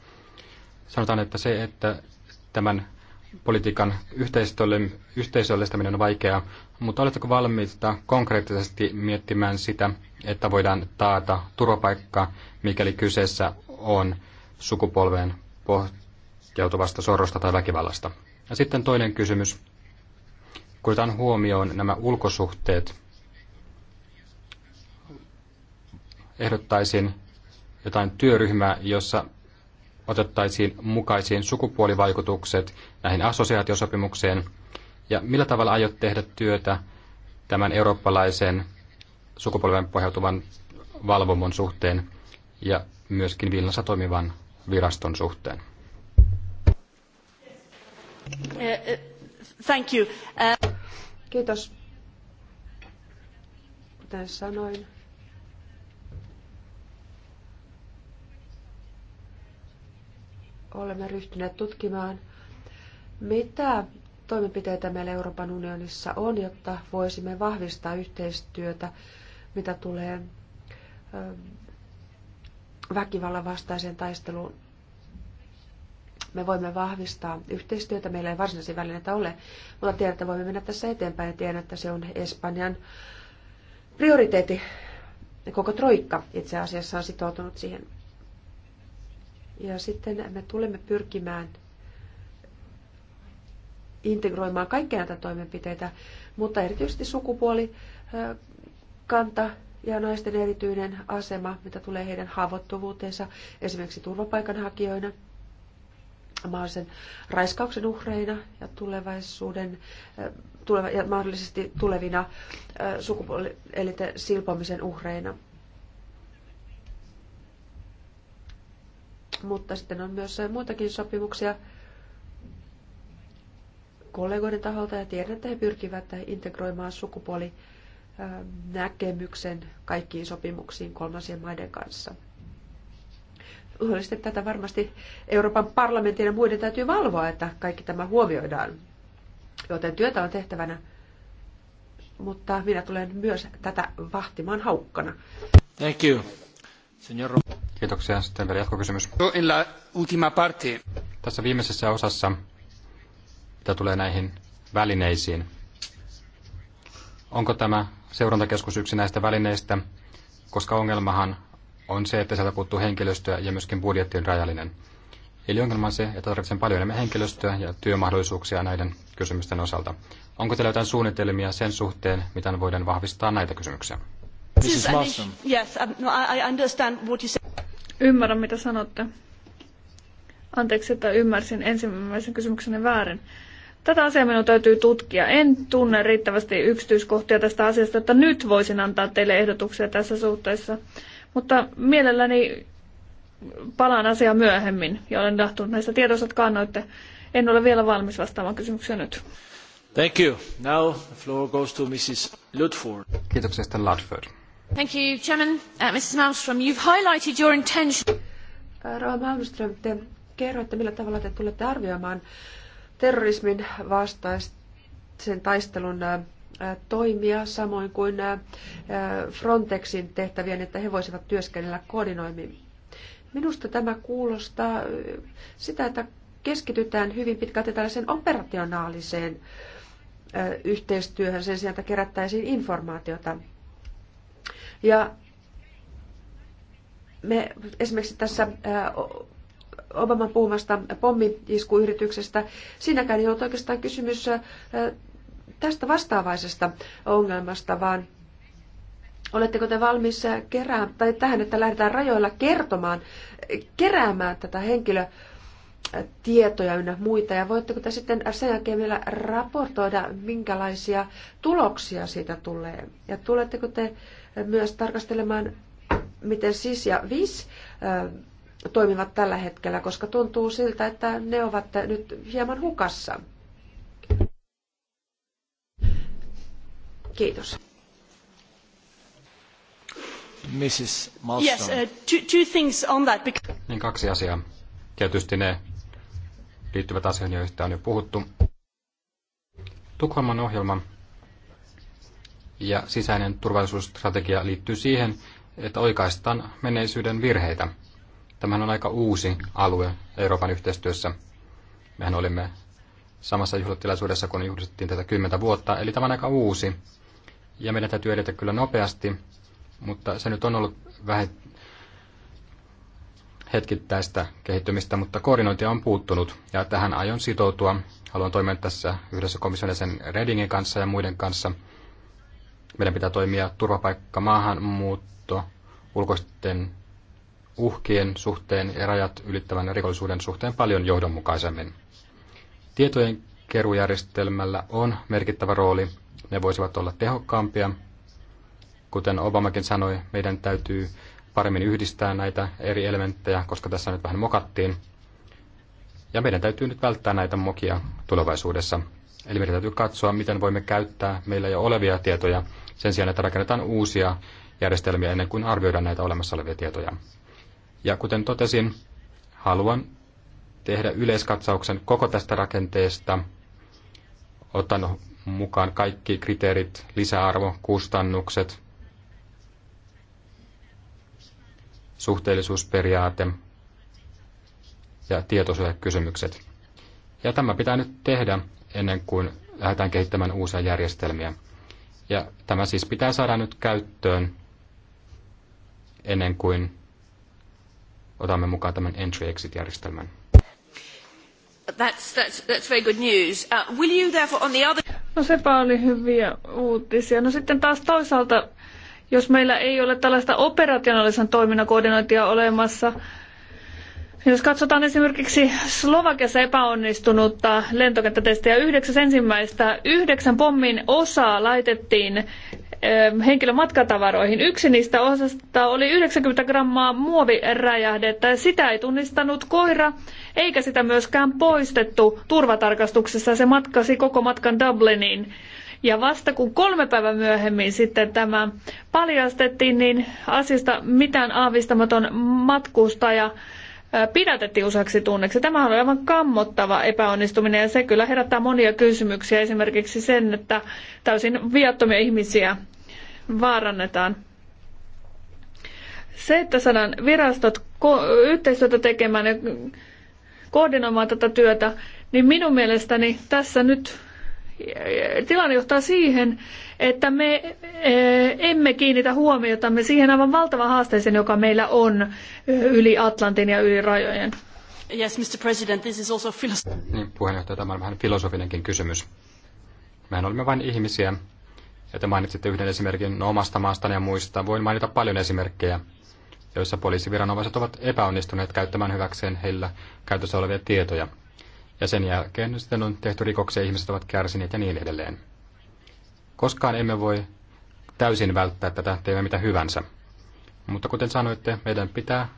Sanotaan, että se, että tämän politiikan yhteisöllistäminen on vaikeaa, mutta oletteko valmiita konkreettisesti miettimään sitä, että voidaan taata turvapaikka, mikäli kyseessä on sukupolveen pohjautuvasta sorrosta tai väkivallasta? Ja sitten toinen kysymys. Kun otetaan huomioon nämä ulkosuhteet, ehdottaisin jotain työryhmää, jossa otettaisiin mukaisiin sukupuolivaikutukset näihin assosiaatiosopimukseen? Ja millä tavalla aiot tehdä työtä tämän eurooppalaisen sukupolven pohjautuvan valvomon suhteen ja myöskin Vilnassa toimivan viraston suhteen? Thank you. Uh, Kiitos. Kuten sanoin, olemme ryhtyneet tutkimaan, mitä toimenpiteitä meillä Euroopan unionissa on, jotta voisimme vahvistaa yhteistyötä, mitä tulee ähm, väkivallan vastaiseen taisteluun. Me voimme vahvistaa yhteistyötä. Meillä ei varsinaisia välineitä ole, mutta tiedän, että voimme mennä tässä eteenpäin ja tiedän, että se on Espanjan prioriteetti. Koko troikka itse asiassa on sitoutunut siihen. Ja sitten me tulemme pyrkimään integroimaan kaikkia näitä toimenpiteitä, mutta erityisesti sukupuoli, kanta ja naisten erityinen asema, mitä tulee heidän haavoittuvuuteensa esimerkiksi turvapaikanhakijoina, mahdollisen raiskauksen uhreina ja tulevaisuuden ja mahdollisesti tulevina sukupuolielinten silpomisen uhreina. Mutta sitten on myös muitakin sopimuksia kollegoiden taholta ja tiedän, että he pyrkivät integroimaan sukupuolinäkemyksen kaikkiin sopimuksiin kolmansien maiden kanssa. Luulisin, tätä varmasti Euroopan parlamentin ja muiden täytyy valvoa, että kaikki tämä huomioidaan. Joten työtä on tehtävänä, mutta minä tulen myös tätä vahtimaan haukkana. Thank you. Senor... Kiitoksia. Sitten vielä jatkokysymys. En la parte. Tässä viimeisessä osassa, mitä tulee näihin välineisiin, onko tämä seurantakeskus yksi näistä välineistä, koska ongelmahan on se, että sieltä puuttuu henkilöstöä ja myöskin budjetti on rajallinen. Eli ongelma on se, että tarvitsen paljon enemmän henkilöstöä ja työmahdollisuuksia näiden kysymysten osalta. Onko teillä jotain suunnitelmia sen suhteen, miten voidaan vahvistaa näitä kysymyksiä? Um, no, Ymmärrän, mitä sanotte. Anteeksi, että ymmärsin ensimmäisen kysymyksenne väärin. Tätä asiaa minun täytyy tutkia. En tunne riittävästi yksityiskohtia tästä asiasta, että nyt voisin antaa teille ehdotuksia tässä suhteessa. Mutta mielelläni palaan asiaan myöhemmin ja olen lahtunut näistä tiedoista, jotka annoitte. En ole vielä valmis vastaamaan kysymykseen nyt. Thank you. Now the floor goes to Mrs. Ludford. Kiitoksia, Ludford. Thank uh, Malmström, Rouva uh, Malmström, te kerroitte, millä tavalla te tulette arvioimaan terrorismin vastaisen taistelun uh, toimia, samoin kuin Frontexin tehtävien, että he voisivat työskennellä koordinoimmin. Minusta tämä kuulostaa sitä, että keskitytään hyvin pitkälti tällaiseen operationaaliseen yhteistyöhön sen sijaan, että kerättäisiin informaatiota. Ja me esimerkiksi tässä Obaman puhumasta pommi-iskuyrityksestä, siinäkään ei ollut oikeastaan kysymys tästä vastaavaisesta ongelmasta, vaan oletteko te valmis keräämään, tai tähän, että lähdetään rajoilla kertomaan, keräämään tätä henkilöä tietoja ynnä muita, ja voitteko te sitten sen jälkeen vielä raportoida, minkälaisia tuloksia siitä tulee? Ja tuletteko te myös tarkastelemaan, miten SIS ja VIS toimivat tällä hetkellä, koska tuntuu siltä, että ne ovat nyt hieman hukassa. Kiitos. Mrs. Malmström. Yes, uh, two, two things on that. Because... Niin kaksi asiaa Tietysti ne liittyvät asioihin, joista on jo puhuttu. Tukholman ohjelma ja sisäinen turvallisuusstrategia liittyy siihen, että oikaistaan menneisyyden virheitä. Tämähän on aika uusi alue Euroopan yhteistyössä. Mehän olimme samassa juhlatilaisuudessa, kun juhlistettiin tätä kymmentä vuotta, eli tämä on aika uusi. Ja meidän täytyy edetä kyllä nopeasti, mutta se nyt on ollut vähän hetkittäistä kehittymistä, mutta koordinointia on puuttunut ja tähän aion sitoutua. Haluan toimia tässä yhdessä komission jäsen Redingin kanssa ja muiden kanssa. Meidän pitää toimia turvapaikka, maahanmuutto, ulkoisten uhkien suhteen ja rajat ylittävän rikollisuuden suhteen paljon johdonmukaisemmin. Tietojen kerujärjestelmällä on merkittävä rooli. Ne voisivat olla tehokkaampia. Kuten Obamakin sanoi, meidän täytyy paremmin yhdistää näitä eri elementtejä, koska tässä nyt vähän mokattiin. Ja meidän täytyy nyt välttää näitä mokia tulevaisuudessa. Eli meidän täytyy katsoa, miten voimme käyttää meillä jo olevia tietoja sen sijaan, että rakennetaan uusia järjestelmiä ennen kuin arvioidaan näitä olemassa olevia tietoja. Ja kuten totesin, haluan tehdä yleiskatsauksen koko tästä rakenteesta, otan mukaan kaikki kriteerit, lisäarvo, kustannukset, suhteellisuusperiaate ja tietosuojakysymykset. Ja tämä pitää nyt tehdä ennen kuin lähdetään kehittämään uusia järjestelmiä. Ja tämä siis pitää saada nyt käyttöön ennen kuin otamme mukaan tämän entry-exit-järjestelmän. That's, that's, that's very good news. Uh, will you therefore on the other... No sepä oli hyviä uutisia. No sitten taas toisaalta jos meillä ei ole tällaista operationaalisen toiminnan koordinointia olemassa, niin jos katsotaan esimerkiksi Slovakiassa epäonnistunutta lentokenttätestiä yhdeksäs ensimmäistä, yhdeksän pommin osaa laitettiin henkilömatkatavaroihin matkatavaroihin. Yksi niistä osasta oli 90 grammaa muoviräjähdettä ja sitä ei tunnistanut koira, eikä sitä myöskään poistettu turvatarkastuksessa. Se matkasi koko matkan Dubliniin. Ja vasta kun kolme päivää myöhemmin sitten tämä paljastettiin, niin asiasta mitään aavistamaton matkustaja pidätettiin useaksi tunneksi. Tämä on aivan kammottava epäonnistuminen ja se kyllä herättää monia kysymyksiä. Esimerkiksi sen, että täysin viattomia ihmisiä vaarannetaan. Se, että saadaan virastot yhteistyötä tekemään ja koordinoimaan tätä työtä, niin minun mielestäni tässä nyt tilanne johtaa siihen, että me eh, emme kiinnitä huomiotamme siihen aivan valtavan haasteeseen, joka meillä on eh, yli Atlantin ja yli rajojen. Yes, Mr. President, this is also niin, puheenjohtaja, tämä on vähän filosofinenkin kysymys. Mehän olemme vain ihmisiä, ja te mainitsitte yhden esimerkin no, omasta maastani ja muista. Voin mainita paljon esimerkkejä, joissa poliisiviranomaiset ovat epäonnistuneet käyttämään hyväkseen heillä käytössä olevia tietoja ja sen jälkeen sitten on tehty rikoksia, ihmiset ovat kärsineet ja niin edelleen. Koskaan emme voi täysin välttää tätä, teemme mitä hyvänsä. Mutta kuten sanoitte, meidän pitää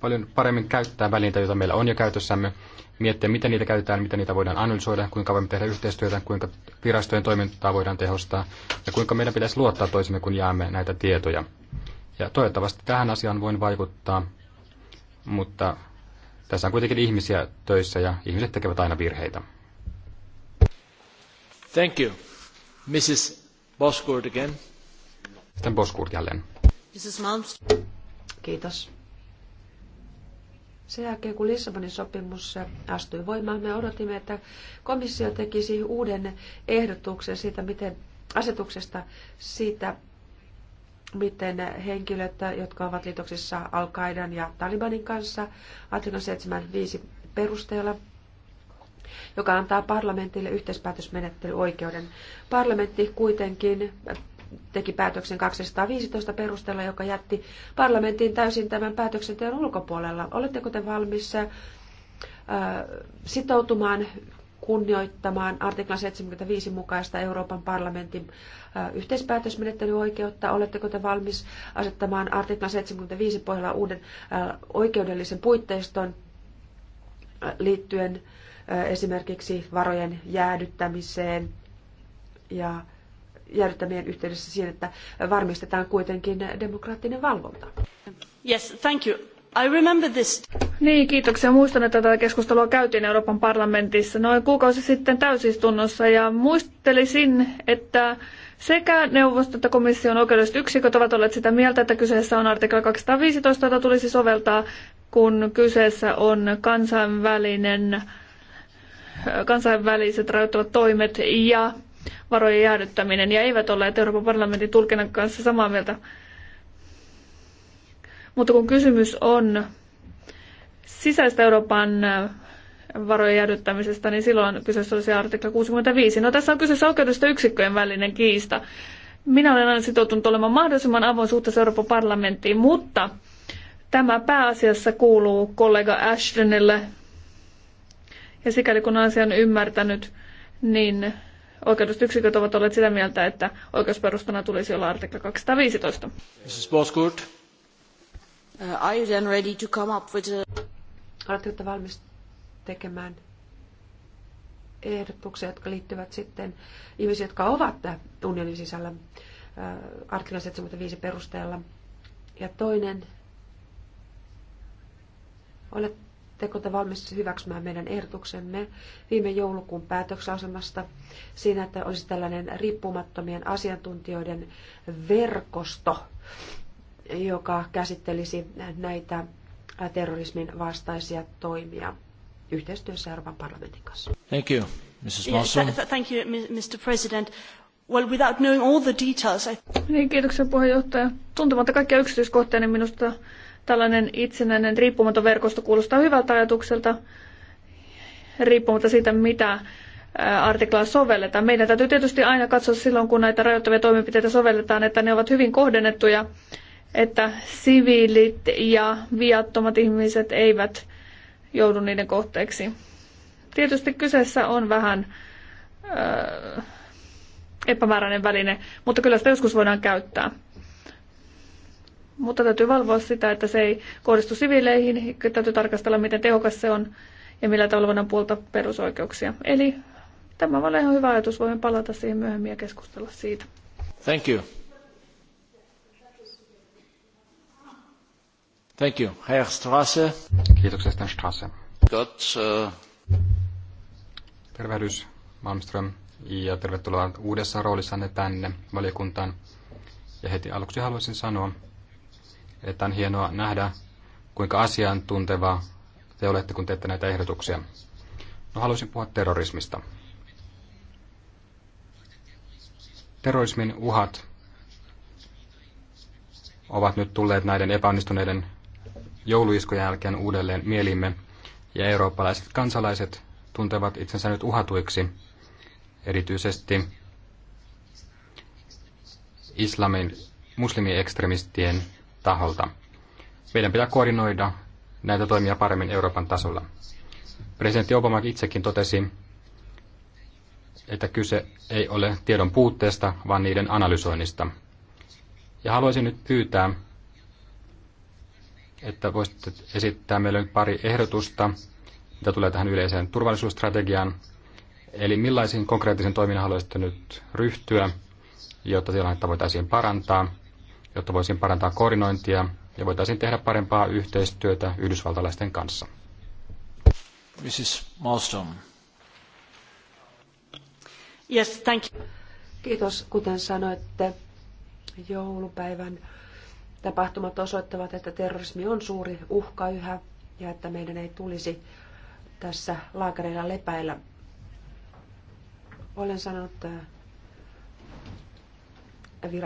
paljon paremmin käyttää välineitä, joita meillä on jo käytössämme, miettiä, miten niitä käytetään, miten niitä voidaan analysoida, kuinka voimme tehdä yhteistyötä, kuinka virastojen toimintaa voidaan tehostaa ja kuinka meidän pitäisi luottaa toisemme, kun jaamme näitä tietoja. Ja toivottavasti tähän asiaan voin vaikuttaa, mutta tässä on kuitenkin ihmisiä töissä ja ihmiset tekevät aina virheitä. Thank you. Mrs. Boskurt again. Sitten Boskurt jälleen. Mrs. Malmström. Kiitos. Sen jälkeen, kun Lissabonin sopimus astui voimaan, me odotimme, että komissio tekisi uuden ehdotuksen siitä, miten asetuksesta siitä, miten henkilöt, jotka ovat liitoksissa al ja Talibanin kanssa artikla 75 perusteella, joka antaa parlamentille yhteispäätösmenettelyoikeuden. Parlamentti kuitenkin teki päätöksen 215 perusteella, joka jätti parlamentin täysin tämän päätöksenteon ulkopuolella. Oletteko te valmis äh, sitoutumaan kunnioittamaan artiklan 75 mukaista Euroopan parlamentin yhteispäätösmenettelyoikeutta? Oletteko te valmis asettamaan artiklan 75 pohjalla uuden oikeudellisen puitteiston liittyen esimerkiksi varojen jäädyttämiseen ja jäädyttämien yhteydessä siihen, että varmistetaan kuitenkin demokraattinen valvonta? Yes, thank you. I remember this. Niin, kiitoksia. Muistan, että tätä keskustelua käytiin Euroopan parlamentissa noin kuukausi sitten täysistunnossa ja muistelisin, että sekä neuvosto että komission oikeudelliset yksiköt ovat olleet sitä mieltä, että kyseessä on artikla 215, jota tulisi soveltaa, kun kyseessä on kansainvälinen, kansainväliset rajoittavat toimet ja varojen jäädyttäminen, ja eivät olleet Euroopan parlamentin tulkinnan kanssa samaa mieltä. Mutta kun kysymys on sisäistä Euroopan varojen jäädyttämisestä, niin silloin kyseessä olisi artikla 65. No tässä on kyseessä oikeudesta yksikköjen välinen kiista. Minä olen aina sitoutunut olemaan mahdollisimman avoin suhteessa Euroopan parlamenttiin, mutta tämä pääasiassa kuuluu kollega Ashtonille. Ja sikäli kun asian ymmärtänyt, niin oikeudelliset yksiköt ovat olleet sitä mieltä, että oikeusperustana tulisi olla artikla 215. Mrs. Boskurt. Uh, are you then ready to come up with a... Oletteko valmis tekemään ehdotuksia, jotka liittyvät sitten ihmisiin, jotka ovat unionin sisällä uh, artiklan 75 perusteella. Ja toinen, oletteko te valmis hyväksymään meidän ehdotuksemme viime joulukuun päätöksasemasta siinä, että olisi tällainen riippumattomien asiantuntijoiden verkosto, joka käsittelisi näitä terrorismin vastaisia toimia yhteistyössä Euroopan parlamentin kanssa. Thank you, Mrs. Malmström. thank you, Mr. President. Well, without knowing all the details, I... Niin, kiitoksia puheenjohtaja. Tuntematta kaikkia yksityiskohtia, niin minusta tällainen itsenäinen riippumaton verkosto kuulostaa hyvältä ajatukselta, riippumatta siitä, mitä artiklaa sovelletaan. Meidän täytyy tietysti aina katsoa silloin, kun näitä rajoittavia toimenpiteitä sovelletaan, että ne ovat hyvin kohdennettuja että siviilit ja viattomat ihmiset eivät joudu niiden kohteeksi. Tietysti kyseessä on vähän öö, epämääräinen väline, mutta kyllä sitä joskus voidaan käyttää. Mutta täytyy valvoa sitä, että se ei kohdistu siviileihin. Täytyy tarkastella, miten tehokas se on ja millä tavalla voidaan puolta perusoikeuksia. Eli tämä on ihan hyvä ajatus. Voimme palata siihen myöhemmin ja keskustella siitä. Thank you. Thank you. Herr Strasse. Kiitoksia, Herr Strasse. uh... Tervehdys, Malmström, ja tervetuloa uudessa roolissanne tänne valiokuntaan. Ja heti aluksi haluaisin sanoa, että on hienoa nähdä, kuinka asiantunteva te olette, kun teette näitä ehdotuksia. No haluaisin puhua terrorismista. Terrorismin uhat ovat nyt tulleet näiden epäonnistuneiden jouluiskojen jälkeen uudelleen mielimme, ja eurooppalaiset kansalaiset tuntevat itsensä nyt uhatuiksi, erityisesti islamin muslimiekstremistien taholta. Meidän pitää koordinoida näitä toimia paremmin Euroopan tasolla. Presidentti Obama itsekin totesi, että kyse ei ole tiedon puutteesta, vaan niiden analysoinnista. Ja haluaisin nyt pyytää, että voisitte esittää meille nyt pari ehdotusta, mitä tulee tähän yleiseen turvallisuusstrategiaan. Eli millaisiin konkreettisiin toimiin haluaisitte nyt ryhtyä, jotta tilannetta voitaisiin parantaa, jotta voisin parantaa koordinointia ja voitaisiin tehdä parempaa yhteistyötä yhdysvaltalaisten kanssa. Mrs. Malmström. Yes, thank you. Kiitos, kuten sanoitte, joulupäivän Tapahtumat osoittavat, että terrorismi on suuri uhka yhä ja että meidän ei tulisi tässä laakereilla lepäillä. Olen sanonut äh,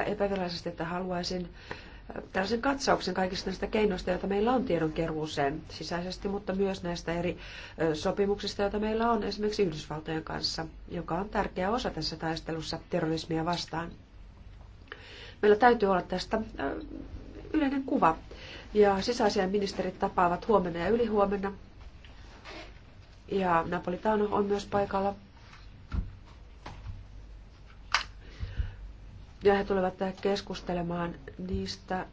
epävirallisesti, että haluaisin äh, tällaisen katsauksen kaikista näistä keinoista, joita meillä on keruuseen sisäisesti, mutta myös näistä eri äh, sopimuksista, joita meillä on esimerkiksi Yhdysvaltojen kanssa, joka on tärkeä osa tässä taistelussa terrorismia vastaan. Meillä täytyy olla tästä yleinen kuva. Ja sisäasiainministerit tapaavat huomenna ja ylihuomenna. Ja Napolitano on myös paikalla. Ja he tulevat keskustelemaan niistä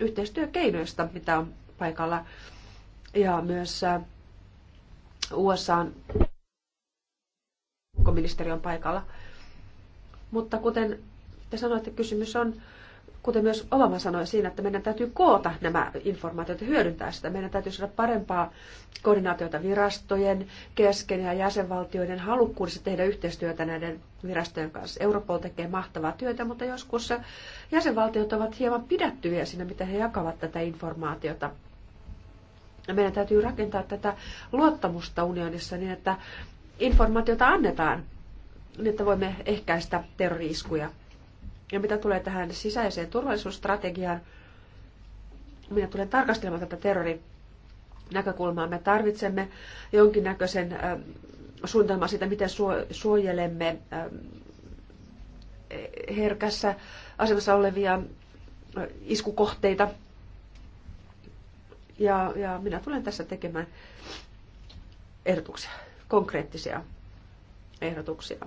yhteistyökeinoista, mitä on paikalla. Ja myös äh, USA ulkoministeri on paikalla. Mutta kuten te sanoitte, kysymys on kuten myös Obama sanoi siinä, että meidän täytyy koota nämä informaatiot ja hyödyntää sitä. Meidän täytyy saada parempaa koordinaatiota virastojen kesken ja jäsenvaltioiden halukkuudessa tehdä yhteistyötä näiden virastojen kanssa. Europol tekee mahtavaa työtä, mutta joskus jäsenvaltiot ovat hieman pidättyviä siinä, mitä he jakavat tätä informaatiota. Meidän täytyy rakentaa tätä luottamusta unionissa niin, että informaatiota annetaan, niin että voimme ehkäistä terroriiskuja ja mitä tulee tähän sisäiseen turvallisuusstrategiaan, minä tulen tarkastelemaan tätä terrorin näkökulmaa. Me tarvitsemme jonkinnäköisen suunnitelman siitä, miten suojelemme herkässä asemassa olevia iskukohteita. Ja, ja minä tulen tässä tekemään ehdotuksia, konkreettisia ehdotuksia.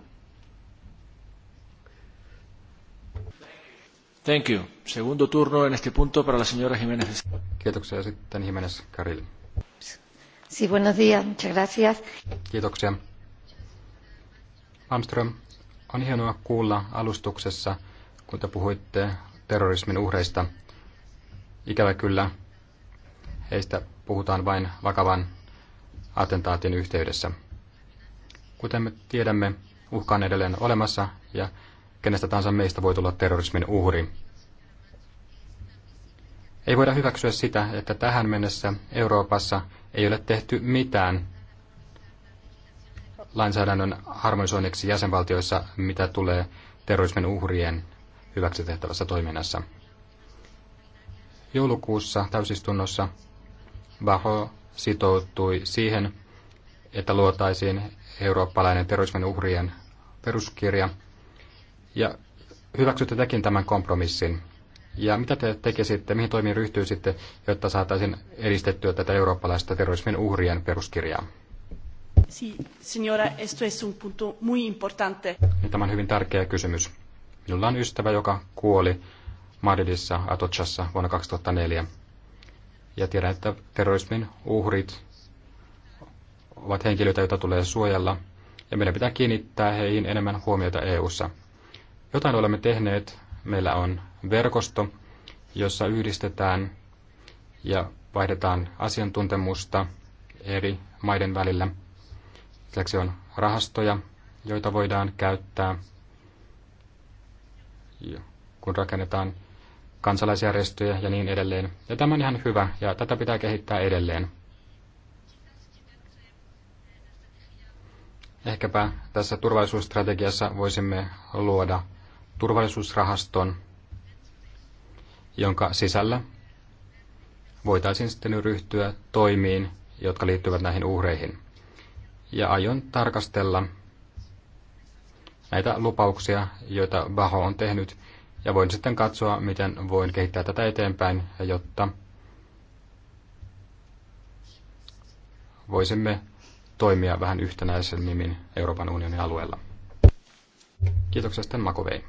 Thank you. Segundo turno en este punto para la señora Jiménez. Kiitoksia sitten Jiménez Karil. Sí, buenos días. Muchas gracias. Kiitoksia. Malmström, on hienoa kuulla alustuksessa, kun te puhuitte terrorismin uhreista. Ikävä kyllä, heistä puhutaan vain vakavan attentaatin yhteydessä. Kuten me tiedämme, uhka on edelleen olemassa ja kenestä tahansa meistä voi tulla terrorismin uhri. Ei voida hyväksyä sitä, että tähän mennessä Euroopassa ei ole tehty mitään lainsäädännön harmonisoinniksi jäsenvaltioissa, mitä tulee terrorismin uhrien hyväksi tehtävässä toiminnassa. Joulukuussa täysistunnossa Baho sitoutui siihen, että luotaisiin eurooppalainen terrorismin uhrien peruskirja – ja hyväksytte tekin tämän kompromissin. Ja mitä te tekisitte, mihin toimiin ryhtyisitte, jotta saataisiin edistettyä tätä eurooppalaista terrorismin uhrien peruskirjaa? Sí, esto es un punto muy importante. Niin, tämä on hyvin tärkeä kysymys. Minulla on ystävä, joka kuoli Madridissa, Atochassa vuonna 2004. Ja tiedän, että terrorismin uhrit ovat henkilöitä, joita tulee suojella, ja meidän pitää kiinnittää heihin enemmän huomiota EU:ssa. ssa jotain olemme tehneet. Meillä on verkosto, jossa yhdistetään ja vaihdetaan asiantuntemusta eri maiden välillä. Lisäksi on rahastoja, joita voidaan käyttää, kun rakennetaan kansalaisjärjestöjä ja niin edelleen. Ja tämä on ihan hyvä ja tätä pitää kehittää edelleen. Ehkäpä tässä turvallisuusstrategiassa voisimme luoda turvallisuusrahaston, jonka sisällä voitaisiin sitten ryhtyä toimiin, jotka liittyvät näihin uhreihin. Ja aion tarkastella näitä lupauksia, joita Baho on tehnyt, ja voin sitten katsoa, miten voin kehittää tätä eteenpäin, jotta voisimme toimia vähän yhtenäisemmin Euroopan unionin alueella. Kiitoksia sitten Makovei.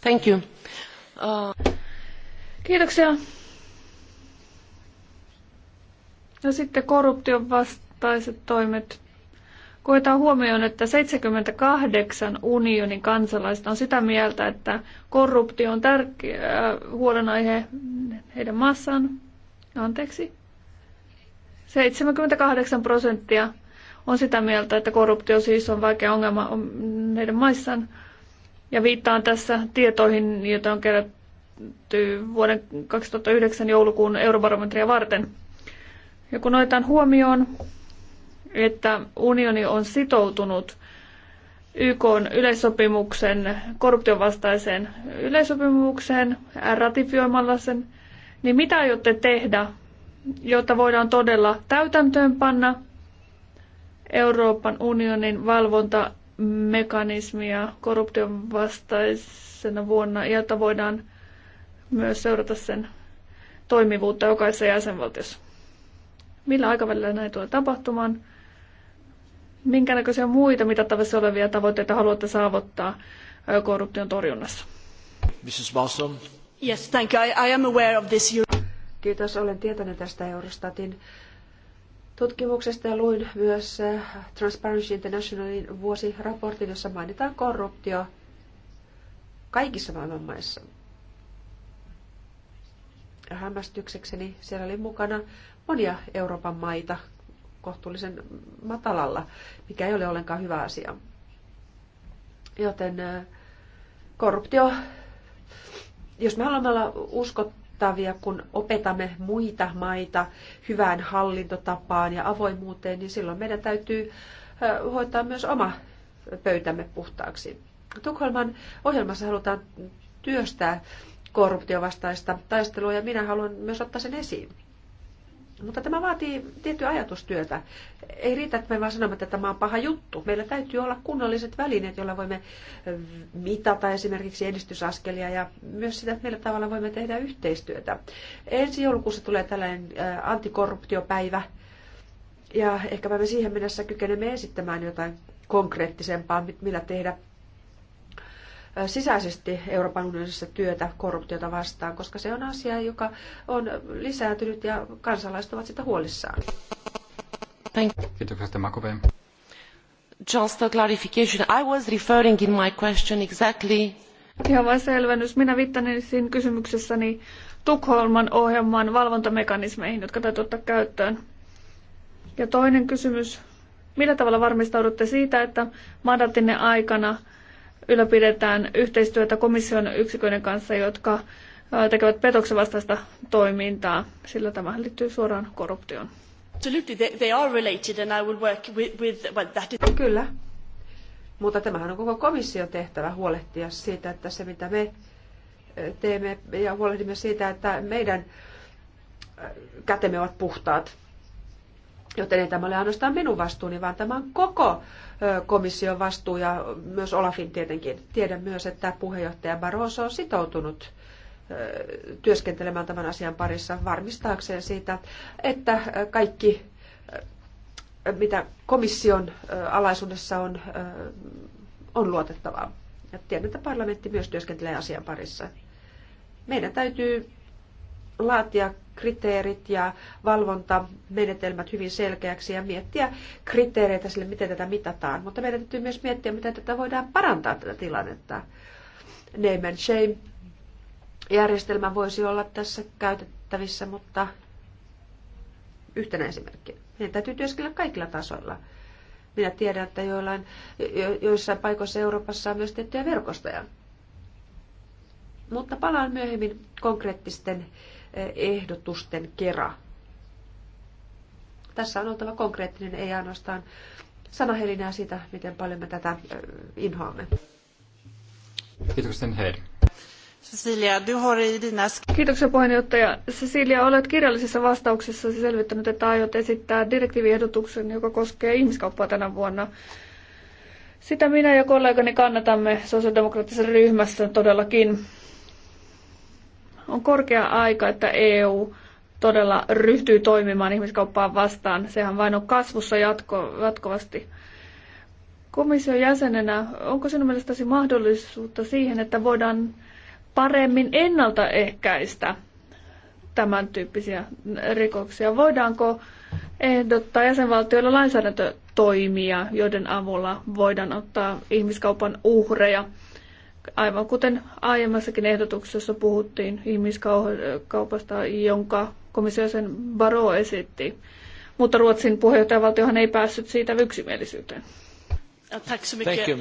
Thank you. Uh... Kiitoksia. Ja sitten korruption vastaiset toimet. Koetaan huomioon, että 78 unionin kansalaista on sitä mieltä, että korruptio on tärkeä äh, huolenaihe heidän maassaan. Anteeksi. 78 prosenttia on sitä mieltä, että korruptio siis on vaikea ongelma heidän maissaan. Ja viittaan tässä tietoihin, joita on kerätty vuoden 2009 joulukuun eurobarometria varten. Ja kun otetaan huomioon, että unioni on sitoutunut YK yleissopimuksen korruptiovastaiseen yleissopimukseen ratifioimalla sen, niin mitä aiotte tehdä, jotta voidaan todella täytäntöönpanna Euroopan unionin valvonta mekanismia korruption vastaisena vuonna, jotta voidaan myös seurata sen toimivuutta jokaisessa jäsenvaltiossa. Millä aikavälillä näin tulee tapahtumaan? Minkä näköisiä muita mitattavissa olevia tavoitteita haluatte saavuttaa korruption torjunnassa? Mrs. Balsom. Yes, thank you. I, I am aware of this. Kiitos, olen tietoinen tästä Eurostatin tutkimuksesta ja luin myös äh, Transparency Internationalin vuosiraportin, jossa mainitaan korruptio kaikissa maailman maissa. Hämmästyksekseni siellä oli mukana monia Euroopan maita kohtuullisen matalalla, mikä ei ole ollenkaan hyvä asia. Joten äh, korruptio, jos me haluamme olla uskottavia, mittavia, kun opetamme muita maita hyvään hallintotapaan ja avoimuuteen, niin silloin meidän täytyy hoitaa myös oma pöytämme puhtaaksi. Tukholman ohjelmassa halutaan työstää korruptiovastaista taistelua ja minä haluan myös ottaa sen esiin. Mutta tämä vaatii tiettyä ajatustyötä. Ei riitä, että me vaan sanomme, että tämä on paha juttu. Meillä täytyy olla kunnolliset välineet, joilla voimme mitata esimerkiksi edistysaskelia ja myös sitä, että millä tavalla voimme tehdä yhteistyötä. Ensi joulukuussa tulee tällainen antikorruptiopäivä ja ehkä me siihen mennessä kykenemme esittämään jotain konkreettisempaa, millä tehdä sisäisesti Euroopan unionissa työtä korruptiota vastaan, koska se on asia, joka on lisääntynyt ja kansalaiset ovat sitä huolissaan. Kiitoksia, Makoveen. Just a clarification. I was referring in my question exactly... Ihan vain selvennys. Minä viittasin kysymyksessäni Tukholman ohjelman valvontamekanismeihin, jotka täytyy ottaa käyttöön. Ja toinen kysymys. Millä tavalla varmistaudutte siitä, että mandatinne aikana – ylläpidetään yhteistyötä komission yksiköiden kanssa, jotka tekevät petoksen vastaista toimintaa, sillä tämä liittyy suoraan korruptioon. Kyllä. Mutta tämähän on koko komission tehtävä huolehtia siitä, että se mitä me teemme ja huolehdimme siitä, että meidän kätemme ovat puhtaat. Joten ei tämä ole ainoastaan minun vastuuni, vaan tämä on koko komission vastuu ja myös Olafin tietenkin. Tiedän myös, että puheenjohtaja Barroso on sitoutunut työskentelemään tämän asian parissa varmistaakseen siitä, että kaikki, mitä komission alaisuudessa on, on luotettavaa. Ja tiedän, että parlamentti myös työskentelee asian parissa. Meidän täytyy laatia kriteerit ja valvontamenetelmät hyvin selkeäksi ja miettiä kriteereitä sille, miten tätä mitataan. Mutta meidän täytyy myös miettiä, miten tätä voidaan parantaa tätä tilannetta. Name and shame järjestelmä voisi olla tässä käytettävissä, mutta yhtenä esimerkkinä. Meidän täytyy työskennellä kaikilla tasoilla. Minä tiedän, että joillain, jo, joissain paikoissa Euroopassa on myös tiettyjä verkostoja. Mutta palaan myöhemmin konkreettisten ehdotusten kera. Tässä on oltava konkreettinen, ei ainoastaan sanahelinää sitä, miten paljon me tätä inhoamme. Kiitoksen Heidi. Cecilia, du har i dina... Kiitoksia puheenjohtaja. Cecilia, olet kirjallisissa vastauksessa selvittänyt, että aiot esittää direktiiviehdotuksen, joka koskee ihmiskauppaa tänä vuonna. Sitä minä ja kollegani kannatamme sosiaalidemokraattisessa ryhmässä todellakin. On korkea aika, että EU todella ryhtyy toimimaan ihmiskauppaa vastaan. Sehän vain on kasvussa jatko, jatkuvasti. Komission jäsenenä, onko sinun mielestäsi mahdollisuutta siihen, että voidaan paremmin ennaltaehkäistä tämän tyyppisiä rikoksia? Voidaanko ehdottaa jäsenvaltioilla lainsäädäntötoimia, joiden avulla voidaan ottaa ihmiskaupan uhreja aivan kuten aiemmassakin ehdotuksessa puhuttiin ihmiskaupasta, jonka sen Baro esitti. Mutta Ruotsin puheenjohtajavaltiohan ei päässyt siitä yksimielisyyteen. Thank you,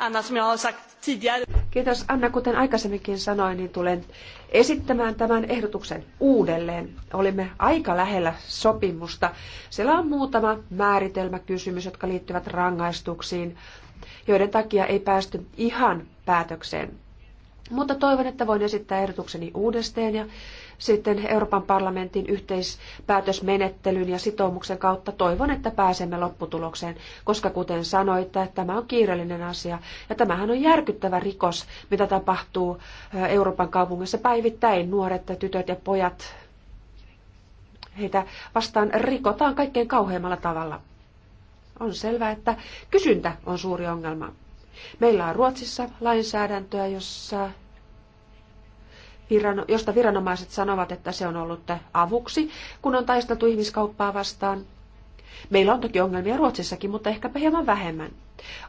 Anna, Kiitos. Anna, kuten aikaisemminkin sanoin, niin tulen esittämään tämän ehdotuksen uudelleen. Olimme aika lähellä sopimusta. Siellä on muutama määritelmäkysymys, jotka liittyvät rangaistuksiin joiden takia ei päästy ihan päätökseen. Mutta toivon, että voin esittää ehdotukseni uudesteen ja sitten Euroopan parlamentin yhteispäätösmenettelyn ja sitoumuksen kautta toivon, että pääsemme lopputulokseen, koska kuten sanoit, että tämä on kiireellinen asia ja tämähän on järkyttävä rikos, mitä tapahtuu Euroopan kaupungissa päivittäin. Nuoret tytöt ja pojat, heitä vastaan rikotaan kaikkein kauheimmalla tavalla on selvää, että kysyntä on suuri ongelma. Meillä on Ruotsissa lainsäädäntöä, jossa josta viranomaiset sanovat, että se on ollut avuksi, kun on taisteltu ihmiskauppaa vastaan. Meillä on toki ongelmia Ruotsissakin, mutta ehkäpä hieman vähemmän.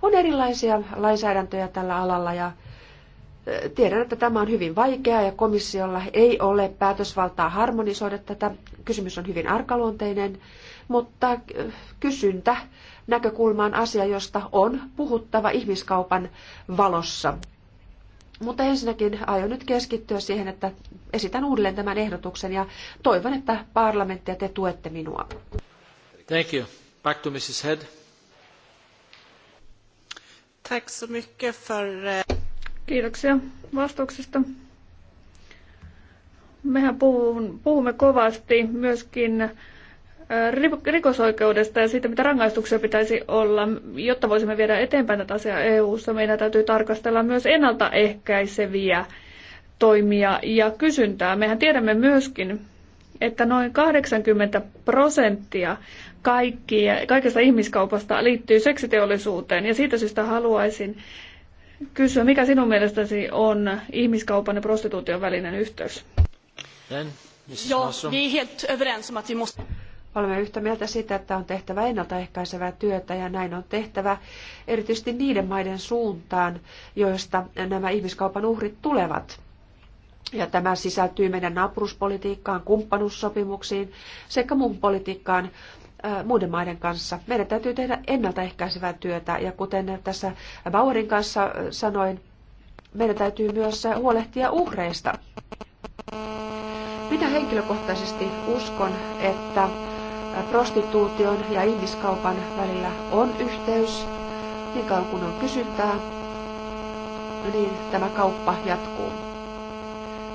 On erilaisia lainsäädäntöjä tällä alalla ja e, tiedän, että tämä on hyvin vaikeaa ja komissiolla ei ole päätösvaltaa harmonisoida tätä. Kysymys on hyvin arkaluonteinen, mutta e, kysyntä näkökulma on asia, josta on puhuttava ihmiskaupan valossa. Mutta ensinnäkin aion nyt keskittyä siihen, että esitän uudelleen tämän ehdotuksen ja toivon, että parlamentti ja te tuette minua. Thank you. Back to Mrs. Head. Tack så mycket för... Eh, Kiitoksia vastauksista. Mehän puhumme kovasti myöskin rikosoikeudesta ja siitä, mitä rangaistuksia pitäisi olla, jotta voisimme viedä eteenpäin tätä asiaa EU-ssa, meidän täytyy tarkastella myös ennaltaehkäiseviä toimia ja kysyntää. Mehän tiedämme myöskin, että noin 80 prosenttia kaikki, kaikesta ihmiskaupasta liittyy seksiteollisuuteen. Ja siitä syystä haluaisin kysyä, mikä sinun mielestäsi on ihmiskaupan ja prostituution välinen yhteys? Den, Joo, vi är helt överens om att vi måste... Olemme yhtä mieltä siitä, että on tehtävä ennaltaehkäisevää työtä ja näin on tehtävä erityisesti niiden maiden suuntaan, joista nämä ihmiskaupan uhrit tulevat. Ja tämä sisältyy meidän naapuruspolitiikkaan, kumppanuussopimuksiin sekä muun politiikkaan äh, muiden maiden kanssa. Meidän täytyy tehdä ennaltaehkäisevää työtä ja kuten tässä Bauerin kanssa äh, sanoin, meidän täytyy myös huolehtia uhreista. Minä henkilökohtaisesti uskon, että prostituution ja ihmiskaupan välillä on yhteys, niin kauan kun on kysyntää, niin tämä kauppa jatkuu.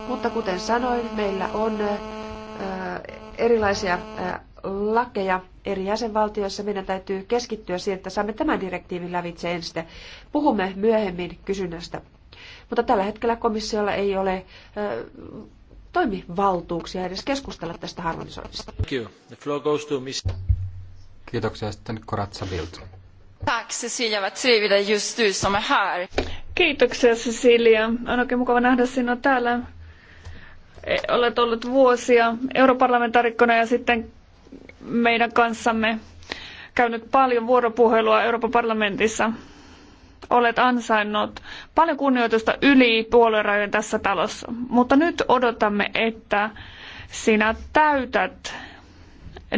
Mutta kuten sanoin, meillä on erilaisia lakeja eri jäsenvaltioissa. Meidän täytyy keskittyä siihen, että saamme tämän direktiivin lävitse ensin. Puhumme myöhemmin kysynnästä. Mutta tällä hetkellä komissiolla ei ole toimivaltuuksia edes keskustella tästä harmonisoinnista. Kiitoksia sitten Koratsa Bild. Tack Cecilia, vad trevligt att just du som är här. Kiitoksia Cecilia. On oikein mukava nähdä sinua täällä. E, olet ollut vuosia europarlamentaarikkona ja sitten meidän kanssamme käynyt paljon vuoropuhelua Euroopan parlamentissa olet ansainnut paljon kunnioitusta yli puoluerajojen tässä talossa. Mutta nyt odotamme, että sinä täytät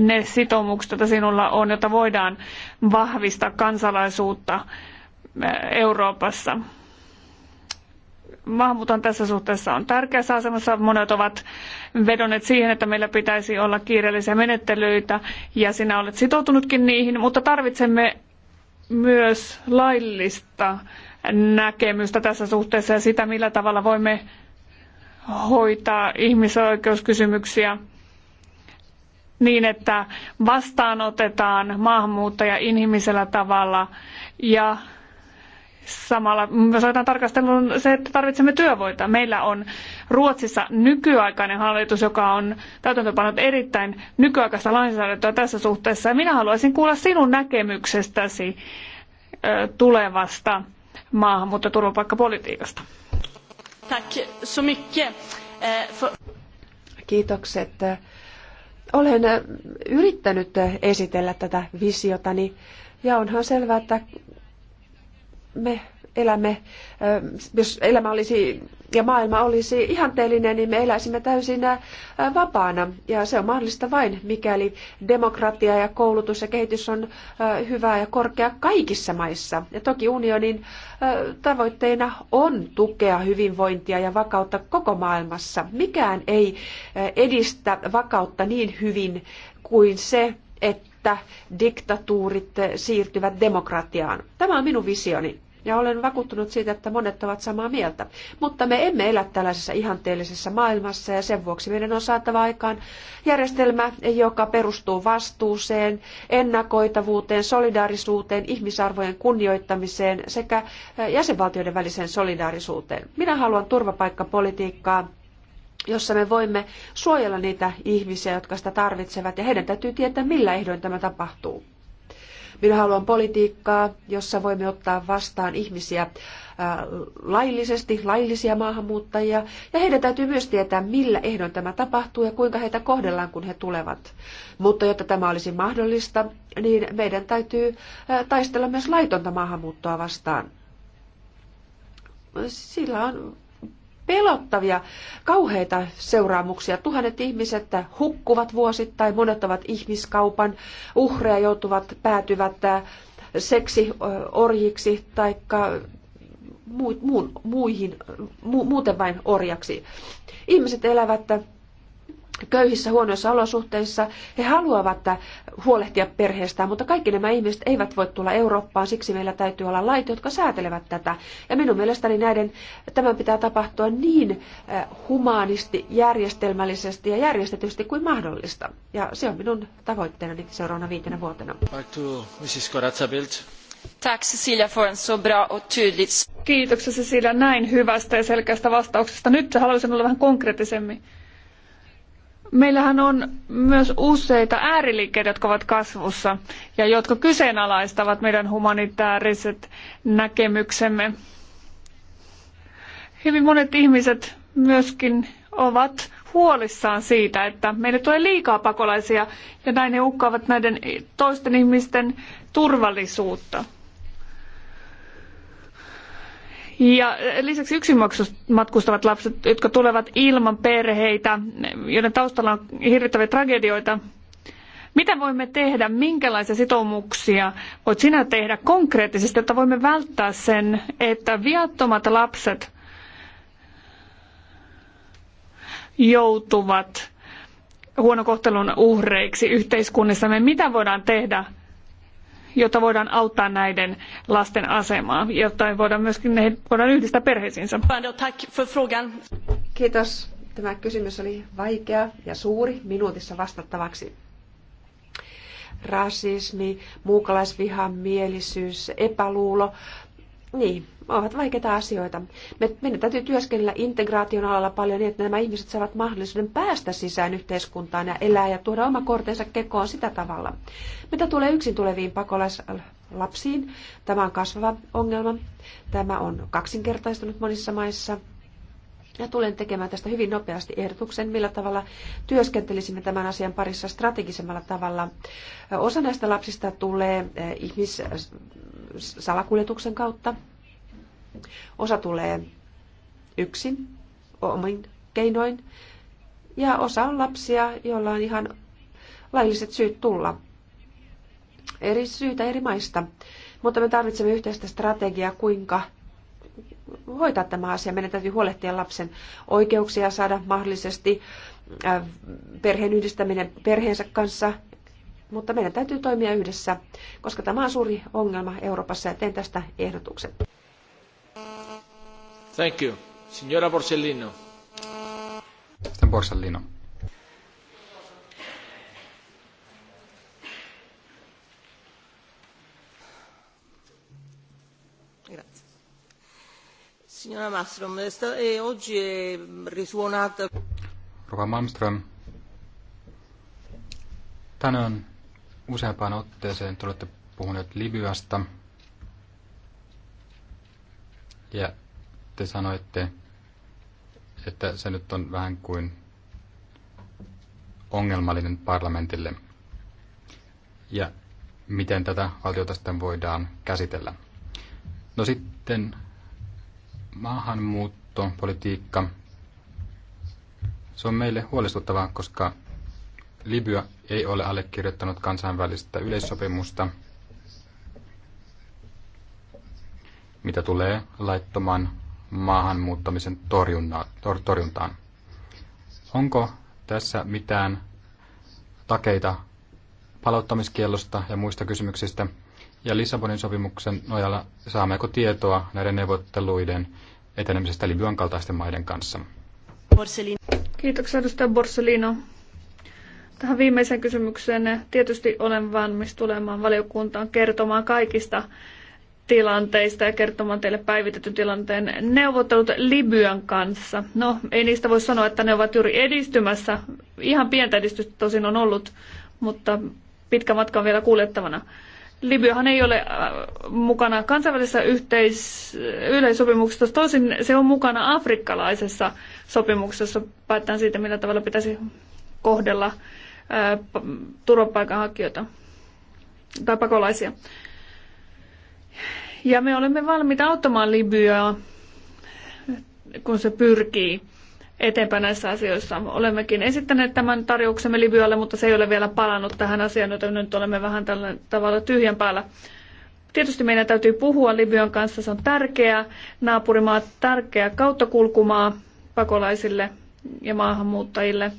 ne sitoumukset, joita sinulla on, jotta voidaan vahvistaa kansalaisuutta eh, Euroopassa. Maahanmuuton tässä suhteessa on tärkeässä asemassa. Monet ovat vedonneet siihen, että meillä pitäisi olla kiireellisiä menettelyitä ja sinä olet sitoutunutkin niihin, mutta tarvitsemme myös laillista näkemystä tässä suhteessa ja sitä, millä tavalla voimme hoitaa ihmisoikeuskysymyksiä niin, että vastaanotetaan maahanmuuttaja inhimillisellä tavalla ja Samalla me otetaan tarkastella se, että tarvitsemme työvoita. Meillä on Ruotsissa nykyaikainen hallitus, joka on täytäntöpannut erittäin nykyaikaista lainsäädäntöä tässä suhteessa. Ja minä haluaisin kuulla sinun näkemyksestäsi tulevasta maahanmuutto- ja turvapaikkapolitiikasta. Tack så mycket. Eh, Kiitokset. Olen yrittänyt esitellä tätä visiotani ja onhan selvää, että me elämme, jos elämä olisi ja maailma olisi ihanteellinen, niin me eläisimme täysin vapaana. Ja se on mahdollista vain, mikäli demokratia ja koulutus ja kehitys on hyvää ja korkea kaikissa maissa. Ja toki unionin tavoitteena on tukea hyvinvointia ja vakautta koko maailmassa. Mikään ei edistä vakautta niin hyvin kuin se, että että diktatuurit siirtyvät demokratiaan. Tämä on minun visioni. Ja olen vakuuttunut siitä, että monet ovat samaa mieltä. Mutta me emme elä tällaisessa ihanteellisessa maailmassa ja sen vuoksi meidän on saatava aikaan järjestelmä, joka perustuu vastuuseen, ennakoitavuuteen, solidaarisuuteen, ihmisarvojen kunnioittamiseen sekä eh, jäsenvaltioiden väliseen solidaarisuuteen. Minä haluan turvapaikkapolitiikkaa, jossa me voimme suojella niitä ihmisiä, jotka sitä tarvitsevat, ja heidän täytyy tietää, millä ehdoin tämä tapahtuu. Minä haluan politiikkaa, jossa voimme ottaa vastaan ihmisiä äh, laillisesti, laillisia maahanmuuttajia, ja heidän täytyy myös tietää, millä ehdoin tämä tapahtuu ja kuinka heitä kohdellaan, kun he tulevat. Mutta jotta tämä olisi mahdollista, niin meidän täytyy äh, taistella myös laitonta maahanmuuttoa vastaan. Sillä on pelottavia, kauheita seuraamuksia. Tuhannet ihmiset hukkuvat vuosittain, monet ovat ihmiskaupan uhreja, joutuvat, päätyvät äh, seksiorjiksi tai muihin, muuten vain orjaksi. Ihmiset elävät köyhissä huonoissa olosuhteissa. He haluavat huolehtia perheestään, mutta kaikki nämä ihmiset eivät voi tulla Eurooppaan, siksi meillä täytyy olla lait, jotka säätelevät tätä. Ja minun mielestäni näiden, tämän pitää tapahtua niin eh, humaanisti, järjestelmällisesti ja järjestetysti kuin mahdollista. Ja se on minun tavoitteenani seuraavana viitenä vuotena. Back to Mrs. Tack Cecilia för en så bra och tydlig... Kiitoksia Cecilia näin hyvästä ja selkeästä vastauksesta. Nyt haluaisin olla vähän konkreettisemmin. Meillähän on myös useita ääriliikkeitä, jotka ovat kasvussa ja jotka kyseenalaistavat meidän humanitaariset näkemyksemme. Hyvin monet ihmiset myöskin ovat huolissaan siitä, että meille tulee liikaa pakolaisia ja näin he uhkaavat näiden toisten ihmisten turvallisuutta. Ja lisäksi yksin matkustavat lapset, jotka tulevat ilman perheitä, joiden taustalla on hirvittäviä tragedioita. Mitä voimme tehdä, minkälaisia sitoumuksia voit sinä tehdä konkreettisesti, että voimme välttää sen, että viattomat lapset joutuvat huonokohtelun uhreiksi yhteiskunnissamme? Mitä voidaan tehdä jotta voidaan auttaa näiden lasten asemaa, jotta voidaan myöskin ne voidaan yhdistää perheisiinsä. Kiitos. Tämä kysymys oli vaikea ja suuri minuutissa vastattavaksi. Rasismi, muukalaisvihamielisyys, epäluulo, niin, ovat vaikeita asioita. Me, meidän täytyy työskennellä integraation alalla paljon niin, että nämä ihmiset saavat mahdollisuuden päästä sisään yhteiskuntaan ja elää ja tuoda oma kortensa kekoon sitä tavalla. Mitä tulee yksin tuleviin pakolaislapsiin, tämä on kasvava ongelma. Tämä on kaksinkertaistunut monissa maissa. Ja tulen tekemään tästä hyvin nopeasti ehdotuksen, millä tavalla työskentelisimme tämän asian parissa strategisemmalla tavalla. Osa näistä lapsista tulee eh, ihmis salakuljetuksen kautta. Osa tulee yksin, omin keinoin, ja osa on lapsia, joilla on ihan lailliset syyt tulla. Eri syitä eri maista. Mutta me tarvitsemme yhteistä strategiaa, kuinka hoitaa tämä asia. Meidän täytyy huolehtia lapsen oikeuksia saada mahdollisesti äh, perheen yhdistäminen perheensä kanssa mutta meidän täytyy toimia yhdessä, koska tämä on suuri ongelma Euroopassa ja teen tästä ehdotuksen. Thank you. Signora Borsellino. Sitten Borsellino. Signora Malmström, e oggi è risuonata... Rova Malmström, tänään Useampaan otteeseen te olette puhuneet Libyasta ja te sanoitte, että se nyt on vähän kuin ongelmallinen parlamentille. Ja miten tätä valtiota sitten voidaan käsitellä. No sitten maahanmuuttopolitiikka. Se on meille huolestuttavaa, koska Libya ei ole allekirjoittanut kansainvälistä yleissopimusta, mitä tulee laittoman maahanmuuttamisen torjuntaan. Onko tässä mitään takeita palauttamiskiellosta ja muista kysymyksistä? Ja Lissabonin sopimuksen nojalla saammeko tietoa näiden neuvotteluiden etenemisestä Libyan kaltaisten maiden kanssa? Borselino. Kiitoksia edustaja Borsellino. Tähän viimeiseen kysymykseen tietysti olen valmis tulemaan valiokuntaan kertomaan kaikista tilanteista ja kertomaan teille päivitetyn tilanteen neuvottelut Libyan kanssa. No, ei niistä voi sanoa, että ne ovat juuri edistymässä. Ihan pientä edistystä tosin on ollut, mutta pitkä matka on vielä kuljettavana. Libyahan ei ole äh, mukana kansainvälisessä yhteis- yleissopimuksessa, tosin se on mukana afrikkalaisessa sopimuksessa. Päätän siitä, millä tavalla pitäisi kohdella turvapaikanhakijoita tai pakolaisia. Ja me olemme valmiita auttamaan Libyaa, kun se pyrkii eteenpäin näissä asioissa. Olemmekin esittäneet tämän tarjouksemme Libyalle, mutta se ei ole vielä palannut tähän asiaan, joten nyt olemme vähän tällä tavalla tyhjän päällä. Tietysti meidän täytyy puhua Libyan kanssa, se on tärkeä naapurimaa, tärkeä kauttakulkumaa pakolaisille ja maahanmuuttajille –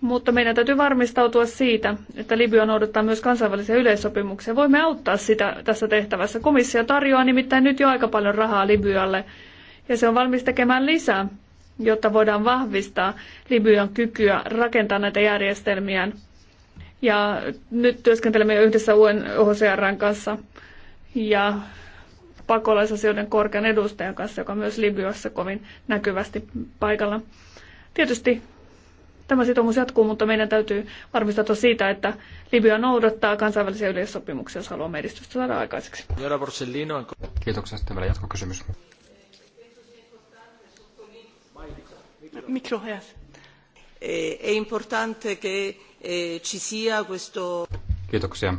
mutta meidän täytyy varmistautua siitä, että Libya noudattaa myös kansainvälisiä yleissopimuksia. Voimme auttaa sitä tässä tehtävässä. Komissio tarjoaa nimittäin nyt jo aika paljon rahaa Libyalle ja se on valmis tekemään lisää, jotta voidaan vahvistaa Libyan kykyä rakentaa näitä järjestelmiään. Ja nyt työskentelemme yhdessä UNHCRn kanssa ja pakolaisasioiden korkean edustajan kanssa, joka on myös Libyassa kovin näkyvästi paikalla. Tietysti Tämä sitoumus jatkuu, mutta meidän täytyy varmistautua siitä, että Libya noudattaa kansainvälisiä yleissopimuksia, jos haluamme edistystä saada aikaiseksi. Kiitoksia. Sitten vielä jatkokysymys. Mikro, eh, È importante che eh, ci sia questo... Kiitoksia.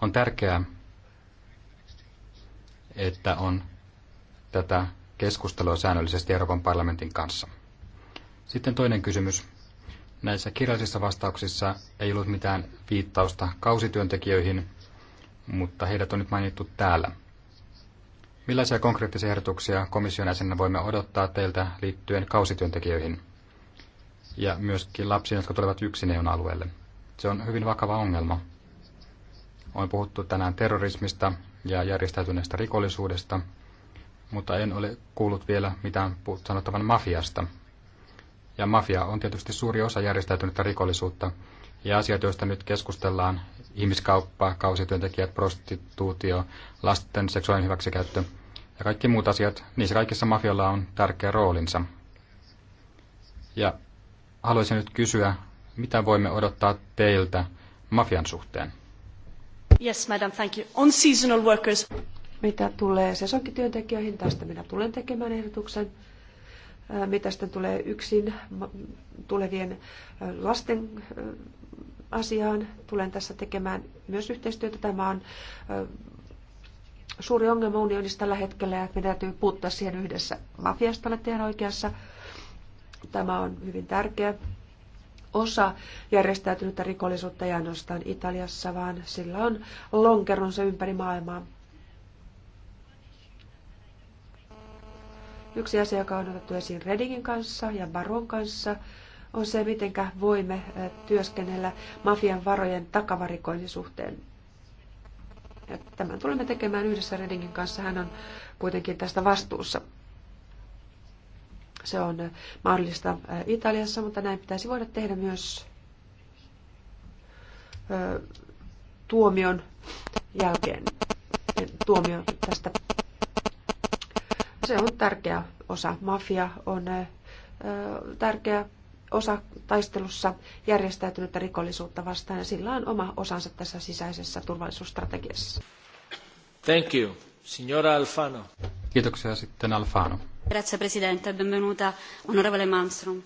On tärkeää, että on tätä keskustelua säännöllisesti Euroopan parlamentin kanssa. Sitten toinen kysymys. Näissä kirjallisissa vastauksissa ei ollut mitään viittausta kausityöntekijöihin, mutta heidät on nyt mainittu täällä. Millaisia konkreettisia ehdotuksia komission jäsenenä voimme odottaa teiltä liittyen kausityöntekijöihin ja myöskin lapsiin, jotka tulevat yksin EUn alueelle? Se on hyvin vakava ongelma. On puhuttu tänään terrorismista ja järjestäytyneestä rikollisuudesta, mutta en ole kuullut vielä mitään sanottavan mafiasta – ja mafia on tietysti suuri osa järjestäytynyttä rikollisuutta. Ja asiat, joista nyt keskustellaan, ihmiskauppa, kausityöntekijät, prostituutio, lasten seksuaalinen hyväksikäyttö ja kaikki muut asiat, niissä kaikissa mafiolla on tärkeä roolinsa. Ja haluaisin nyt kysyä, mitä voimme odottaa teiltä mafian suhteen? Yes, madam, thank you. On seasonal workers. Mitä tulee sesonkityöntekijöihin, tästä minä tulen tekemään ehdotuksen mitä sitten tulee yksin tulevien lasten asiaan. Tulen tässä tekemään myös yhteistyötä. Tämä on suuri ongelma unionissa tällä hetkellä ja meidän täytyy puuttua siihen yhdessä. Mafiasta olette ihan oikeassa. Tämä on hyvin tärkeä osa järjestäytynyttä rikollisuutta ja ainoastaan Italiassa, vaan sillä on lonkeronsa ympäri maailmaa. Yksi asia, joka on otettu esiin Redingin kanssa ja Baron kanssa, on se, miten voimme työskennellä mafian varojen takavarikoinnin suhteen. Ja tämän tulemme tekemään yhdessä Redingin kanssa. Hän on kuitenkin tästä vastuussa. Se on mahdollista Italiassa, mutta näin pitäisi voida tehdä myös tuomion jälkeen. Tuomio tästä se on tärkeä osa. Mafia on tärkeä osa taistelussa järjestäytynyttä rikollisuutta vastaan ja sillä on oma osansa tässä sisäisessä turvallisuusstrategiassa. Thank you. Signora Alfano. Kiitoksia sitten Alfano. Grazie Presidente, benvenuta onorevole Malmström.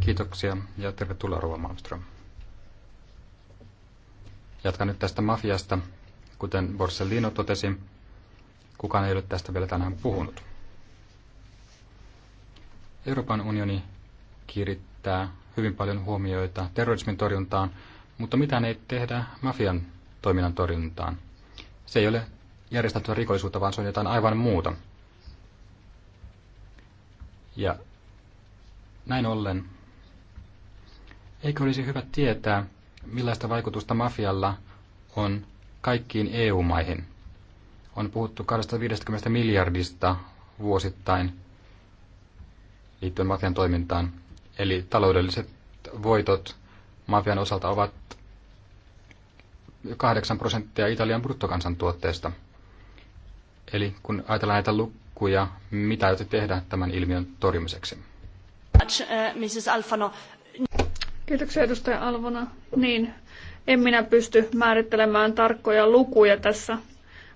Kiitoksia ja tervetuloa Rova Malmström. Jatkan nyt tästä mafiasta. Kuten Borsellino totesi, kukaan ei ole tästä vielä tänään puhunut. Euroopan unioni kiirittää hyvin paljon huomioita terrorismin torjuntaan, mutta mitä ei tehdä mafian toiminnan torjuntaan. Se ei ole järjestäytyä rikollisuutta, vaan se on jotain aivan muuta. Ja näin ollen, eikö olisi hyvä tietää, millaista vaikutusta mafialla on kaikkiin EU-maihin? On puhuttu 250 miljardista vuosittain liittyen mafian toimintaan. Eli taloudelliset voitot mafian osalta ovat 8 prosenttia Italian bruttokansantuotteesta. Eli kun ajatellaan näitä lukuja, mitä aiotte tehdä tämän ilmiön torjumiseksi? Alfano. Kiitoksia edustaja Alvona. Niin, en minä pysty määrittelemään tarkkoja lukuja tässä,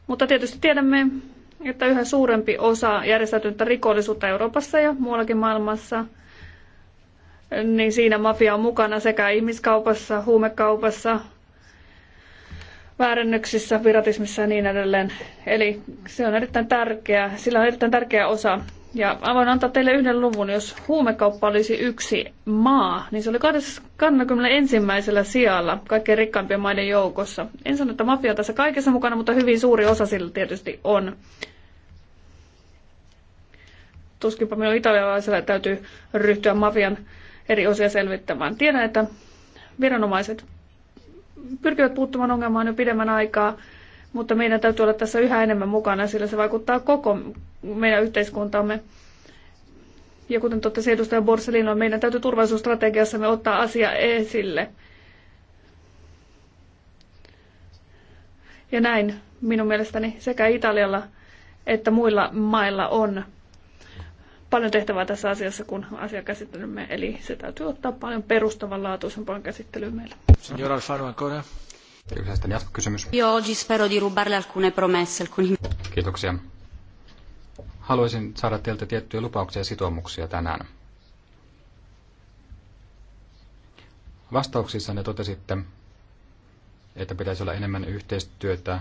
mutta tietysti tiedämme, että yhä suurempi osa järjestäytynyttä rikollisuutta Euroopassa ja muuallakin maailmassa, niin siinä mafia on mukana sekä ihmiskaupassa, huumekaupassa, väärännyksissä, viratismissa ja niin edelleen. Eli se on erittäin tärkeä, sillä on erittäin tärkeä osa. Ja voin antaa teille yhden luvun. Jos huumekauppa olisi yksi maa, niin se oli 21. sijalla kaikkein rikkaimpien maiden joukossa. En sano, että mafia on tässä kaikessa mukana, mutta hyvin suuri osa sillä tietysti on. Tuskinpa minun italialaisella täytyy ryhtyä mafian eri osia selvittämään. Tiedän, että viranomaiset pyrkivät puuttumaan ongelmaan jo pidemmän aikaa, mutta meidän täytyy olla tässä yhä enemmän mukana, sillä se vaikuttaa koko meidän yhteiskuntaamme. Ja kuten totesi edustaja Borsellino, meidän täytyy turvallisuusstrategiassamme ottaa asia esille. Ja näin minun mielestäni sekä Italialla että muilla mailla on paljon tehtävää tässä asiassa, kun asia käsittelemme, eli se täytyy ottaa paljon perustavanlaatuisempaan käsittelyyn meillä. Signora Alfano ancora. Kyllä, jatkokysymys. Io oggi spero di rubarle alcune promesse, alcuni... Kiitoksia. Haluaisin saada teiltä tiettyjä lupauksia ja sitoumuksia tänään. Vastauksissa ne totesitte, että pitäisi olla enemmän yhteistyötä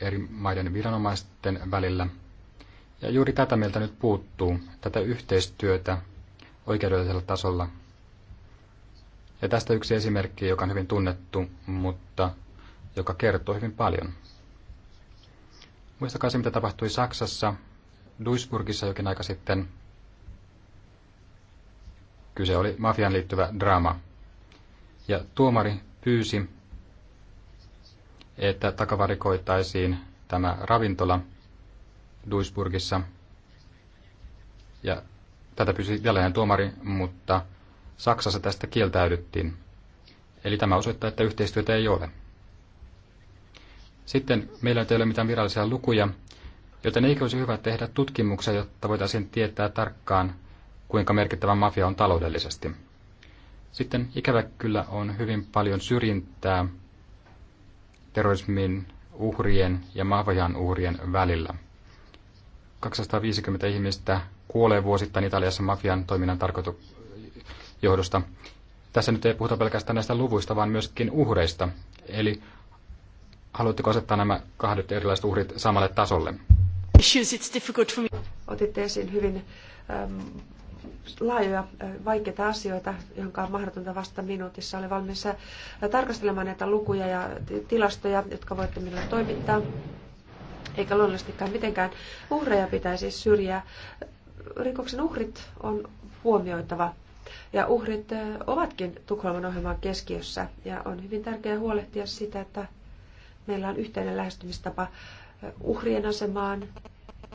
eri maiden viranomaisten välillä. Ja juuri tätä meiltä nyt puuttuu, tätä yhteistyötä oikeudellisella tasolla. Ja tästä yksi esimerkki, joka on hyvin tunnettu, mutta joka kertoo hyvin paljon. Muistakaa se, mitä tapahtui Saksassa, Duisburgissa jokin aika sitten. Kyse oli mafian liittyvä draama. Ja tuomari pyysi, että takavarikoitaisiin tämä ravintola Duisburgissa. Ja tätä pysyi jälleen tuomari, mutta Saksassa tästä kieltäydyttiin. Eli tämä osoittaa, että yhteistyötä ei ole. Sitten meillä ei ole mitään virallisia lukuja, joten eikö olisi hyvä tehdä tutkimuksia, jotta voitaisiin tietää tarkkaan, kuinka merkittävä mafia on taloudellisesti. Sitten ikävä kyllä on hyvin paljon syrjintää terrorismin uhrien ja mafian uhrien välillä. 250 ihmistä kuolee vuosittain Italiassa mafian toiminnan tarkoitu- johdosta. Tässä nyt ei puhuta pelkästään näistä luvuista, vaan myöskin uhreista. Eli haluatteko asettaa nämä kahdet erilaiset uhrit samalle tasolle? Otitte esiin hyvin ähm, laajoja, vaikeita asioita, jonka on mahdotonta vastata minuutissa. Olen valmis tarkastelemaan näitä lukuja ja tilastoja, jotka voitte minulle toimittaa. Eikä luonnollisestikaan mitenkään uhreja pitäisi syrjää. Rikoksen uhrit on huomioitava. Ja uhrit ovatkin Tukholman ohjelman keskiössä. Ja on hyvin tärkeää huolehtia sitä, että meillä on yhteinen lähestymistapa uhrien asemaan,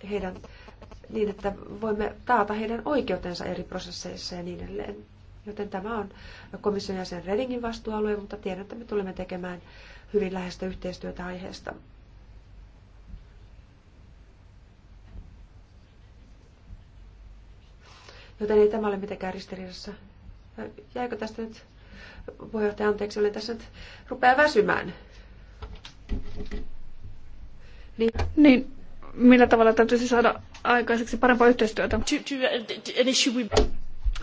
heidän niin, että voimme taata heidän oikeutensa eri prosesseissa ja niin edelleen. Joten tämä on komission jäsen Redingin vastuualue, mutta tiedän, että me tulemme tekemään hyvin läheistä yhteistyötä aiheesta. Joten ei tämä ole mitenkään ristiriidassa. Jäikö tästä nyt, puheenjohtaja, anteeksi, olen tässä nyt, rupeaa väsymään. Niin. niin millä tavalla täytyisi saada aikaiseksi parempaa yhteistyötä.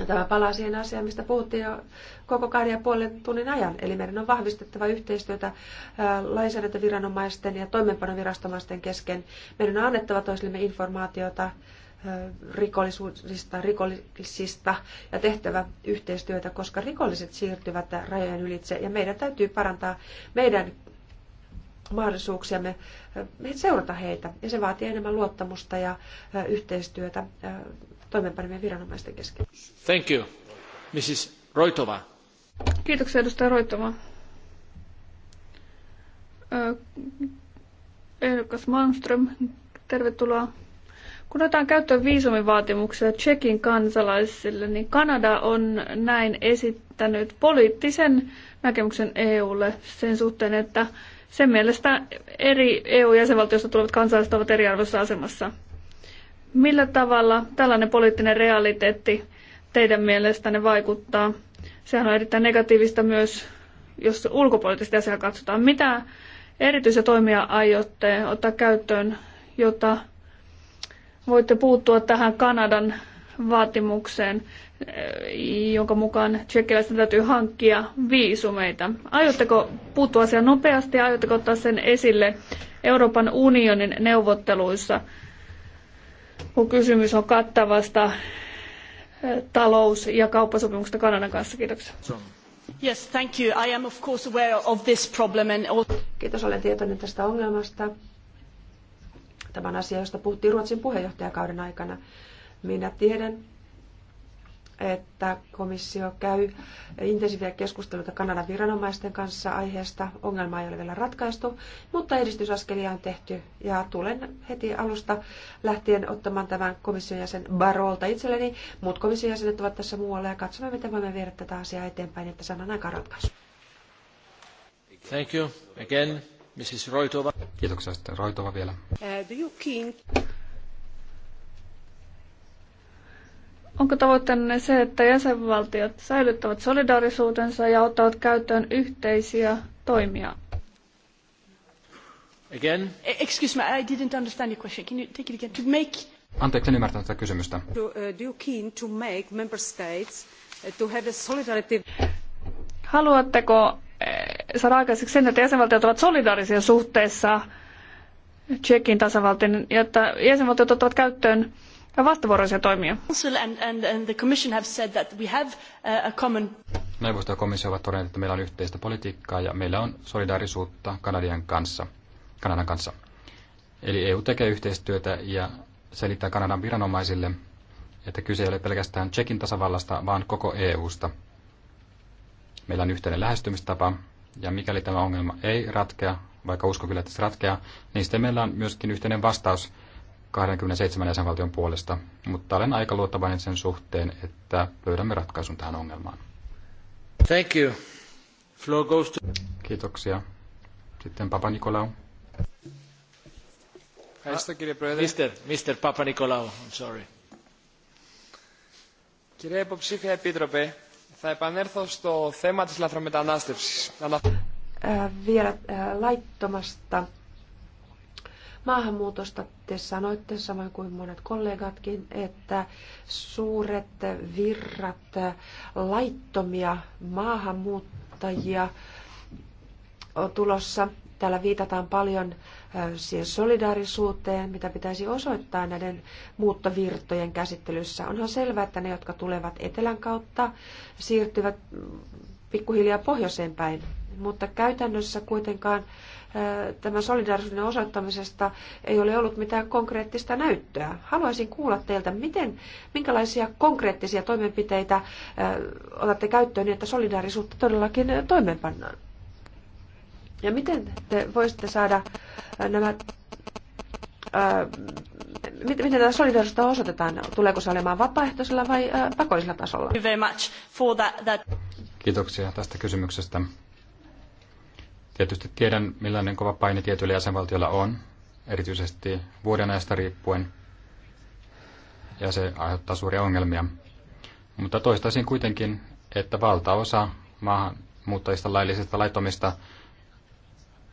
Uh, tämä palaa siihen asiaan, mistä puhuttiin jo koko kahden ja puolen tunnin ajan. Eli meidän on vahvistettava yhteistyötä äh, lainsäädäntöviranomaisten ja toimeenpanoviranomaisten kesken. Meidän on annettava toisillemme informaatiota äh, rikollisuudesta, rikollisista ja tehtävä yhteistyötä, koska rikolliset siirtyvät rajojen ylitse ja meidän täytyy parantaa meidän mahdollisuuksiamme eh, seurata heitä. Ja se vaatii enemmän luottamusta ja eh, yhteistyötä eh, toimenpäivien viranomaisten kesken. Thank you. Mrs. Roitova. Kiitoksia edustaja Roitova. Ehdokas Malmström, tervetuloa. Kun otetaan käyttöön viisumivaatimuksia Tsekin kansalaisille, niin Kanada on näin esittänyt poliittisen näkemyksen EUlle sen suhteen, että sen mielestä eri EU-jäsenvaltioista tulevat kansalaiset ovat eriarvoisessa asemassa. Millä tavalla tällainen poliittinen realiteetti teidän mielestänne vaikuttaa? Sehän on erittäin negatiivista myös, jos ulkopoliittisesti asiaa katsotaan. Mitä erityisiä toimia aiotte ottaa käyttöön, jotta voitte puuttua tähän Kanadan vaatimukseen jonka mukaan tsekkiläisten täytyy hankkia viisumeita. Aiotteko puuttua asiaan nopeasti ja aiotteko ottaa sen esille Euroopan unionin neuvotteluissa, kun kysymys on kattavasta eh, talous- ja kauppasopimuksesta Kanadan kanssa? Kiitoksia. Yes, thank you. I am of course aware of this problem and all... Kiitos, olen tietoinen tästä ongelmasta. Tämän asian, josta puhuttiin Ruotsin puheenjohtajakauden aikana. Minä tiedän, että komissio käy intensiivisiä keskusteluita Kanadan viranomaisten kanssa aiheesta. Ongelma ei ole vielä ratkaistu, mutta edistysaskelia on tehty ja tulen heti alusta lähtien ottamaan tämän komission jäsen Barolta itselleni. Muut komission jäsenet ovat tässä muualla ja katsomme, miten voimme viedä tätä asiaa eteenpäin, että saadaan aika ratkaisu. Thank you again, Mrs. Roitova. Kiitoksia Roitova vielä. Uh, Onko tavoitteena se, että jäsenvaltiot säilyttävät solidaarisuutensa ja ottavat käyttöön yhteisiä toimia? Again? E, excuse me, I didn't understand your question. Can you take it again? To make... Anteeksi, en ymmärtänyt tätä kysymystä. To, uh, do you keen to make member states uh, to have a solidarity... Haluatteko uh, saada aikaiseksi sen, että jäsenvaltiot ovat solidaarisia suhteessa Tsekin tasavaltiin, jotta jäsenvaltiot ottavat käyttöön vastavuoroisia toimia. Uh, Neuvosto ja komissio ovat todenneet, että meillä on yhteistä politiikkaa ja meillä on solidaarisuutta Kanadian kanssa, Kanadan kanssa. Eli EU tekee yhteistyötä ja selittää Kanadan viranomaisille, että kyse ei ole pelkästään Tsekin tasavallasta, vaan koko EUsta. Meillä on yhteinen lähestymistapa, ja mikäli tämä ongelma ei ratkea, vaikka usko kyllä, että se ratkeaa, niin sitten meillä on myöskin yhteinen vastaus 27 jäsenvaltion puolesta, mutta olen aika luottavainen sen suhteen, että löydämme ratkaisun tähän ongelmaan. Thank you. Floor goes to... Kiitoksia. Sitten Papa Nikolaou. Mr. Mr. Papa Nikolaou, I'm sorry. Κύριε υποψήφια επίτροπε, θα επανέλθω στο θέμα της λαθρομετανάστευσης. Vielä laittomasta Maahanmuutosta te sanoitte, samoin kuin monet kollegatkin, että suuret virrat laittomia maahanmuuttajia on tulossa. Täällä viitataan paljon siihen solidaarisuuteen, mitä pitäisi osoittaa näiden muuttovirtojen käsittelyssä. Onhan selvää, että ne, jotka tulevat etelän kautta, siirtyvät pikkuhiljaa pohjoiseen päin, mutta käytännössä kuitenkaan tämän solidaarisuuden osoittamisesta ei ole ollut mitään konkreettista näyttöä. Haluaisin kuulla teiltä, miten, minkälaisia konkreettisia toimenpiteitä otatte käyttöön, niin että solidaarisuutta todellakin toimeenpannaan. Ja miten te voisitte saada nämä Uh, miten, tämä tätä solidaarisuutta osoitetaan? Tuleeko se olemaan vapaaehtoisella vai uh, pakollisella tasolla? Kiitoksia tästä kysymyksestä. Tietysti tiedän, millainen kova paine tietyillä jäsenvaltioilla on, erityisesti vuoden ajasta riippuen, ja se aiheuttaa suuria ongelmia. Mutta toistaisin kuitenkin, että valtaosa maahanmuuttajista laillisista laittomista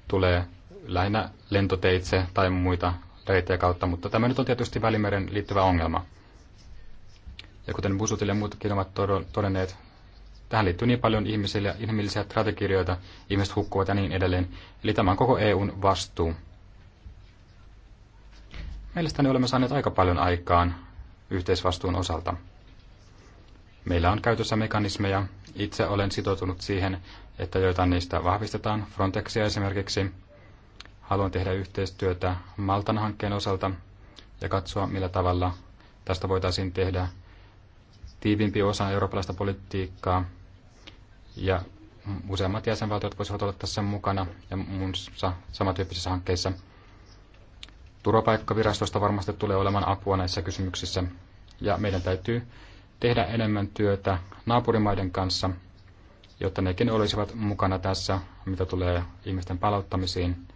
tulee lähinnä lentoteitse tai muita reittejä kautta, mutta tämä nyt on tietysti Välimeren liittyvä ongelma. Ja kuten Busutille muutkin ovat todenneet, tähän liittyy niin paljon ihmisille, inhimillisiä strategioita, ihmiset hukkuvat ja niin edelleen. Eli tämä on koko EUn vastuu. Mielestäni olemme saaneet aika paljon aikaan yhteisvastuun osalta. Meillä on käytössä mekanismeja. Itse olen sitoutunut siihen, että joitain niistä vahvistetaan. Frontexia esimerkiksi. Haluan tehdä yhteistyötä Maltan hankkeen osalta ja katsoa, millä tavalla tästä voitaisiin tehdä tiivimpi osa eurooppalaista politiikkaa ja useammat jäsenvaltiot voisivat olla tässä mukana ja muunsa samantyyppisissä hankkeissa. Turvapaikkavirastosta varmasti tulee olemaan apua näissä kysymyksissä. Ja meidän täytyy tehdä enemmän työtä naapurimaiden kanssa, jotta nekin olisivat mukana tässä, mitä tulee ihmisten palauttamisiin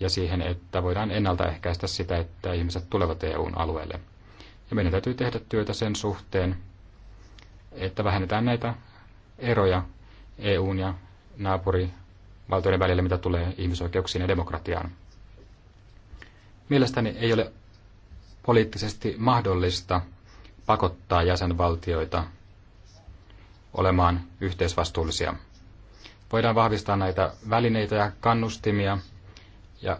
ja siihen, että voidaan ennaltaehkäistä sitä, että ihmiset tulevat EUn alueelle. Ja meidän täytyy tehdä työtä sen suhteen, että vähennetään näitä eroja EUn ja naapurivaltioiden välillä, mitä tulee ihmisoikeuksiin ja demokratiaan. Mielestäni ei ole poliittisesti mahdollista pakottaa jäsenvaltioita olemaan yhteisvastuullisia. Voidaan vahvistaa näitä välineitä ja kannustimia ja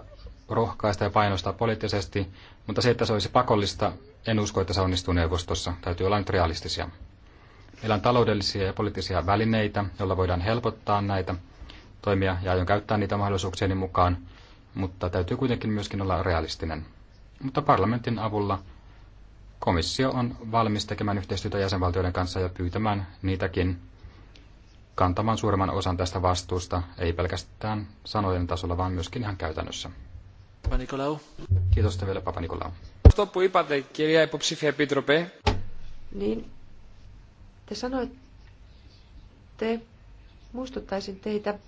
rohkaista ja painostaa poliittisesti, mutta se, että se olisi pakollista, en usko, että se onnistuu neuvostossa. Täytyy olla nyt realistisia. Meillä on taloudellisia ja poliittisia välineitä, joilla voidaan helpottaa näitä toimia ja aion käyttää niitä mahdollisuuksieni mukaan, mutta täytyy kuitenkin myöskin olla realistinen. Mutta parlamentin avulla komissio on valmis tekemään yhteistyötä jäsenvaltioiden kanssa ja pyytämään niitäkin kantamaan suuremman osan tästä vastuusta, ei pelkästään sanojen tasolla, vaan myöskin ihan käytännössä. Papanikolaou. Kiitos teille, Papa Nikolaou. Niin, te sanoitte, muistuttaisin teitä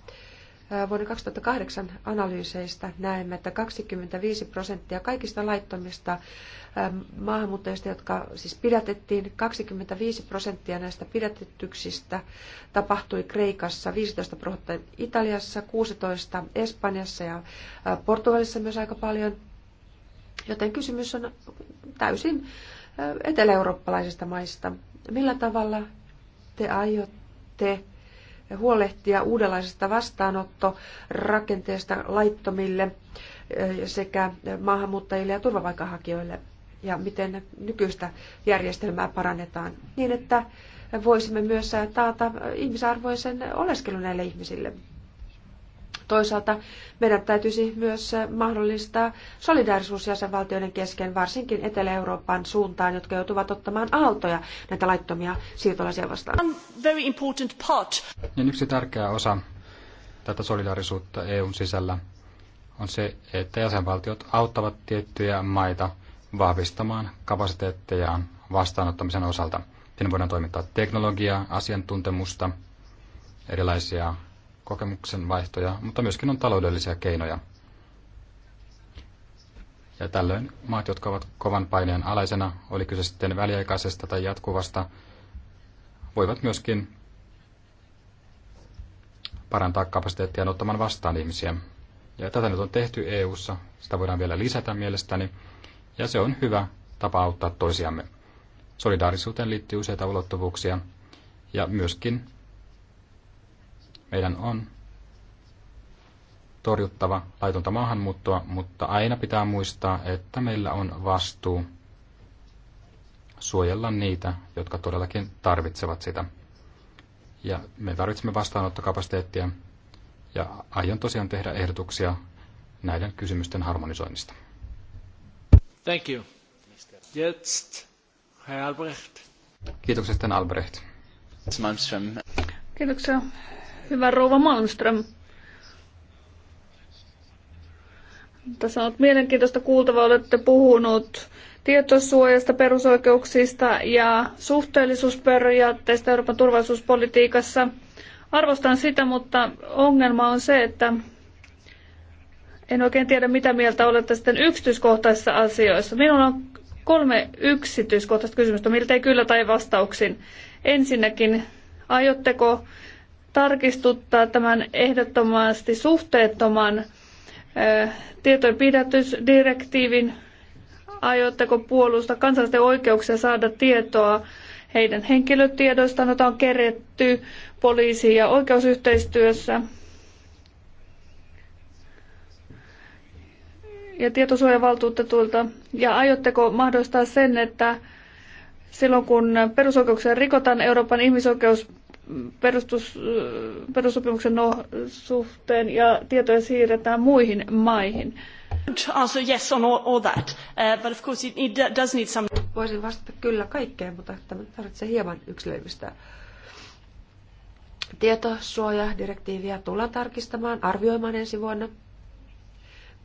vuoden 2008 analyyseistä näemme, että 25 prosenttia kaikista laittomista maahanmuuttajista, jotka siis pidätettiin, 25 prosenttia näistä pidätetyksistä tapahtui Kreikassa, 15 prosenttia Italiassa, 16 Espanjassa ja Portugalissa myös aika paljon. Joten kysymys on täysin etelä-eurooppalaisista maista. Millä tavalla te aiotte huolehtia uudenlaisesta vastaanottorakenteesta laittomille eh, sekä maahanmuuttajille ja turvapaikanhakijoille ja miten nykyistä järjestelmää parannetaan niin, että voisimme myös taata ihmisarvoisen oleskelun näille ihmisille. Toisaalta meidän täytyisi myös mahdollistaa solidaarisuus jäsenvaltioiden kesken, varsinkin Etelä-Euroopan suuntaan, jotka joutuvat ottamaan aaltoja näitä laittomia siirtolaisia vastaan. Niin yksi tärkeä osa tätä solidaarisuutta EUn sisällä on se, että jäsenvaltiot auttavat tiettyjä maita vahvistamaan kapasiteettejaan vastaanottamisen osalta. Sinne voidaan toimittaa teknologiaa, asiantuntemusta, erilaisia kokemuksen vaihtoja, mutta myöskin on taloudellisia keinoja. Ja tällöin maat, jotka ovat kovan paineen alaisena, oli kyse sitten väliaikaisesta tai jatkuvasta, voivat myöskin parantaa kapasiteettia ottamaan vastaan ihmisiä. Ja tätä nyt on tehty EU:ssa, sitä voidaan vielä lisätä mielestäni, ja se on hyvä tapa auttaa toisiamme. Solidaarisuuteen liittyy useita ulottuvuuksia, ja myöskin meidän on torjuttava laitonta maahanmuuttoa, mutta aina pitää muistaa, että meillä on vastuu suojella niitä, jotka todellakin tarvitsevat sitä. Ja me tarvitsemme vastaanottokapasiteettia ja aion tosiaan tehdä ehdotuksia näiden kysymysten harmonisoinnista. Thank you. Jetzt, Herr Albrecht. Kiitokset, Albrecht. Kiitoksia, Hyvä rouva Malmström. Tässä on mielenkiintoista kuultavaa, olette puhunut tietosuojasta, perusoikeuksista ja suhteellisuusperiaatteista Euroopan turvallisuuspolitiikassa. Arvostan sitä, mutta ongelma on se, että en oikein tiedä, mitä mieltä olette sitten yksityiskohtaisissa asioissa. Minulla on kolme yksityiskohtaista kysymystä, miltei kyllä tai vastauksin. Ensinnäkin, aiotteko tarkistuttaa tämän ehdottomasti suhteettoman tietojen pidätysdirektiivin? Aiotteko puolustaa kansallisten oikeuksia saada tietoa heidän henkilötiedoistaan, jota on keretty poliisi- ja oikeusyhteistyössä? ja tietosuojavaltuutetuilta? Ja aiotteko mahdollistaa sen, että silloin kun perusoikeuksia rikotaan, Euroopan ihmisoikeus perustus, perussopimuksen no, suhteen ja tietoja siirretään muihin maihin. yes on all, all that, uh, but of course it, it does need some... Voisin vastata kyllä kaikkeen, mutta tämä tarvitsee hieman yksilöimistä. Tietosuojadirektiiviä tullaan tarkistamaan, arvioimaan ensi vuonna.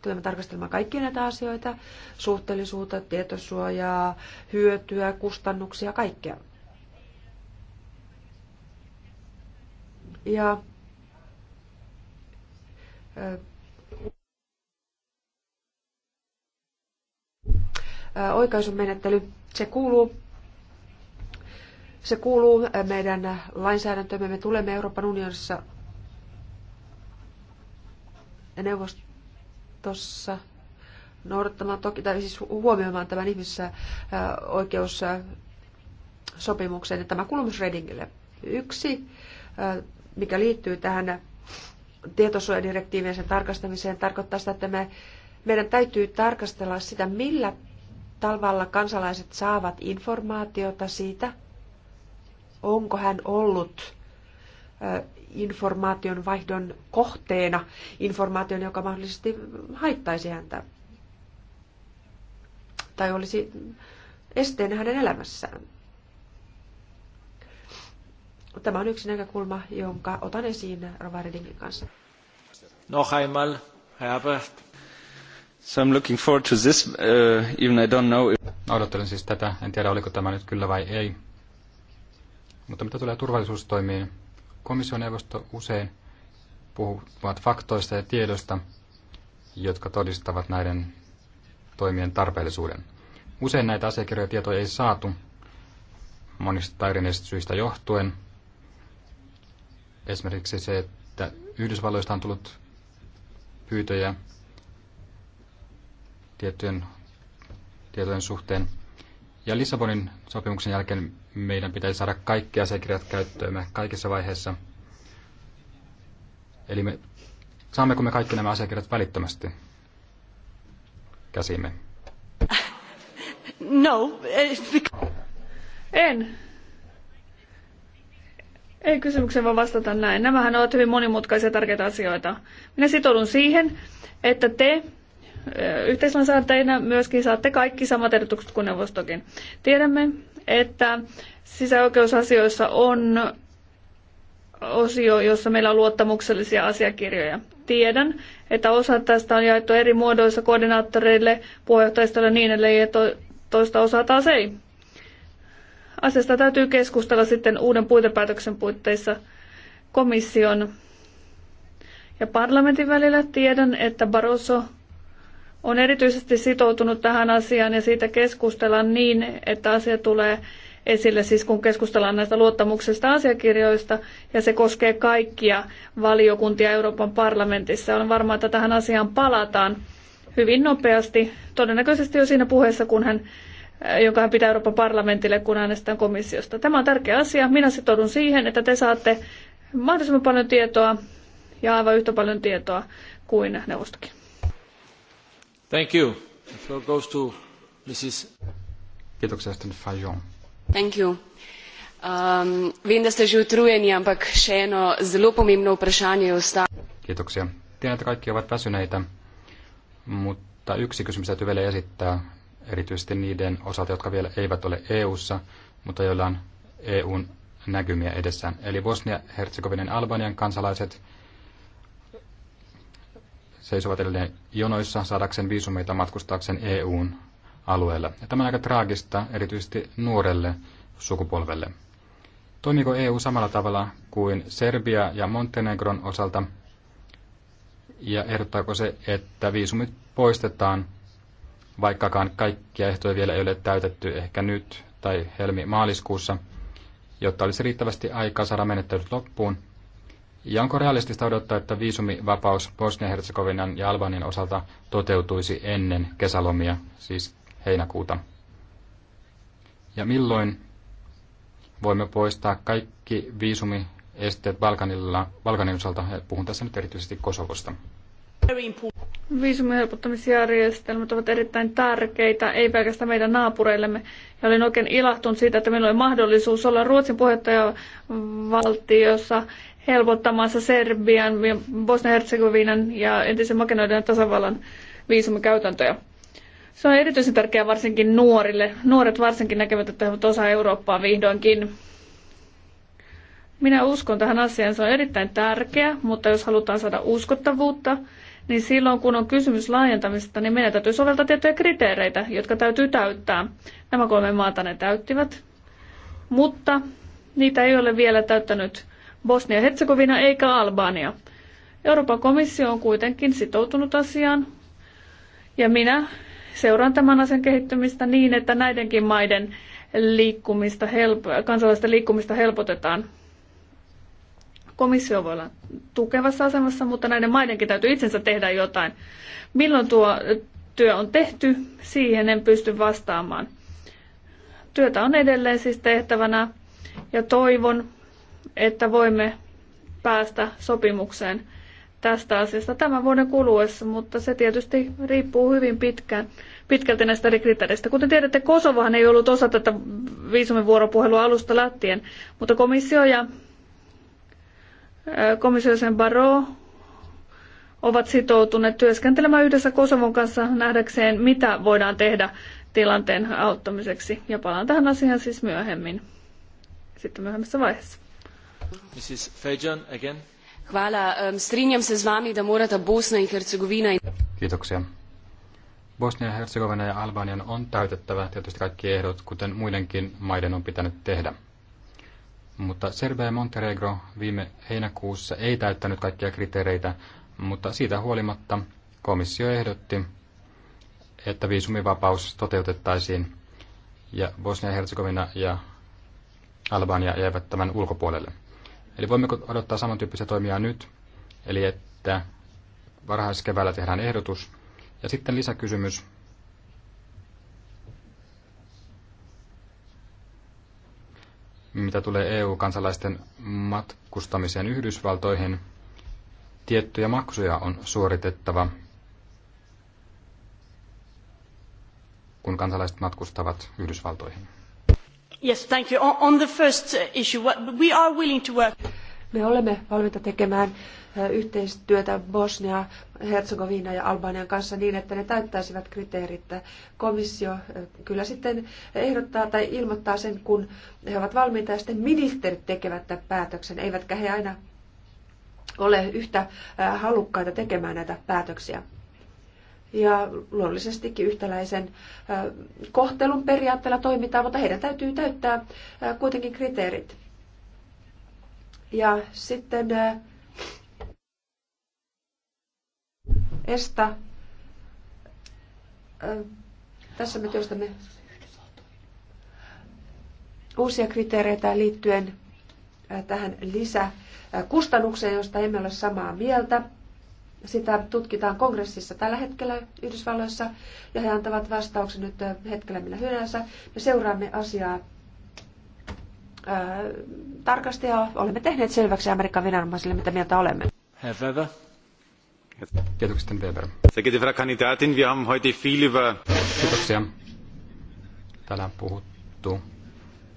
Tulemme tarkastelemaan kaikkia näitä asioita, suhteellisuutta, tietosuojaa, hyötyä, kustannuksia, kaikkea. Ja oikaisumenettely, se kuuluu, se kuuluu meidän lainsäädäntöömme, Me tulemme Euroopan unionissa neuvostossa noudattamaan toki, tai siis huomioimaan tämän ihmisessä oikeussopimuksen. Tämä myös Redingille. Yksi mikä liittyy tähän tietosuojadirektiivien sen tarkastamiseen, tarkoittaa sitä, että me, meidän täytyy tarkastella sitä, millä tavalla kansalaiset saavat informaatiota siitä, onko hän ollut informaation vaihdon kohteena, informaation, joka mahdollisesti haittaisi häntä tai olisi esteenä hänen elämässään. Tämä on yksi näkökulma, jonka otan esiin Rova Redingin kanssa. Noch einmal, Herbert. So I'm looking forward to this, uh, even I don't know if... Odottelen siis tätä, en tiedä oliko tämä nyt kyllä vai ei. Mutta mitä tulee turvallisuustoimiin, komission neuvosto usein puhuvat faktoista ja tiedosta, jotka todistavat näiden toimien tarpeellisuuden. Usein näitä asiakirjoja tietoja ei saatu monista erinäisistä syistä johtuen, Esimerkiksi se, että Yhdysvalloista on tullut pyytöjä tiettyjen tietojen suhteen. Ja Lissabonin sopimuksen jälkeen meidän pitäisi saada kaikki asiakirjat me kaikissa vaiheissa. Eli me, saammeko me kaikki nämä asiakirjat välittömästi käsimme? No. Eh, en. Ei kysymykseen voi vastata näin. Nämähän ovat hyvin monimutkaisia tärkeitä asioita. Minä sitoudun siihen, että te yhteislainsäätäjinä myöskin saatte kaikki samat edutukset kuin neuvostokin. Tiedämme, että sisäoikeusasioissa on osio, jossa meillä on luottamuksellisia asiakirjoja. Tiedän, että osa tästä on jaettu eri muodoissa koordinaattoreille, puheenjohtajistolle niin edelleen, ja toista osaa taas ei. Asiasta täytyy keskustella sitten uuden puitepäätöksen puitteissa komission ja parlamentin välillä. Tiedän, että Barroso on erityisesti sitoutunut tähän asiaan ja siitä keskustellaan niin, että asia tulee esille, siis kun keskustellaan näistä luottamuksesta asiakirjoista, ja se koskee kaikkia valiokuntia Euroopan parlamentissa. Olen varma, että tähän asiaan palataan hyvin nopeasti, todennäköisesti jo siinä puheessa, kun hän joka hän pitää Euroopan parlamentille, kun äänestetään komissiosta. Tämä on tärkeä asia. Minä sitoudun siihen, että te saatte mahdollisimman paljon tietoa ja aivan yhtä paljon tietoa kuin neuvostokin. Thank you. The floor goes to Mrs. Kiitoksia, Sten Fajon. Thank you. Um, vem, da ste že utrujeni, ampak še eno zelo pomembno vprašanje je Kiitoksia. Tiedän, että kaikki ovat väsyneitä, mutta yksi kysymys täytyy vielä esittää erityisesti niiden osalta, jotka vielä eivät ole EU-ssa, mutta joilla on EUn näkymiä edessään. Eli Bosnia-Herzegovinen Albanian kansalaiset seisovat edelleen jonoissa saadakseen viisumeita matkustaakseen EUn alueella. Ja tämä on aika traagista erityisesti nuorelle sukupolvelle. Toimiko EU samalla tavalla kuin Serbia ja Montenegron osalta? Ja ehdottaako se, että viisumit poistetaan vaikkakaan kaikkia ehtoja vielä ei ole täytetty ehkä nyt tai helmi-maaliskuussa, jotta olisi riittävästi aikaa saada menettelyt loppuun. Ja onko realistista odottaa, että viisumivapaus Bosnia-Herzegovinan ja Albanian osalta toteutuisi ennen kesälomia, siis heinäkuuta? Ja milloin voimme poistaa kaikki viisumiesteet Balkanilla, Balkanin osalta? Puhun tässä nyt erityisesti Kosovosta. Viisumin helpottamisjärjestelmät ovat erittäin tärkeitä, ei pelkästään meidän naapureillemme. Ja olin oikein ilahtunut siitä, että meillä oli mahdollisuus olla Ruotsin puheenjohtajavaltiossa helpottamassa Serbian, Bosnia-Herzegovinan ja entisen Makedonian tasavallan viisumikäytäntöjä. Se on erityisen tärkeää varsinkin nuorille. Nuoret varsinkin näkevät, että he ovat osa Eurooppaa vihdoinkin. Minä uskon tähän asiaan, se on erittäin tärkeä, mutta jos halutaan saada uskottavuutta, niin silloin kun on kysymys laajentamisesta, niin meidän täytyy soveltaa tiettyjä kriteereitä, jotka täytyy täyttää. Nämä kolme maata ne täyttivät, mutta niitä ei ole vielä täyttänyt Bosnia-Herzegovina eikä Albania. Euroopan komissio on kuitenkin sitoutunut asiaan ja minä seuraan tämän asian kehittymistä niin, että näidenkin maiden liikkumista help- kansalaisten liikkumista helpotetaan. Komissio voi olla tukevassa asemassa, mutta näiden maidenkin täytyy itsensä tehdä jotain. Milloin tuo työ on tehty, siihen en pysty vastaamaan. Työtä on edelleen siis tehtävänä ja toivon, että voimme päästä sopimukseen tästä asiasta tämän vuoden kuluessa, mutta se tietysti riippuu hyvin pitkään, pitkälti näistä eri kriteereistä. Kuten tiedätte, Kosovohan ei ollut osa tätä viisumivuoropuhelua alusta lähtien, mutta komissio ja komissiosen Baro ovat sitoutuneet työskentelemään yhdessä Kosovon kanssa nähdäkseen, mitä voidaan tehdä tilanteen auttamiseksi. Ja palaan tähän asiaan siis myöhemmin, sitten myöhemmässä vaiheessa. Mrs. Fajon, again. Kiitoksia. Bosnia, Herzegovina ja Albanian on täytettävä tietysti kaikki ehdot, kuten muidenkin maiden on pitänyt tehdä. Mutta Serbia Montenegro viime heinäkuussa ei täyttänyt kaikkia kriteereitä, mutta siitä huolimatta komissio ehdotti, että viisumivapaus toteutettaisiin ja Bosnia-Herzegovina ja Albania jäivät tämän ulkopuolelle. Eli voimmeko odottaa samantyyppisiä toimia nyt, eli että varhaiskeväällä tehdään ehdotus. Ja sitten lisäkysymys, mitä tulee EU-kansalaisten matkustamiseen Yhdysvaltoihin, tiettyjä maksuja on suoritettava, kun kansalaiset matkustavat Yhdysvaltoihin. Yes, thank you. On the first issue, we are willing to work. Me olemme valmiita tekemään yhteistyötä Bosnia, Herzegovina ja Albanian kanssa niin, että ne täyttäisivät kriteerit. Komissio kyllä sitten ehdottaa tai ilmoittaa sen, kun he ovat valmiita ja sitten ministerit tekevät tämän päätöksen, eivätkä he aina ole yhtä halukkaita tekemään näitä päätöksiä. Ja luonnollisestikin yhtäläisen kohtelun periaatteella toimitaan, mutta heidän täytyy täyttää kuitenkin kriteerit. Ja sitten äh, Esta, äh, tässä me työstämme uusia kriteereitä liittyen äh, tähän lisäkustannukseen, josta emme ole samaa mieltä. Sitä tutkitaan kongressissa tällä hetkellä Yhdysvalloissa ja he antavat vastauksen nyt hetkellä millä hyvänsä. Me seuraamme asiaa tarkasti ja olemme tehneet selväksi Amerikan viranomaisille, mitä mieltä olemme. Herr Weber. Kiitoksia, Weber. Sehr geehrte Frau Kandidatin, wir haben heute viel über... Kiitoksia. Täällä on puhuttu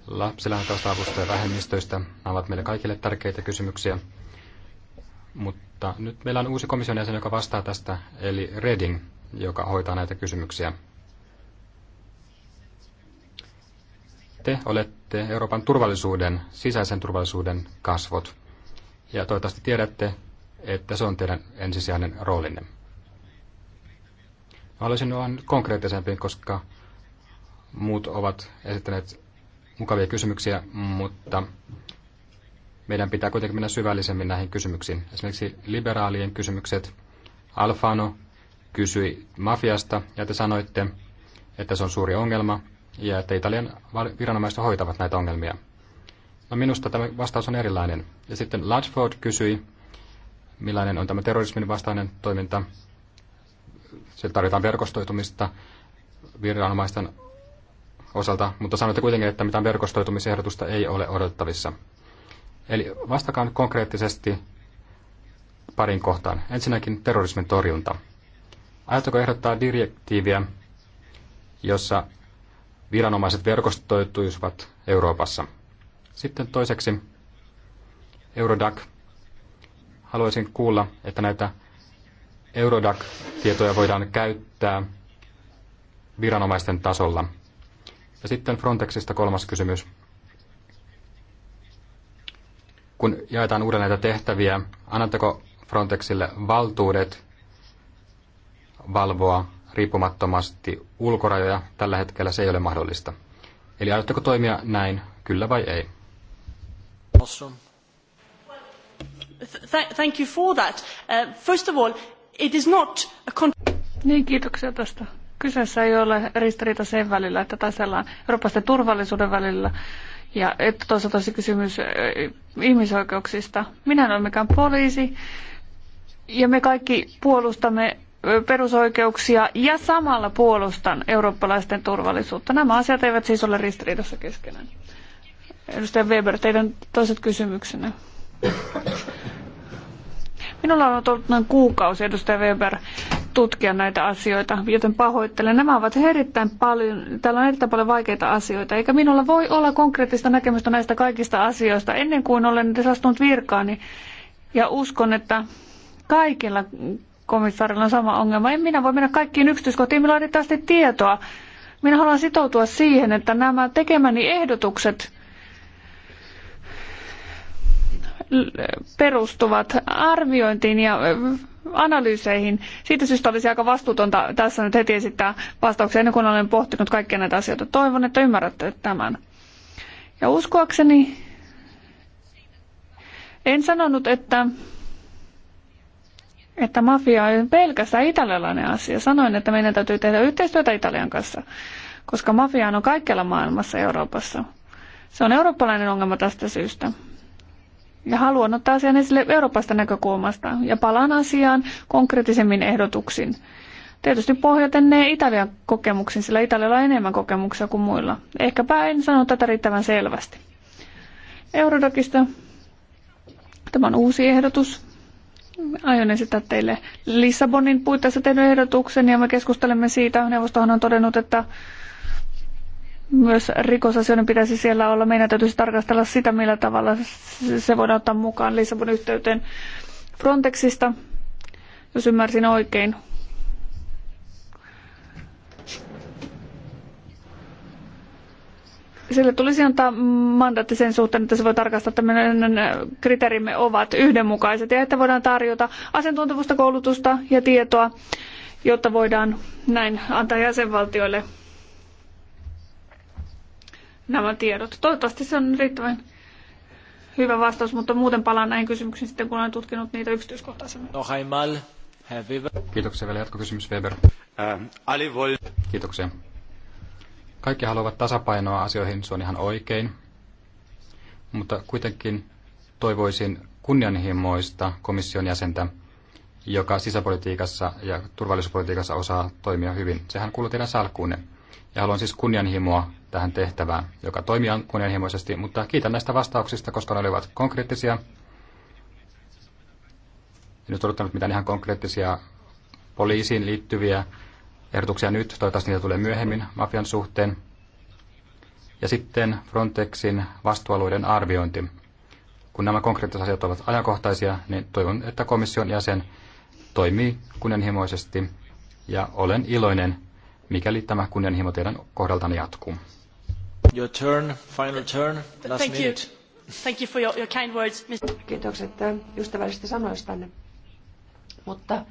lapsilähettävästä avusta ja vähemmistöistä. Nämä ovat meille kaikille tärkeitä kysymyksiä. Mutta nyt meillä on uusi komission jäsen, joka vastaa tästä, eli Reding, joka hoitaa näitä kysymyksiä. Te olette Euroopan turvallisuuden, sisäisen turvallisuuden kasvot. Ja toivottavasti tiedätte, että se on teidän ensisijainen roolinne. olisin vain konkreettisempi, koska muut ovat esittäneet mukavia kysymyksiä, mutta meidän pitää kuitenkin mennä syvällisemmin näihin kysymyksiin. Esimerkiksi liberaalien kysymykset. Alfano kysyi mafiasta ja te sanoitte, että se on suuri ongelma ja että Italian viranomaiset hoitavat näitä ongelmia. No minusta tämä vastaus on erilainen. Ja sitten Ludford kysyi, millainen on tämä terrorismin vastainen toiminta. Siellä tarvitaan verkostoitumista viranomaisten osalta, mutta sanoitte kuitenkin, että mitään verkostoitumisehdotusta ei ole odotettavissa. Eli vastakaan konkreettisesti parin kohtaan. Ensinnäkin terrorismin torjunta. Ajatteko ehdottaa direktiiviä, jossa viranomaiset verkostoituisivat Euroopassa. Sitten toiseksi Eurodac. Haluaisin kuulla, että näitä Eurodac-tietoja voidaan käyttää viranomaisten tasolla. Ja sitten Frontexista kolmas kysymys. Kun jaetaan uudelleen näitä tehtäviä, annatteko Frontexille valtuudet valvoa riippumattomasti ulkorajoja. Tällä hetkellä se ei ole mahdollista. Eli aiotteko toimia näin, kyllä vai ei? Awesome. Thank you for that. Uh, first of all, it is not a con- niin, kiitoksia tästä. Kyseessä ei ole ristiriita sen välillä, että taistellaan Euroopasta turvallisuuden välillä ja että toisaalta olisi kysymys ihmisoikeuksista. Minä en ole mikään poliisi ja me kaikki puolustamme perusoikeuksia ja samalla puolustan eurooppalaisten turvallisuutta. Nämä asiat eivät siis ole ristiriidassa keskenään. Edustaja Weber, teidän toiset kysymyksenne. Minulla on ollut noin kuukausi, edustaja Weber, tutkia näitä asioita, joten pahoittelen. Nämä ovat erittäin paljon, täällä on erittäin paljon vaikeita asioita, eikä minulla voi olla konkreettista näkemystä näistä kaikista asioista ennen kuin olen astunut virkaani. Ja uskon, että kaikilla komissaarilla on sama ongelma. En minä voi mennä kaikkiin yksityiskohtiin, millä laitetaan sitten tietoa. Minä haluan sitoutua siihen, että nämä tekemäni ehdotukset perustuvat arviointiin ja analyyseihin. Siitä syystä olisi aika vastuutonta tässä nyt heti esittää vastauksia ennen kuin olen pohtinut kaikkia näitä asioita. Toivon, että ymmärrätte tämän. Ja uskoakseni en sanonut, että että mafia on pelkästään italialainen asia. Sanoin, että meidän täytyy tehdä yhteistyötä Italian kanssa, koska mafia on kaikkialla maailmassa Euroopassa. Se on eurooppalainen ongelma tästä syystä. Ja haluan ottaa asian esille Euroopasta näkökulmasta ja palaan asiaan konkreettisemmin ehdotuksin. Tietysti pohjaten ne Italian kokemuksiin, sillä Italialla on enemmän kokemuksia kuin muilla. Ehkäpä en sano tätä riittävän selvästi. Eurodokista. Tämä on uusi ehdotus aion esittää teille Lissabonin puitteissa tehdyn ehdotuksen ja me keskustelemme siitä. Neuvostohan on todennut, että myös rikosasioiden pitäisi siellä olla. Meidän täytyisi tarkastella sitä, millä tavalla se voidaan ottaa mukaan Lissabonin yhteyteen Frontexista, jos ymmärsin oikein. sille tulisi antaa mandaatti sen suhteen, että se voi tarkastaa, että meidän kriteerimme ovat yhdenmukaiset ja että voidaan tarjota asiantuntevusta koulutusta ja tietoa, jotta voidaan näin antaa jäsenvaltioille nämä tiedot. Toivottavasti se on riittävän hyvä vastaus, mutta muuten palaan näihin kysymyksiin sitten, kun olen tutkinut niitä yksityiskohtaisemmin. No, Kiitoksia vielä jatkokysymys Weber. Äh, Kiitoksia. Kaikki haluavat tasapainoa asioihin, se on ihan oikein. Mutta kuitenkin toivoisin kunnianhimoista komission jäsentä, joka sisäpolitiikassa ja turvallisuuspolitiikassa osaa toimia hyvin. Sehän kuuluu teidän salkkuunne. Ja haluan siis kunnianhimoa tähän tehtävään, joka toimii kunnianhimoisesti, mutta kiitän näistä vastauksista, koska ne olivat konkreettisia. En nyt odottanut mitään ihan konkreettisia poliisiin liittyviä ehdotuksia nyt, toivottavasti niitä tulee myöhemmin mafian suhteen. Ja sitten Frontexin vastuualueiden arviointi. Kun nämä konkreettiset asiat ovat ajankohtaisia, niin toivon, että komission jäsen toimii kunnianhimoisesti ja olen iloinen, mikäli tämä kunnianhimo teidän kohdaltani jatkuu. Your turn, final turn, last Thank minute. You. Thank you for your, your kind words, Mr. Kiitokset äh, ystävällisistä sanoistanne. Mutta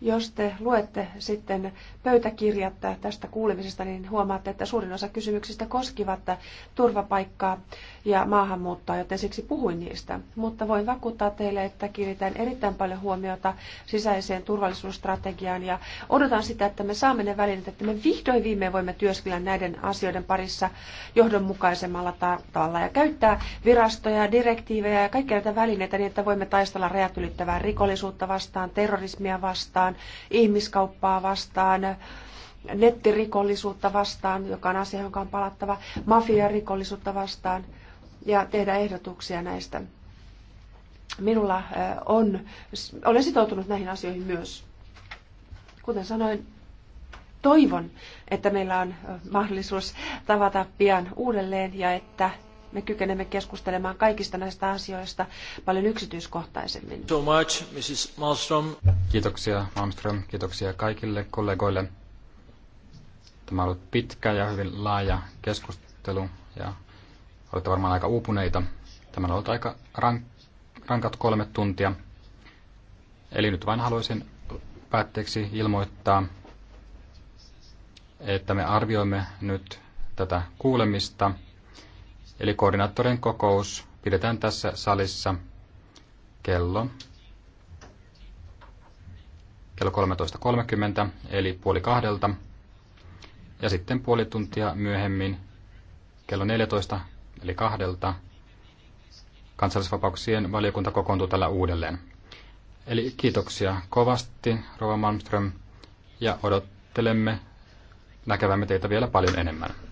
jos te luette sitten pöytäkirjat tästä kuulemisesta, niin huomaatte, että suurin osa kysymyksistä koskivat turvapaikkaa ja maahanmuuttoa, joten siksi puhuin niistä. Mutta voin vakuuttaa teille, että kiinnitän erittäin paljon huomiota sisäiseen turvallisuusstrategiaan ja odotan sitä, että me saamme ne välineet, että me vihdoin viimein voimme työskennellä näiden asioiden parissa johdonmukaisemmalla tavalla ja käyttää virastoja, direktiivejä ja kaikkia näitä välineitä niin, että voimme taistella rajat ylittävää rikollisuutta vastaan, terrorismia vastaan, ihmiskauppaa vastaan, nettirikollisuutta vastaan, joka on asia, jonka on palattava, mafiarikollisuutta vastaan – ja tehdä ehdotuksia näistä. Minulla on, olen sitoutunut näihin asioihin myös. Kuten sanoin, toivon, että meillä on mahdollisuus tavata pian uudelleen ja että me kykenemme keskustelemaan kaikista näistä asioista paljon yksityiskohtaisemmin. So much, Mrs. Malmström. Kiitoksia Malmström, kiitoksia kaikille kollegoille. Tämä on ollut pitkä ja hyvin laaja keskustelu ja Olette varmaan aika uupuneita. Tämä on ollut aika rank- rankat kolme tuntia. Eli nyt vain haluaisin päätteeksi ilmoittaa, että me arvioimme nyt tätä kuulemista. Eli koordinaattorin kokous pidetään tässä salissa kello kello 13.30 eli puoli kahdelta. Ja sitten puoli tuntia myöhemmin kello eli kahdelta kansallisvapauksien valiokunta kokoontuu tällä uudelleen. Eli kiitoksia kovasti, Rova Malmström, ja odottelemme näkevämme teitä vielä paljon enemmän.